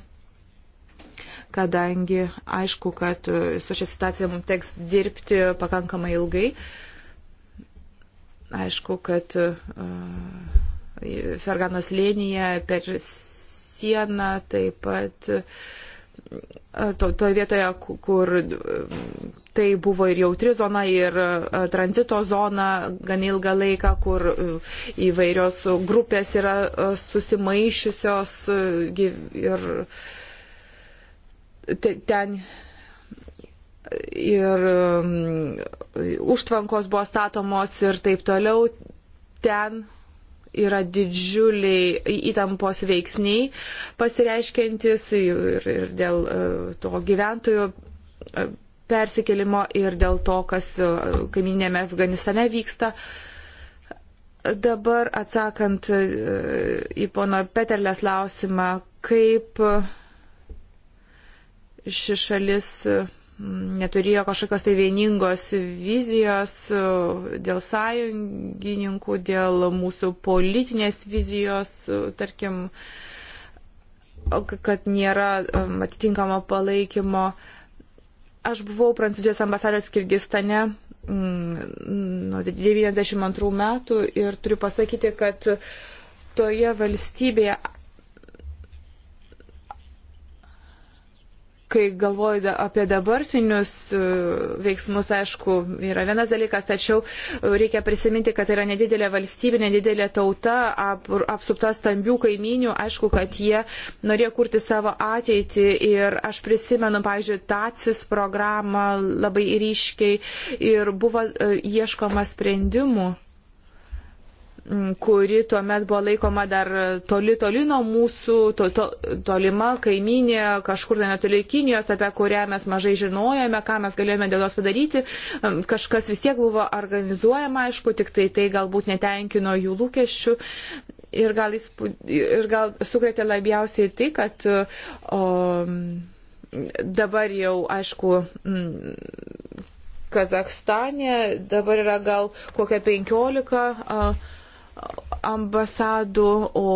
kadangi aišku, kad e, su šia situacija mums teks dirbti pakankamai ilgai. Aišku, kad e, Ferganos lėnyje per sieną taip pat e, to, toje vietoje, kur tai buvo ir jautri zona, ir tranzito zona gan ilgą laiką, kur įvairios grupės yra susimaišiusios ir ten ir um, užtvankos buvo statomos ir taip toliau. Ten yra didžiuliai įtampos veiksniai pasireiškiantis ir, ir dėl uh, to gyventojų uh, persikėlimo ir dėl to, kas uh, kaiminėme Afganistane vyksta. Dabar atsakant į pono Peterlės klausimą, kaip ši šalis mm, neturėjo kažkokios tai vieningos vizijos e, dėl sąjungininkų, dėl mūsų politinės vizijos, e, tarkim, kad nėra e, atitinkamo palaikymo. Aš buvau Prancūzijos ambasadorius Kirgistane mm, nuo 92 metų ir turiu pasakyti, kad toje valstybėje kai galvoju apie dabartinius e, veiksmus, aišku, yra vienas dalykas, tačiau e, reikia prisiminti, kad yra nedidelė valstybė, nedidelė tauta, ap, apsupta stambių kaiminių, aišku, kad jie norėjo kurti savo ateitį ir aš prisimenu, pavyzdžiui, TACIS programą labai ryškiai ir buvo e, ieškoma sprendimų kuri tuomet buvo laikoma dar toli, toli nuo mūsų, to, to, tolima kaiminė, kažkur ten tai netoli Kinijos, apie kurią mes mažai žinojome, ką mes galėjome dėl jos padaryti. Kažkas vis tiek buvo organizuojama, aišku, tik tai tai galbūt netenkino jų lūkesčių. Ir gal, įspū... ir gal sukretė labiausiai tai, kad o, dabar jau, aišku, m, Kazakstane dabar yra gal kokia penkiolika. 15 ambasadų, o,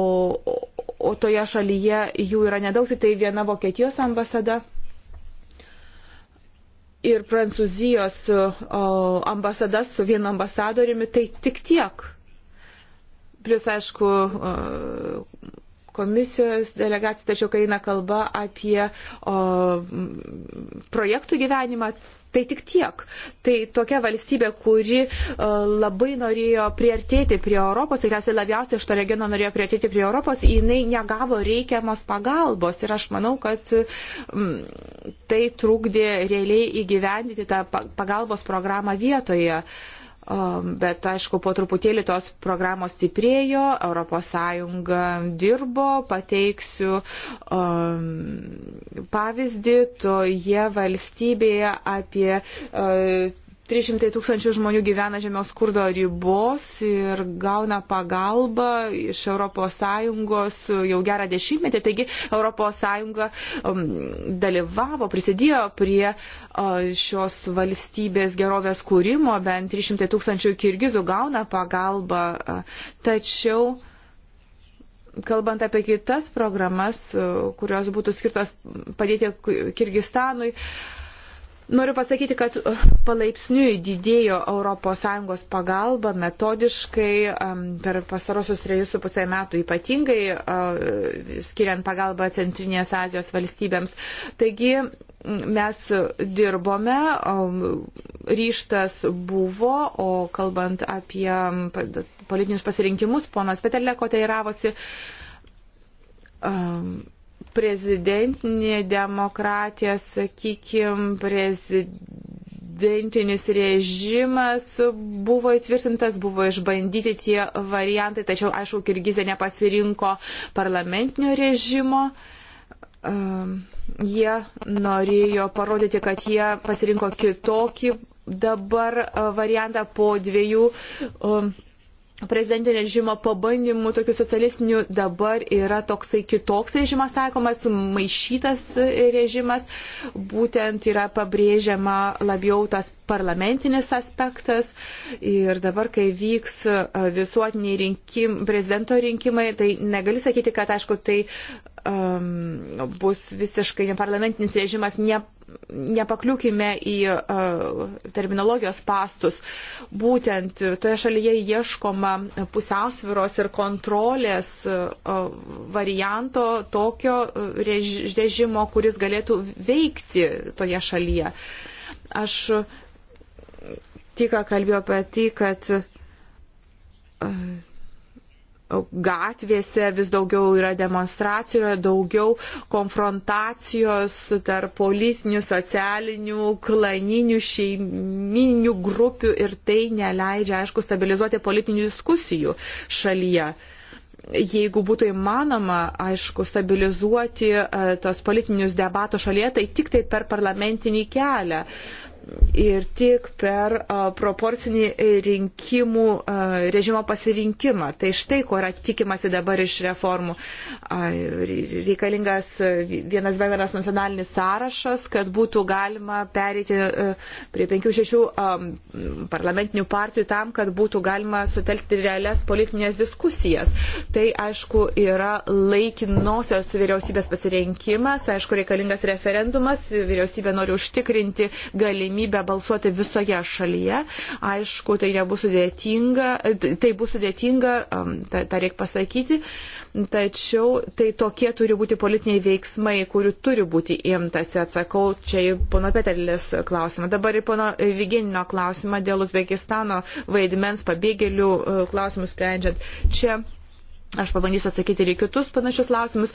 o toje šalyje jų yra nedaug, tai viena Vokietijos ambasada ir Prancūzijos ambasada su vienu ambasadoriumi, tai tik tiek. Plius, aišku, komisijos delegacija, tačiau kai eina kalba apie o, projektų gyvenimą, Tai tik tiek. Tai tokia valstybė, kuri uh, labai norėjo priartėti prie Europos, tikriausiai labiausiai iš to regiono norėjo priartėti prie Europos, jinai negavo reikiamos pagalbos. Ir aš manau, kad mm, tai trukdė realiai įgyvendyti tą pagalbos programą vietoje. Uh, Um, bet aišku, po truputėlį tos programos stiprėjo, ES dirbo, pateiksiu um, pavyzdį, toje valstybėje apie uh, 300 tūkstančių žmonių gyvena žemiaus skurdo ribos ir gauna pagalbą iš ES jau gerą dešimtmetį. Taigi ES um, dalyvavo, prisidėjo prie uh, šios valstybės gerovės kūrimo, bent 300 tūkstančių kirgizų gauna pagalbą. Uh, tačiau kalbant apie kitas programas, uh, kurios būtų skirtos padėti Kirgistanui, uh, Noriu pasakyti, kad uh, palaipsniui didėjo ES pagalba metodiškai um, per pastarosius trejus su pusę metų, ypatingai uh, skiriant pagalbą Centrinės Azijos valstybėms. Taigi mes dirbome, um, ryštas buvo, o kalbant apie politinius pasirinkimus, ponas Petelėko teiravosi. Um, prezidentinė demokratija, sakykime, prezidentinis režimas buvo įtvirtintas, buvo išbandyti tie variantai, tačiau, aišku, Kirgizė nepasirinko parlamentinio režimo. Um, jie norėjo parodyti, kad jie pasirinko kitokį dabar e, variantą po dviejų um, prezidentinio režimo pabandymų, tokių socialistinių, dabar yra toksai kitoks režimas taikomas, maišytas režimas, būtent yra pabrėžiama labiau tas parlamentinis aspektas ir dabar, kai vyks e, visuotiniai rinkim, prezidento rinkimai, tai negali sakyti, kad aišku, tai um, bus visiškai neparlamentinis režimas, ne, nepakliūkime į uh, terminologijos pastus. Būtent toje šalyje ieškoma pusiausviros ir kontrolės uh, varianto tokio uh, rež, režimo, kuris galėtų veikti toje šalyje. Aš tik kalbėjau apie tai, kad uh, gatvėse vis daugiau yra demonstracijų, yra daugiau konfrontacijos tarp politinių, socialinių, klaninių, šeiminių grupių ir tai neleidžia, aišku, stabilizuoti politinių diskusijų šalyje. Jeigu būtų įmanoma, aišku, stabilizuoti e, tos politinius debatų šalyje, tai tik tai per parlamentinį kelią. Uh, ir tik per proporcinį rinkimų režimo pasirinkimą. Tai štai, ko yra tikimasi dabar iš reformų. Reikalingas vienas bendras nacionalinis sąrašas, kad būtų galima pereiti prie 5-6 parlamentinių partijų tam, kad būtų galima sutelkti realias politinės diskusijas. Tai, aišku, yra laikinosios vyriausybės pasirinkimas, aišku, reikalingas referendumas, vyriausybė nori užtikrinti galimybę galimybę balsuoti visoje šalyje. Aišku, tai nebus sudėtinga, tai bus sudėtinga, um, tą, tą reikia pasakyti, tačiau tai tokie turi būti politiniai veiksmai, kurių turi būti imtasi. Atsakau čia į pono Peterlis klausimą. Dabar į pono Viginino klausimą dėl Uzbekistano vaidmens pabėgėlių uh, klausimus sprendžiant. Čia Aš pabandysiu atsakyti ir į kitus panašius klausimus.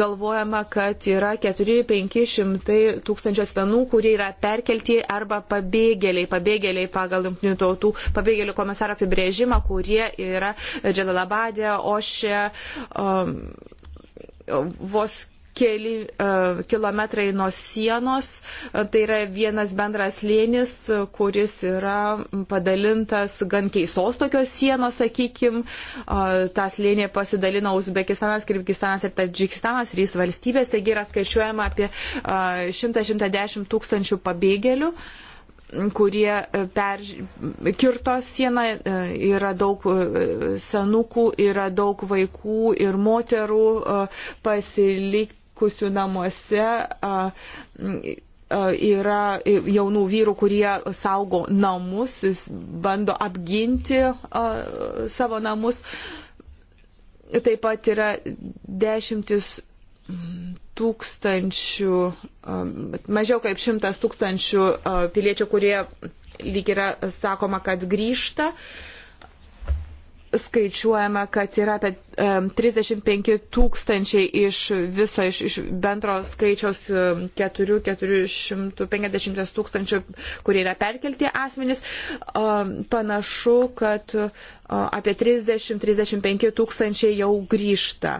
Galvojama, kad yra 4-500 tūkstančių asmenų, kurie yra perkelti arba pabėgėliai, pabėgėliai pagal jungtinių tautų pabėgėlių komisaro apibrėžimą, kurie yra Dželalabadė, Ošė, um, vos keli uh, kilometrai nuo sienos. E, tai yra vienas bendras lėnis, kuris yra padalintas gan keistos tokios sienos, sakykim. Uh, e, tas lėnė pasidalino Uzbekistanas, Kirgistanas ir Tadžikistanas, trys valstybės, taigi yra skaičiuojama apie uh, 100-110 tūkstančių pabėgėlių kurie per, kirto sieną, yra daug senukų, yra daug vaikų ir moterų pasilik, likusių namuose yra jaunų vyrų, kurie saugo namus, bando apginti savo namus. Taip pat yra dešimtis tūkstančių, mažiau kaip šimtas tūkstančių piliečių, kurie lyg yra sakoma, kad grįžta. Uh, skaičiuojama, kad yra apie 35 tūkstančiai iš viso, iš, iš bendro skaičiaus 4-450 tūkstančių, kurie yra perkelti asmenys. Panašu, kad apie 30-35 tūkstančiai jau grįžta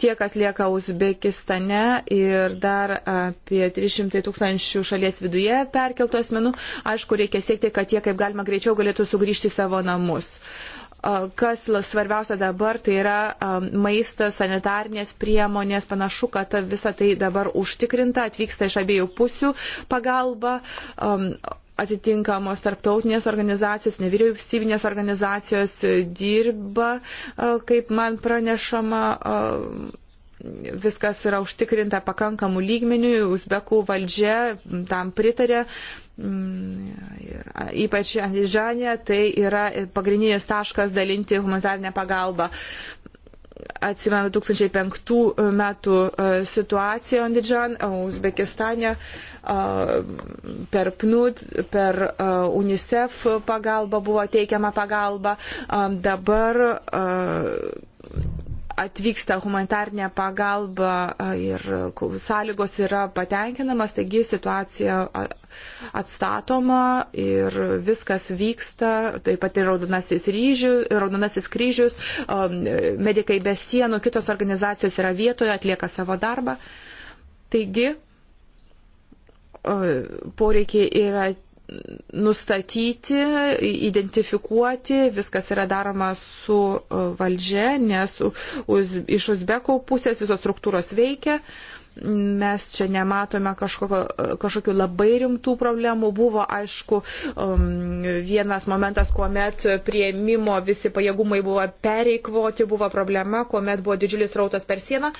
tie, kas lieka Uzbekistane ir dar apie 300 tūkstančių šalies viduje perkeltų asmenų, aišku, reikia siekti, kad jie kaip galima greičiau galėtų sugrįžti į savo namus. Kas svarbiausia dabar, tai yra maistas, sanitarnės priemonės, panašu, kad visa tai dabar užtikrinta, atvyksta iš abiejų pusių pagalba atitinkamos tarptautinės organizacijos, nevyriausybinės organizacijos e, dirba, e, kaip man pranešama, e, viskas yra užtikrinta pakankamų lygmenių, uzbekų valdžia tam pritarė. Mm, ir ypač Andižanė tai yra pagrindinis taškas dalinti humanitarinę pagalbą atsimenu 2005 metų situaciją Ondidžan, Uzbekistane. Uh, per PNUD, per UNICEF pagalbą buvo teikiama pagalba. Dabar atvyksta humanitarnė pagalba ir sąlygos yra patenkinamas, taigi situacija atstatoma ir viskas vyksta, taip pat ir Raudonasis, ryžių, Raudonasis kryžius, medikai be sienų, kitos organizacijos yra vietoje, atlieka savo darbą. Taigi, E, poreikiai yra nustatyti, identifikuoti, viskas yra daroma su e, valdžia, nes iš uzbekų pusės visos struktūros veikia. Uh, mes čia nematome kažkokio, kažkokių labai rimtų problemų. Buvo, aišku, um, vienas momentas, kuomet prieimimo visi pajėgumai buvo pereikvoti, buvo problema, kuomet buvo didžiulis rautas per sieną,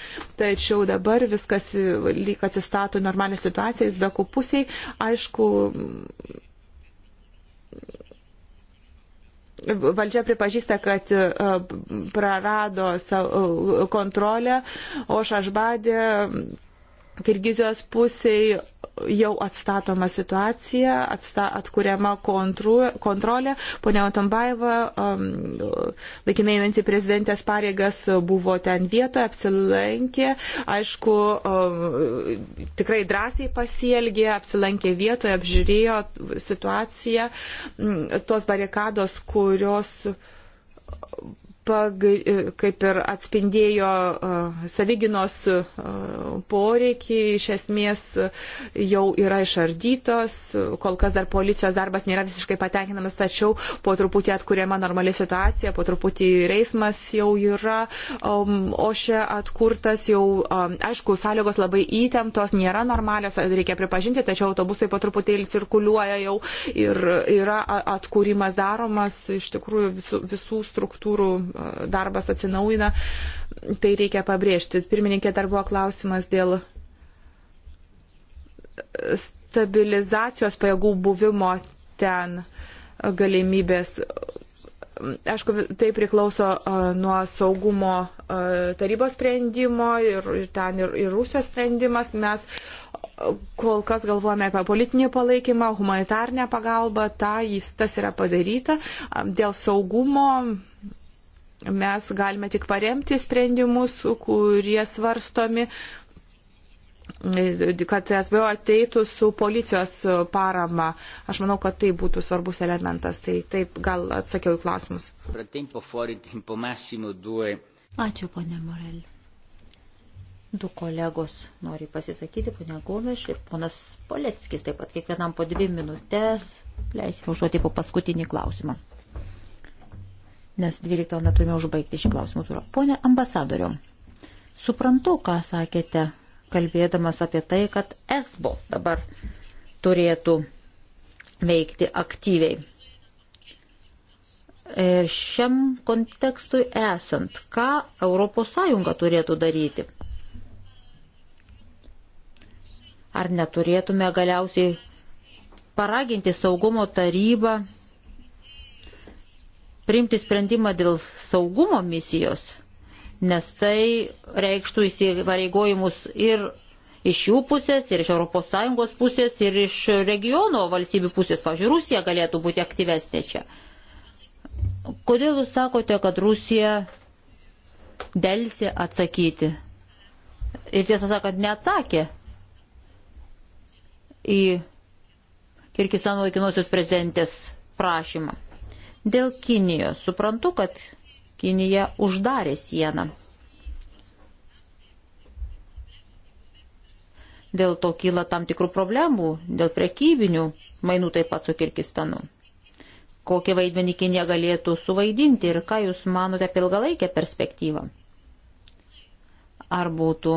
tačiau dabar viskas e, lyg atsistato normalią situaciją, jūs be kupusiai, aišku, valdžia pripažįsta, kad e, prarado e, kontrolę, o Šašbadė Kirgizijos pusiai jau atstatoma situacija, atsta, atkuriama kontru, kontrolė. Pone Otombaiva, um, laikinai einanti prezidentės pareigas, buvo ten vietoje, apsilankė, aišku, um, tikrai drąsiai pasielgė, apsilankė vietoje, apžiūrėjo situaciją, mm, tos barikados, kurios E, kaip ir atspindėjo e, saviginos e, poreikį, iš esmės jau yra išardytos, kol kas dar policijos darbas nėra visiškai patenkinamas, tačiau po truputį atkuriama normali situacija, po truputį ir eismas jau yra, um, o čia atkurtas jau, um, aišku, sąlygos labai įtemptos, nėra normalios, reikia pripažinti, tačiau autobusai po truputį cirkuliuoja jau ir yra atkūrimas daromas iš tikrųjų visų, visų struktūrų darbas atsinaujina, tai reikia pabrėžti. Pirmininkė dar buvo klausimas dėl stabilizacijos pajėgų buvimo ten galimybės aišku, tai priklauso nuo saugumo tarybos sprendimo ir ten ir, ir Rusijos sprendimas. Mes kol kas galvojame apie politinį palaikymą, humanitarnę pagalbą, ta, jis, tas yra padaryta. Dėl saugumo Mes galime tik paremti sprendimus, kurie svarstomi, kad SBO ateitų su policijos parama. Aš manau, kad tai būtų svarbus elementas. Tai taip gal atsakiau į klausimus. Ačiū, ponė Morelė. Du kolegos nori pasisakyti, ponia Gomeš ir ponas Poleckis taip pat kiekvienam po dvi minutės. Leisime užduoti po paskutinį klausimą nes 12 val. turime užbaigti šį klausimų turą. Pone ambasadoriu, suprantu, ką sakėte, kalbėdamas apie tai, kad ESBO dabar turėtų veikti aktyviai. Ir šiam kontekstui esant, ką ES turėtų daryti? Ar neturėtume galiausiai paraginti saugumo tarybą priimti sprendimą dėl saugumo misijos, nes tai reikštų įsivareigojimus ir iš jų pusės, ir iš ES pusės, ir iš regiono valstybių pusės. Pavyzdžiui, Rusija galėtų būti aktyvesnė čia. Kodėl jūs sakote, kad Rusija dėlsi atsakyti? Ir tiesą sakant, neatsakė į Kirgistano laikinosios prezidentės prašymą. Dėl Kinijos suprantu, kad Kinija uždarė sieną. Dėl to kyla tam tikrų problemų, dėl prekybinių mainų taip pat su Kirgistanu. Kokį vaidmenį Kinija galėtų suvaidinti ir ką Jūs manote apie ilgalaikę perspektyvą? Ar būtų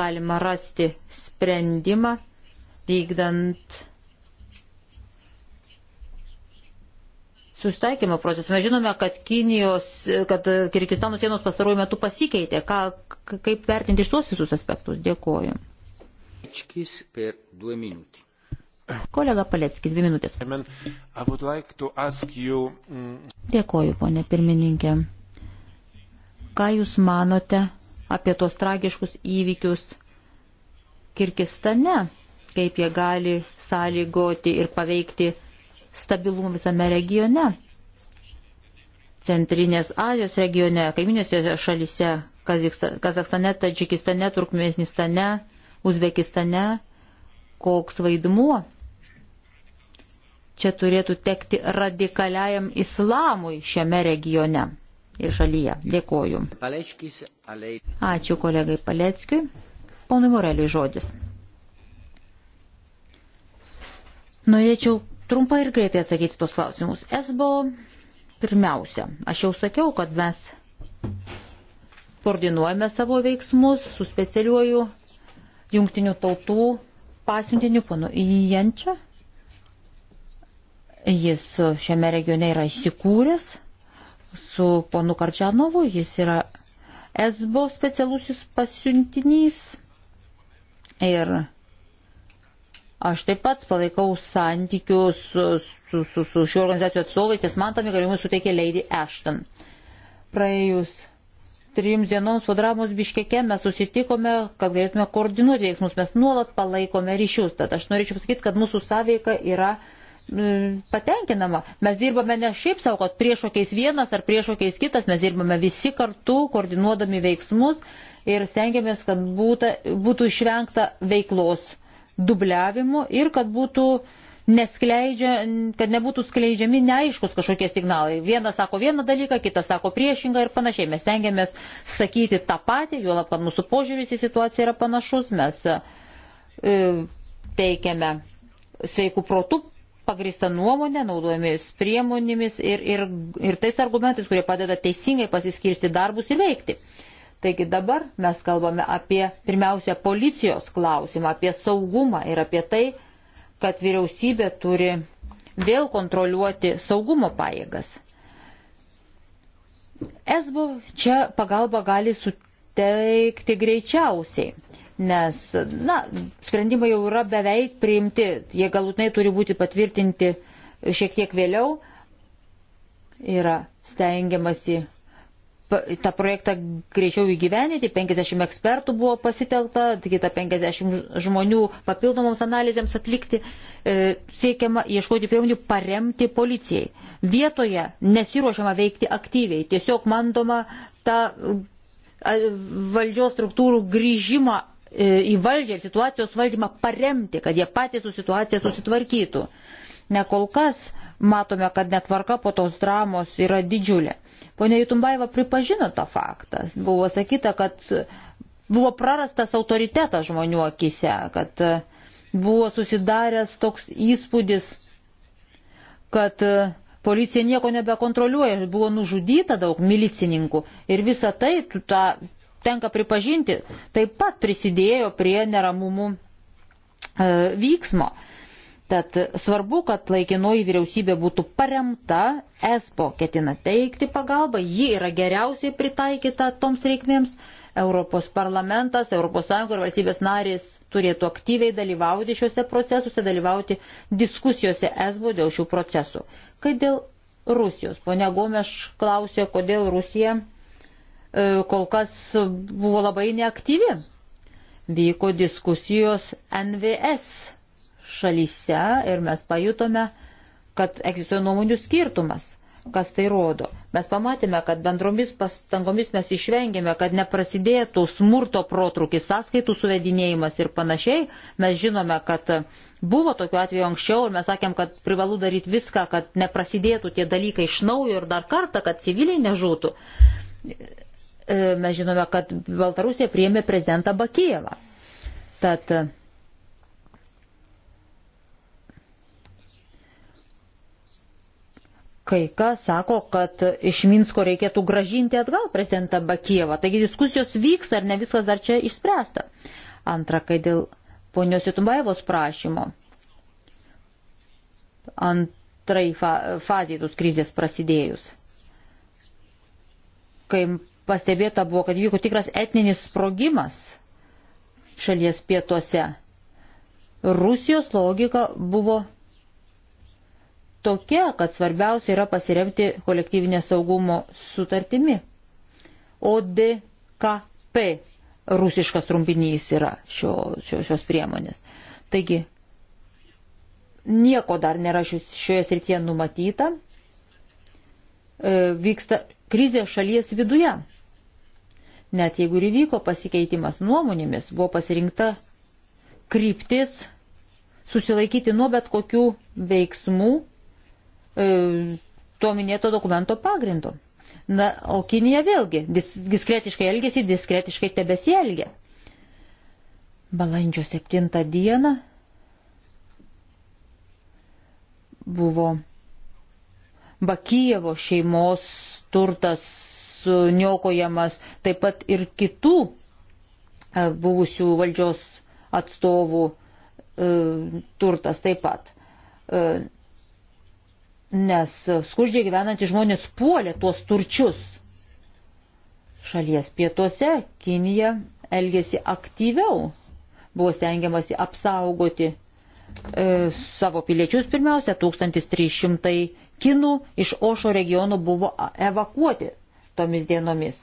galima rasti sprendimą vykdant sustaikymo procesą. Mes žinome, kad Kinijos, kad Kirgistano sienos pastaruoju metu pasikeitė. Ką, kaip vertinti iš tuos visus aspektus? Dėkuoju. Kolega Paleckis, dvi minutės. Mm, Dėkuoju, ponė pirmininkė. Ką Jūs manote apie tos tragiškus įvykius Kirgistane? Kaip jie gali sąlygoti ir paveikti stabilumą visame regione. Centrinės Azijos regione, kaiminėse šalise, Kazakstane, Tadžikistane, Turkmenistane, Uzbekistane, koks vaidmuo čia turėtų tekti radikaliajam islamui šiame regione ir šalyje. Dėkoju. Ačiū kolegai Paleckiui. Ponui Moreliui žodis. Norėčiau trumpai ir greitai atsakyti tos klausimus. Esbo pirmiausia, aš jau sakiau, kad mes koordinuojame savo veiksmus su specialiuoju jungtinių tautų pasiuntiniu panu Jančia. Jis šiame regione yra įsikūręs su ponu Karčianovu, jis yra Esbo specialusis pasiuntinys ir Aš taip pat palaikau santykius su, su, su, su šių organizacijų atstovais, nes man tam įgaliojimus suteikė Lady Ashton. Praėjus trims dienoms po dramos Biškeke mes susitikome, kad galėtume koordinuoti veiksmus, mes nuolat palaikome ryšius. Tad aš norėčiau pasakyti, kad mūsų sąveika yra m, patenkinama. Mes dirbame ne šiaip savo, kad priešokiais vienas ar priešokiais kitas, mes dirbame visi kartu, koordinuodami veiksmus ir stengiamės, kad būta, būtų išvengta veiklos dubliavimu ir kad būtų neskleidžia, kad nebūtų skleidžiami neaiškus kažkokie signalai. Vienas sako vieną dalyką, kitas sako priešingą ir panašiai. Mes tengiamės sakyti tą patį, juolab, kad mūsų požiūris į situaciją yra panašus. Mes e, teikiame sveikų protų pagrįsta nuomonė, naudojomis priemonėmis ir, ir, ir tais argumentais, kurie padeda teisingai pasiskirsti darbus ir veikti. Uh, Taigi dabar mes kalbame apie pirmiausia policijos klausimą, apie saugumą ir apie tai, kad vyriausybė turi vėl kontroliuoti saugumo pajėgas. Esbo čia pagalba gali suteikti greičiausiai, nes, na, sprendimai jau yra beveik priimti, jie galutinai turi būti patvirtinti šiek tiek vėliau, yra stengiamasi tą projektą greičiau įgyveninti, 50 ekspertų buvo pasitelta, kita 50 žmonių papildomoms analizėms atlikti, e, siekiama ieškoti priemonių paremti policijai. Vietoje nesiruošiama veikti aktyviai, tiesiog bandoma tą e, valdžios struktūrų grįžimą e, į valdžią ir situacijos valdymą paremti, kad jie patys su situacija susitvarkytų. Ne kol kas matome, kad netvarka po tos dramos yra didžiulė. Pone Jutumbaiva pripažino tą faktą. Buvo sakyta, kad buvo prarastas autoritetas žmonių akise, kad e, buvo susidaręs toks įspūdis, kad e, policija nieko nebekontroliuoja, buvo nužudyta daug milicininkų ir visa tai, tą tenka pripažinti, taip pat prisidėjo prie neramumų e, vyksmo. E, Tad svarbu, kad laikinoji vyriausybė būtų paremta, ESPO ketina teikti pagalbą, ji yra geriausiai pritaikyta toms reikmėms. Europos parlamentas, ES ir valstybės narės turėtų aktyviai dalyvauti šiuose procesuose, dalyvauti diskusijose ESBO dėl šių procesų. Kai dėl Rusijos, ponia Gomeš klausė, kodėl Rusija e, kol kas buvo labai neaktyvi. Vyko diskusijos NVS šalyse ir mes pajutome, kad egzistuoja nuomonių skirtumas. Kas tai rodo? Mes pamatėme, kad bendromis pastangomis mes išvengėme, kad neprasidėtų smurto protrukis, sąskaitų suvedinėjimas ir panašiai. Mes žinome, kad buvo tokiu atveju anksčiau ir mes sakėm, kad privalu daryti viską, kad neprasidėtų tie dalykai iš naujo ir dar kartą, kad civiliai nežūtų. E, mes žinome, kad Baltarusija priėmė prezidentą Bakijevą. Tad Kai kas sako, kad iš Minsko reikėtų gražinti atgal prezidentą Bakievą. Taigi diskusijos vyksta ir ne viskas dar čia išspręsta. Antra, kai dėl ponios Jutumbaevos prašymo. Antrai fa fazė tos krizės prasidėjus. Kai pastebėta buvo, kad vyko tikras etninis sprogimas šalies pietuose. Rusijos logika buvo tokia, kad svarbiausia yra pasiremti kolektyvinę saugumo sutartimi. ODKP rusiškas trumpinys yra šio, šio, šios priemonės. Taigi, nieko dar nėra šioje srityje numatyta. E, vyksta krizė šalies viduje. Net jeigu ir įvyko pasikeitimas nuomonėmis, buvo pasirinkta kryptis susilaikyti nuo bet kokių veiksmų, E, tuo minėto dokumento pagrindu. Na, o Kinija vėlgi dis diskretiškai elgėsi, diskretiškai tebesielgia. Balandžio 7 dieną buvo Bakijevo šeimos turtas suniokojamas, taip pat ir kitų e, buvusių valdžios atstovų e, turtas taip pat nes skurdžiai gyvenantys žmonės puolė tuos turčius. Šalies pietuose Kinija elgėsi aktyviau, buvo stengiamasi apsaugoti e, savo piliečius pirmiausia, 1300 kinų iš Ošo regionų buvo evakuoti tomis dienomis.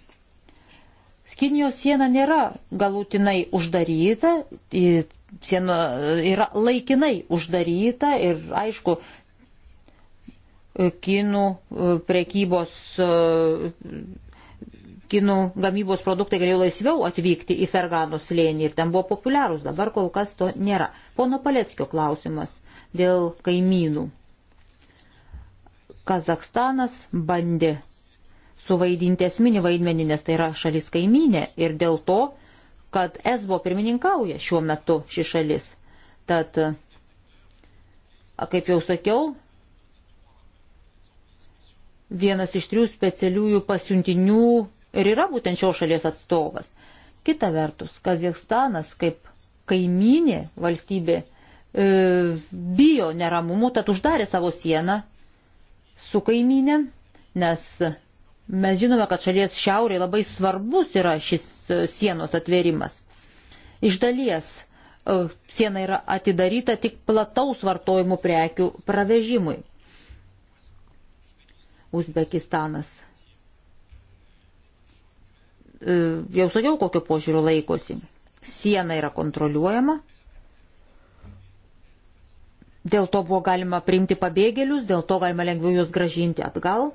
Kinijos siena nėra galutinai uždaryta, siena yra laikinai uždaryta ir aišku, kinų e, prekybos, e, kinų gamybos produktai galėjo laisviau atvykti į Fergano slėnį ir ten buvo populiarūs, dabar kol kas to nėra. Pono Paleckio klausimas dėl kaimynų. Kazakstanas bandė suvaidinti esminį vaidmenį, nes tai yra šalis kaiminė ir dėl to, kad esbo pirmininkauja šiuo metu ši šalis. Tad, kaip jau sakiau, vienas iš trijų specialiųjų pasiuntinių ir yra būtent šios šalies atstovas. Kita vertus, Kazakstanas kaip kaiminė valstybė e, bijo neramumų, tad uždarė savo sieną su kaiminė, nes mes žinome, kad šalies šiauriai labai svarbus yra šis e, sienos atvėrimas. Iš dalies e, siena yra atidaryta tik plataus vartojimų prekių pravežimui. Uzbekistanas. E, jau sakiau, kokio požiūrio laikosi. Siena yra kontroliuojama. Dėl to buvo galima priimti pabėgėlius, dėl to galima lengviau juos gražinti atgal.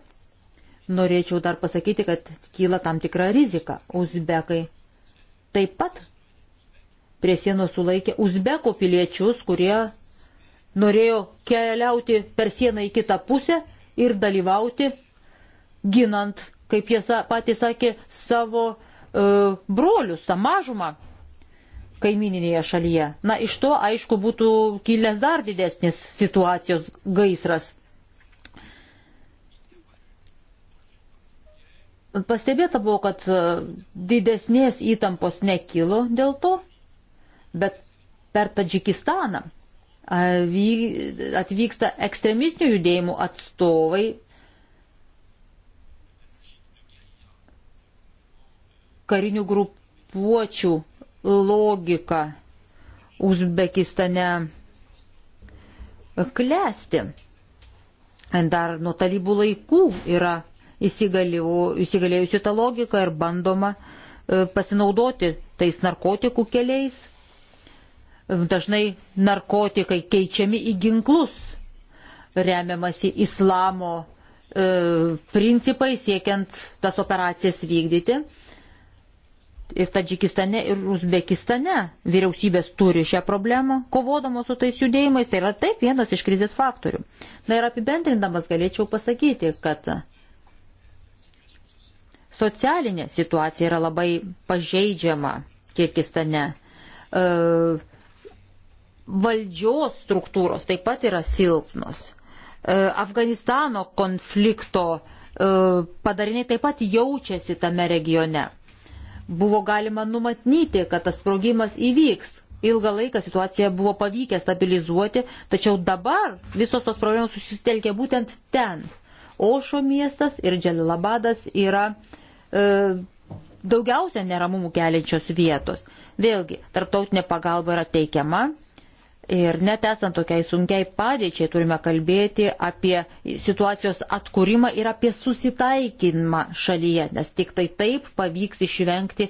Norėčiau dar pasakyti, kad kyla tam tikra rizika. Uzbekai taip pat prie sienos sulaikė uzbeko piliečius, kurie norėjo keliauti per sieną į kitą pusę ir dalyvauti, ginant, kaip jie patys sakė, savo e, brolius, tą mažumą kaimininėje šalyje. Na, iš to, aišku, būtų kilęs dar didesnis situacijos gaisras. Pastebėta buvo, kad e, didesnės įtampos nekilo dėl to, bet per Tadžikistaną atvyksta ekstremistinių judėjimų atstovai, karinių grupuočių logika Uzbekistane klesti. Dar nuo talybų laikų yra įsigalėjusi ta logika ir bandoma e, pasinaudoti tais narkotikų keliais Dažnai narkotikai keičiami į ginklus, remiamasi islamo e, principai siekiant tas operacijas vykdyti. Ir Tadžikistane, ir Uzbekistane vyriausybės turi šią problemą, kovodamos su tais judėjimais, tai yra taip vienas iš krizės faktorių. Na ir apibendrindamas galėčiau pasakyti, kad socialinė situacija yra labai pažeidžiama Kirgistane. E, valdžios struktūros taip pat yra silpnos. E, Afganistano konflikto e, padariniai taip pat jaučiasi tame regione. Buvo galima numatyti, kad tas sprogimas įvyks. Ilgą laiką situacija buvo pavykę stabilizuoti, tačiau dabar visos tos problemos susitelkė būtent ten. Ošo miestas ir Dželilabadas yra e, daugiausia neramumų keliančios vietos. Vėlgi, tarptautinė pagalba yra teikiama, Ir net esant tokiai sunkiai padėčiai turime kalbėti apie situacijos atkūrimą ir apie susitaikinimą šalyje, nes tik tai taip pavyks išvengti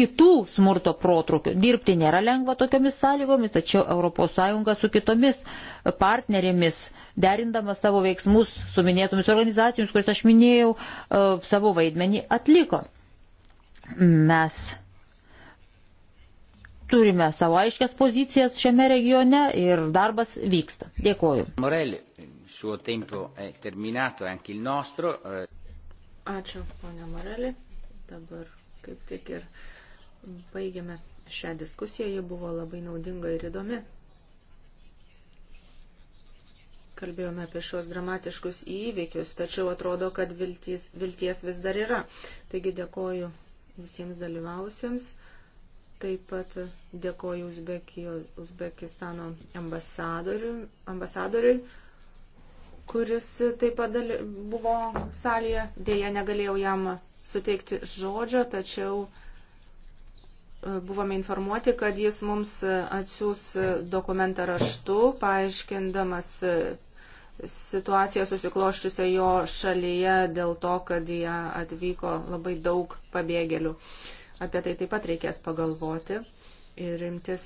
kitų smurto protrukių. Dirbti nėra lengva tokiamis sąlygomis, tačiau ES su kitomis partnerėmis, derindama savo veiksmus su minėtomis organizacijomis, kurias aš minėjau, e, savo vaidmenį atliko. Mes turime savo aiškias pozicijas šiame regione ir darbas vyksta. Dėkoju. Morelli, suo tempo è terminato, anche il nostro. Eh. Ačiū, ponia Morelli. Dabar kaip tik ir baigiame šią diskusiją. Ji buvo labai naudinga ir įdomi. Kalbėjome apie šios dramatiškus įvykius, tačiau atrodo, kad vilties, vilties vis dar yra. Taigi dėkoju visiems dalyvausiems. Taip pat dėkoju Uzbekijo, Uzbekistano ambasadoriui, ambasadoriui, kuris taip pat daly, buvo salėje. Dėja, negalėjau jam suteikti žodžio, tačiau e, buvome informuoti, kad jis mums atsiūs dokumentą raštu, paaiškindamas e, situaciją susikloščiusią jo šalyje dėl to, kad ją atvyko labai daug pabėgėlių. Uh, apie tai taip pat reikės pagalvoti ir imtis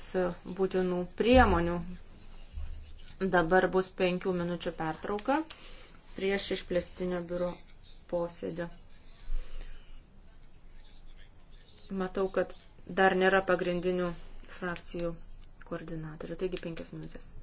būtinų priemonių. Dabar bus penkių minučių pertrauka prieš išplėstinio biuro posėdį. Matau, kad dar nėra pagrindinių frakcijų koordinatorių, taigi penkias minutės.